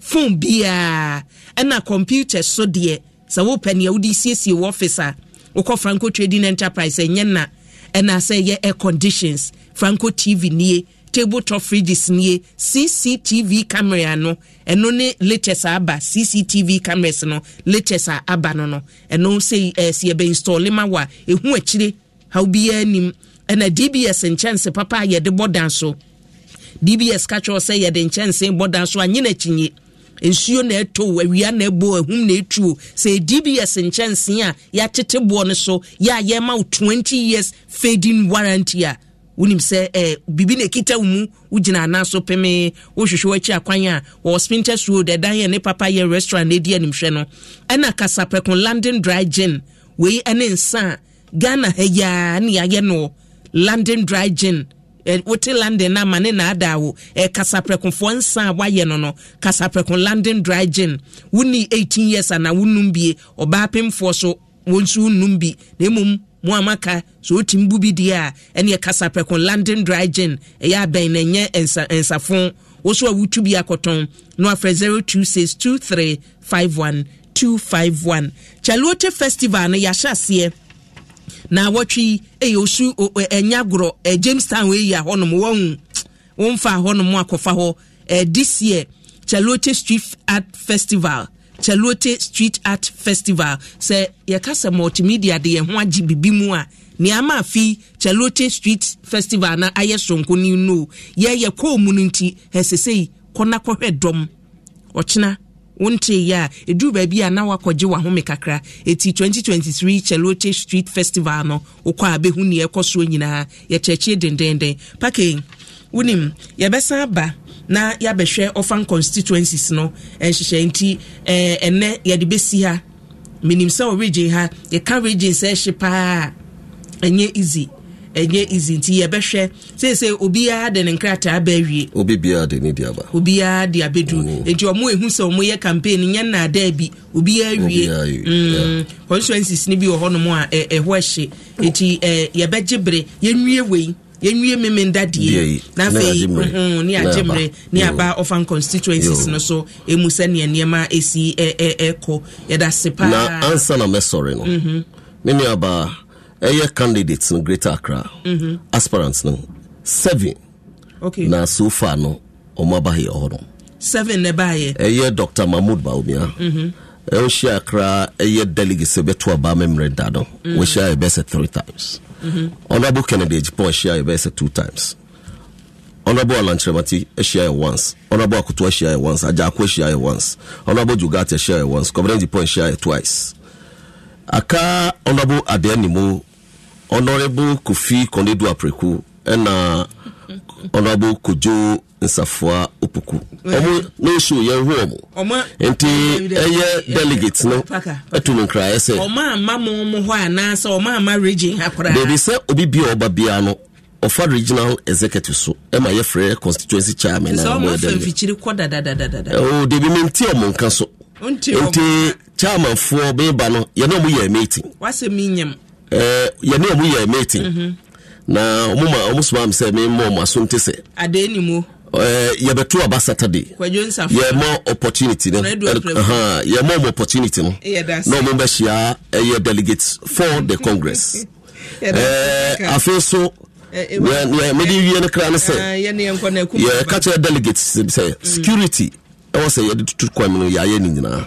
phone biara ɛna computer so deɛ sɛ wopɛ nea wode siesie wɔ office a wokɔ franco trading enterprise ɛnyɛ na ɛna sɛ ɛyɛ air conditions franco tv nie table top fridges nie cctv camera no ɛno ne latest aba cctv cameras no latest aba no no ɛno sɛ eh, ɛsi ɛbɛ install ma wa ehu akyire ha obiara nim ɛna dbs nkyɛnse papa a yɛde bɔ dan so dbs ka kyerɛw sɛ yɛde nkyɛnse bɔ dan so anyi n'akyinye nsuo na ɛtɔ awia na ɛbɔ ahum na ɛtuo sɛ dbs nkyɛnse a yɛatete boɔ no so yɛ a yɛma wo 20 years fading warranty a wonim sɛ eh, biribi na ɛkita wo mu wogyina anaa so peme wohwehwɛ w'akyi akwan a wɔ spinters road ɛdan yɛ ne papa yɛ restaurant ɛdi animhwɛ no ɛna kasaprɛko london dry gin wei ne nsa a ghana ha yiaa ne yɛayɛ no london dry gin wote london no ama ne naadaa wo kasaprɛkofoɔ nsa a woayɛ no no kasaprɛko london dry gin woni 18 years anaa wonum bie ɔbaa pemfoɔ so wɔnso wonum bi na mmom mo a maka sɛ wotumi bi deɛ a ɛne kasa prɛko london dry gin ɛyɛ e abɛn na ɛnyɛ nsa nsafo wo so a wotu bi akɔtɔn no afrɛ 251 kyalote festival no yɛahyɛ aseɛ na wɔtwi ɛyɛ e osu ɛnya e, gorɔ ɛ jamestown wɔyi a hɔnom wɔhu wɔmfa hɔnom akɔfa hɔ kyalote street art festival chalote street art festival sɛ yɛkasa multimedia de yɛn ho agye bibi mu a nneɛma afi chalote street festival na ayɛ sonko ni no yɛyɛ kɔɔ mu no nti ɛsɛ sɛ kɔna kɔhwɛ dɔm ɔkyena wonte yɛ a ɛduru baabi a na wakɔgye wahome kakra ɛti 2023 chelote street festival no wokɔ a ni neɛ ɛkɔ soɔ nyinaa yɛkyerɛkyie dendenden pake wonim yɛbɛsan aba na yɛabɛhwɛ ɔfan constituencies no nhyehyɛ nti ɛnɛ eh, yɛde bɛsi ha menim sɛ wɔ region ha yɛka region sɛ ɛhye paa ɛnyɛ easy ɛnyɛ easy nti yɛbɛhwɛ seesei obiara de ne nkrataa bɛawie obibiara de ne deaba obiara de abɛdu mm. nti ɔmo ehu sɛ ɔmo yɛ campaign nyɛ nnaadaa bi obiara wie mm. constituencies no bi wɔ hɔnom a ɛhɔ ɛhye nti yɛbɛgye bere yɛnwie wei yɛnwie memenda deɛ na afei mhm, ne agyemmerɛ ne aba ɔfan constituencies no so ɛmu sɛneɛ nneɛma ɛsi ɛkɔ yɛda se paa na ansa na mɛsɔre no mhm. me nuabaa ɛyɛ candidates no greater accra mhm. aspirants no seven na so far no ɔmo aba yɛ hɔ no seven na ɛbaayɛ ɛyɛ dr mahmood baomia mm-hmm. ɛwohyia akra ɛyɛ delegate sɛ bɛto aba memmerɛ da no mm-hmm. wɔhyia ɛbɛsɛ three times Mm-hmm. Honorable Kennedy Ejipon Eshia Ebese two times. Honorable Alanchiremati Eshia once. Honorable Akutu Eshia once. Ajakwe Eshia once. Honorable Jugat Eshia once. Comrade Ejipon Eshia twice. Aka Honorable Adenimu. Honorable Kofi Konedu Apreku. And uh, honorable kojo nsafoa opoku ɔmo no so yɛhwɛ ɔmo nti ɛyɛ delegate no ato no nkraeɛ sɛ ɔmo ama mo mo hɔ anaasɛ ɔmo ama region ha koraa baabi sɛ obi bi a ɔba no ɔfa regional executive so ɛma yɛfrɛ constituency chairman na ɔmo ɛdɛ mfikyiri kɔ dadadadada ɛwɔ debi mi nti ɔmo nka so nti chairmanfoɔ bɛɛba no yɛne ɔmo yɛ meeting wasɛ mi nyam ɛɛ yɛne ɔmo yɛ meeting. Mhm na ɔmo ma ɔmo soma mi sɛ mi ma ɔmo asom te sɛ. ade ni mu. ɛɛ yɛbɛto aba saturday. kwadwo nsafo yɛma opportunity no ɛhan yɛma ɔmo opportunity no. na ɔmo bɛ hyia ɛyɛ delegates for the congress. [laughs] ɛɛ afei so. mede wie no kra no sɛ yɛka kyerɛ delegates sɛ mm. security ɛwɔ sɛ yɛde tutu kwan mu no yɛayɛ ne nyinaa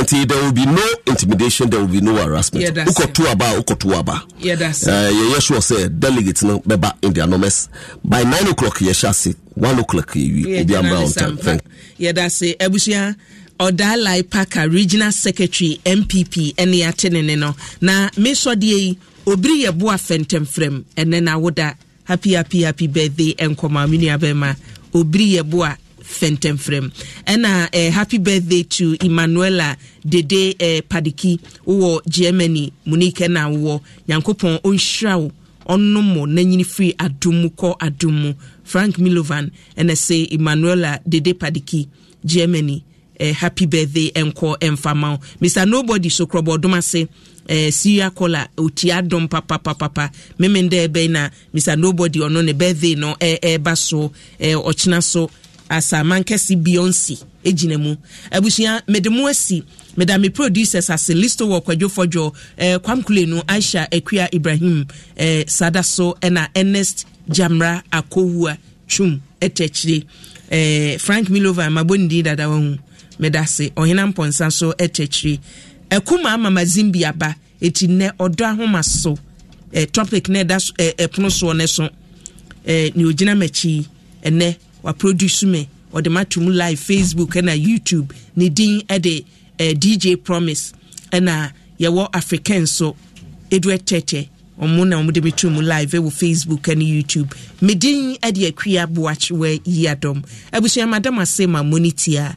nti there will be no intimidation there will be no harassment wokɔto aba a wokɔto aba yɛyɛ sure sɛ delegate no bɛba in their numbers by nine o'clock yɛhyɛ ase one o'clock yɛwie obi ambra on time yɛda se abusua ɔdaalai parker regional secretary mpp ɛne yɛate ne ne no na mesɔdeɛ yi obiri yɛ boa fɛntɛmfrɛm ɛnɛ na woda happy happy happy birthday ɛnkɔma me obiri yɛ boa Fentemfrem, ɛna uh, happy birthday to emmanuela dede uh, padiki wowɔ germany Munike na wowɔ nyankopɔn ɔnhyira wo ɔnomɔ n'anyini firi adom mu kɔ adom mu frank milovan ɛna sɛ emmanuela dede padiki germany uh, happy birthday ɛnkɔ ɛmfama wo mr nobody so korɔbɔ ɔdom ase eh, syria kola otia dɔm papapapapa memendɛ ɛbɛn na mr nobody ɔno ne birthday no ɛɛba eh, eh, so eh, so asaman kɛse beyonce gyina mu abusua mede mo asi meda me producers ase listo wɔ kwadwofɔdwo eh, kwamkule no aisha akua ibrahim eh, sada so ɛna ernest jamra akowua twum ɛtɛkyire eh, frank milova mabɔndi dada wa hu meda se ɔhena mpɔnsa so ɛtɛkyire ɛkuma eh, mamazin bi aba ɛti nnɛ ɔdɔ ahoma so eh, topic na ɛda eh, ɛpono soɔ ne so eh, ne ogyina m'akyi ɛnɛ eh, waproduce me ɔde mato mu live facebook ɛna youtube ne din ɛde eh, dj promise ɛna ah, yɛwɔ african so ɛdu ɛtɛtɛ ɔmo na ɔmo de meto mu live ɛwɔ eh, facebook ɛne youtube me din ɛde akuya boakyewa yi adɔm abusua madam ase ma monitia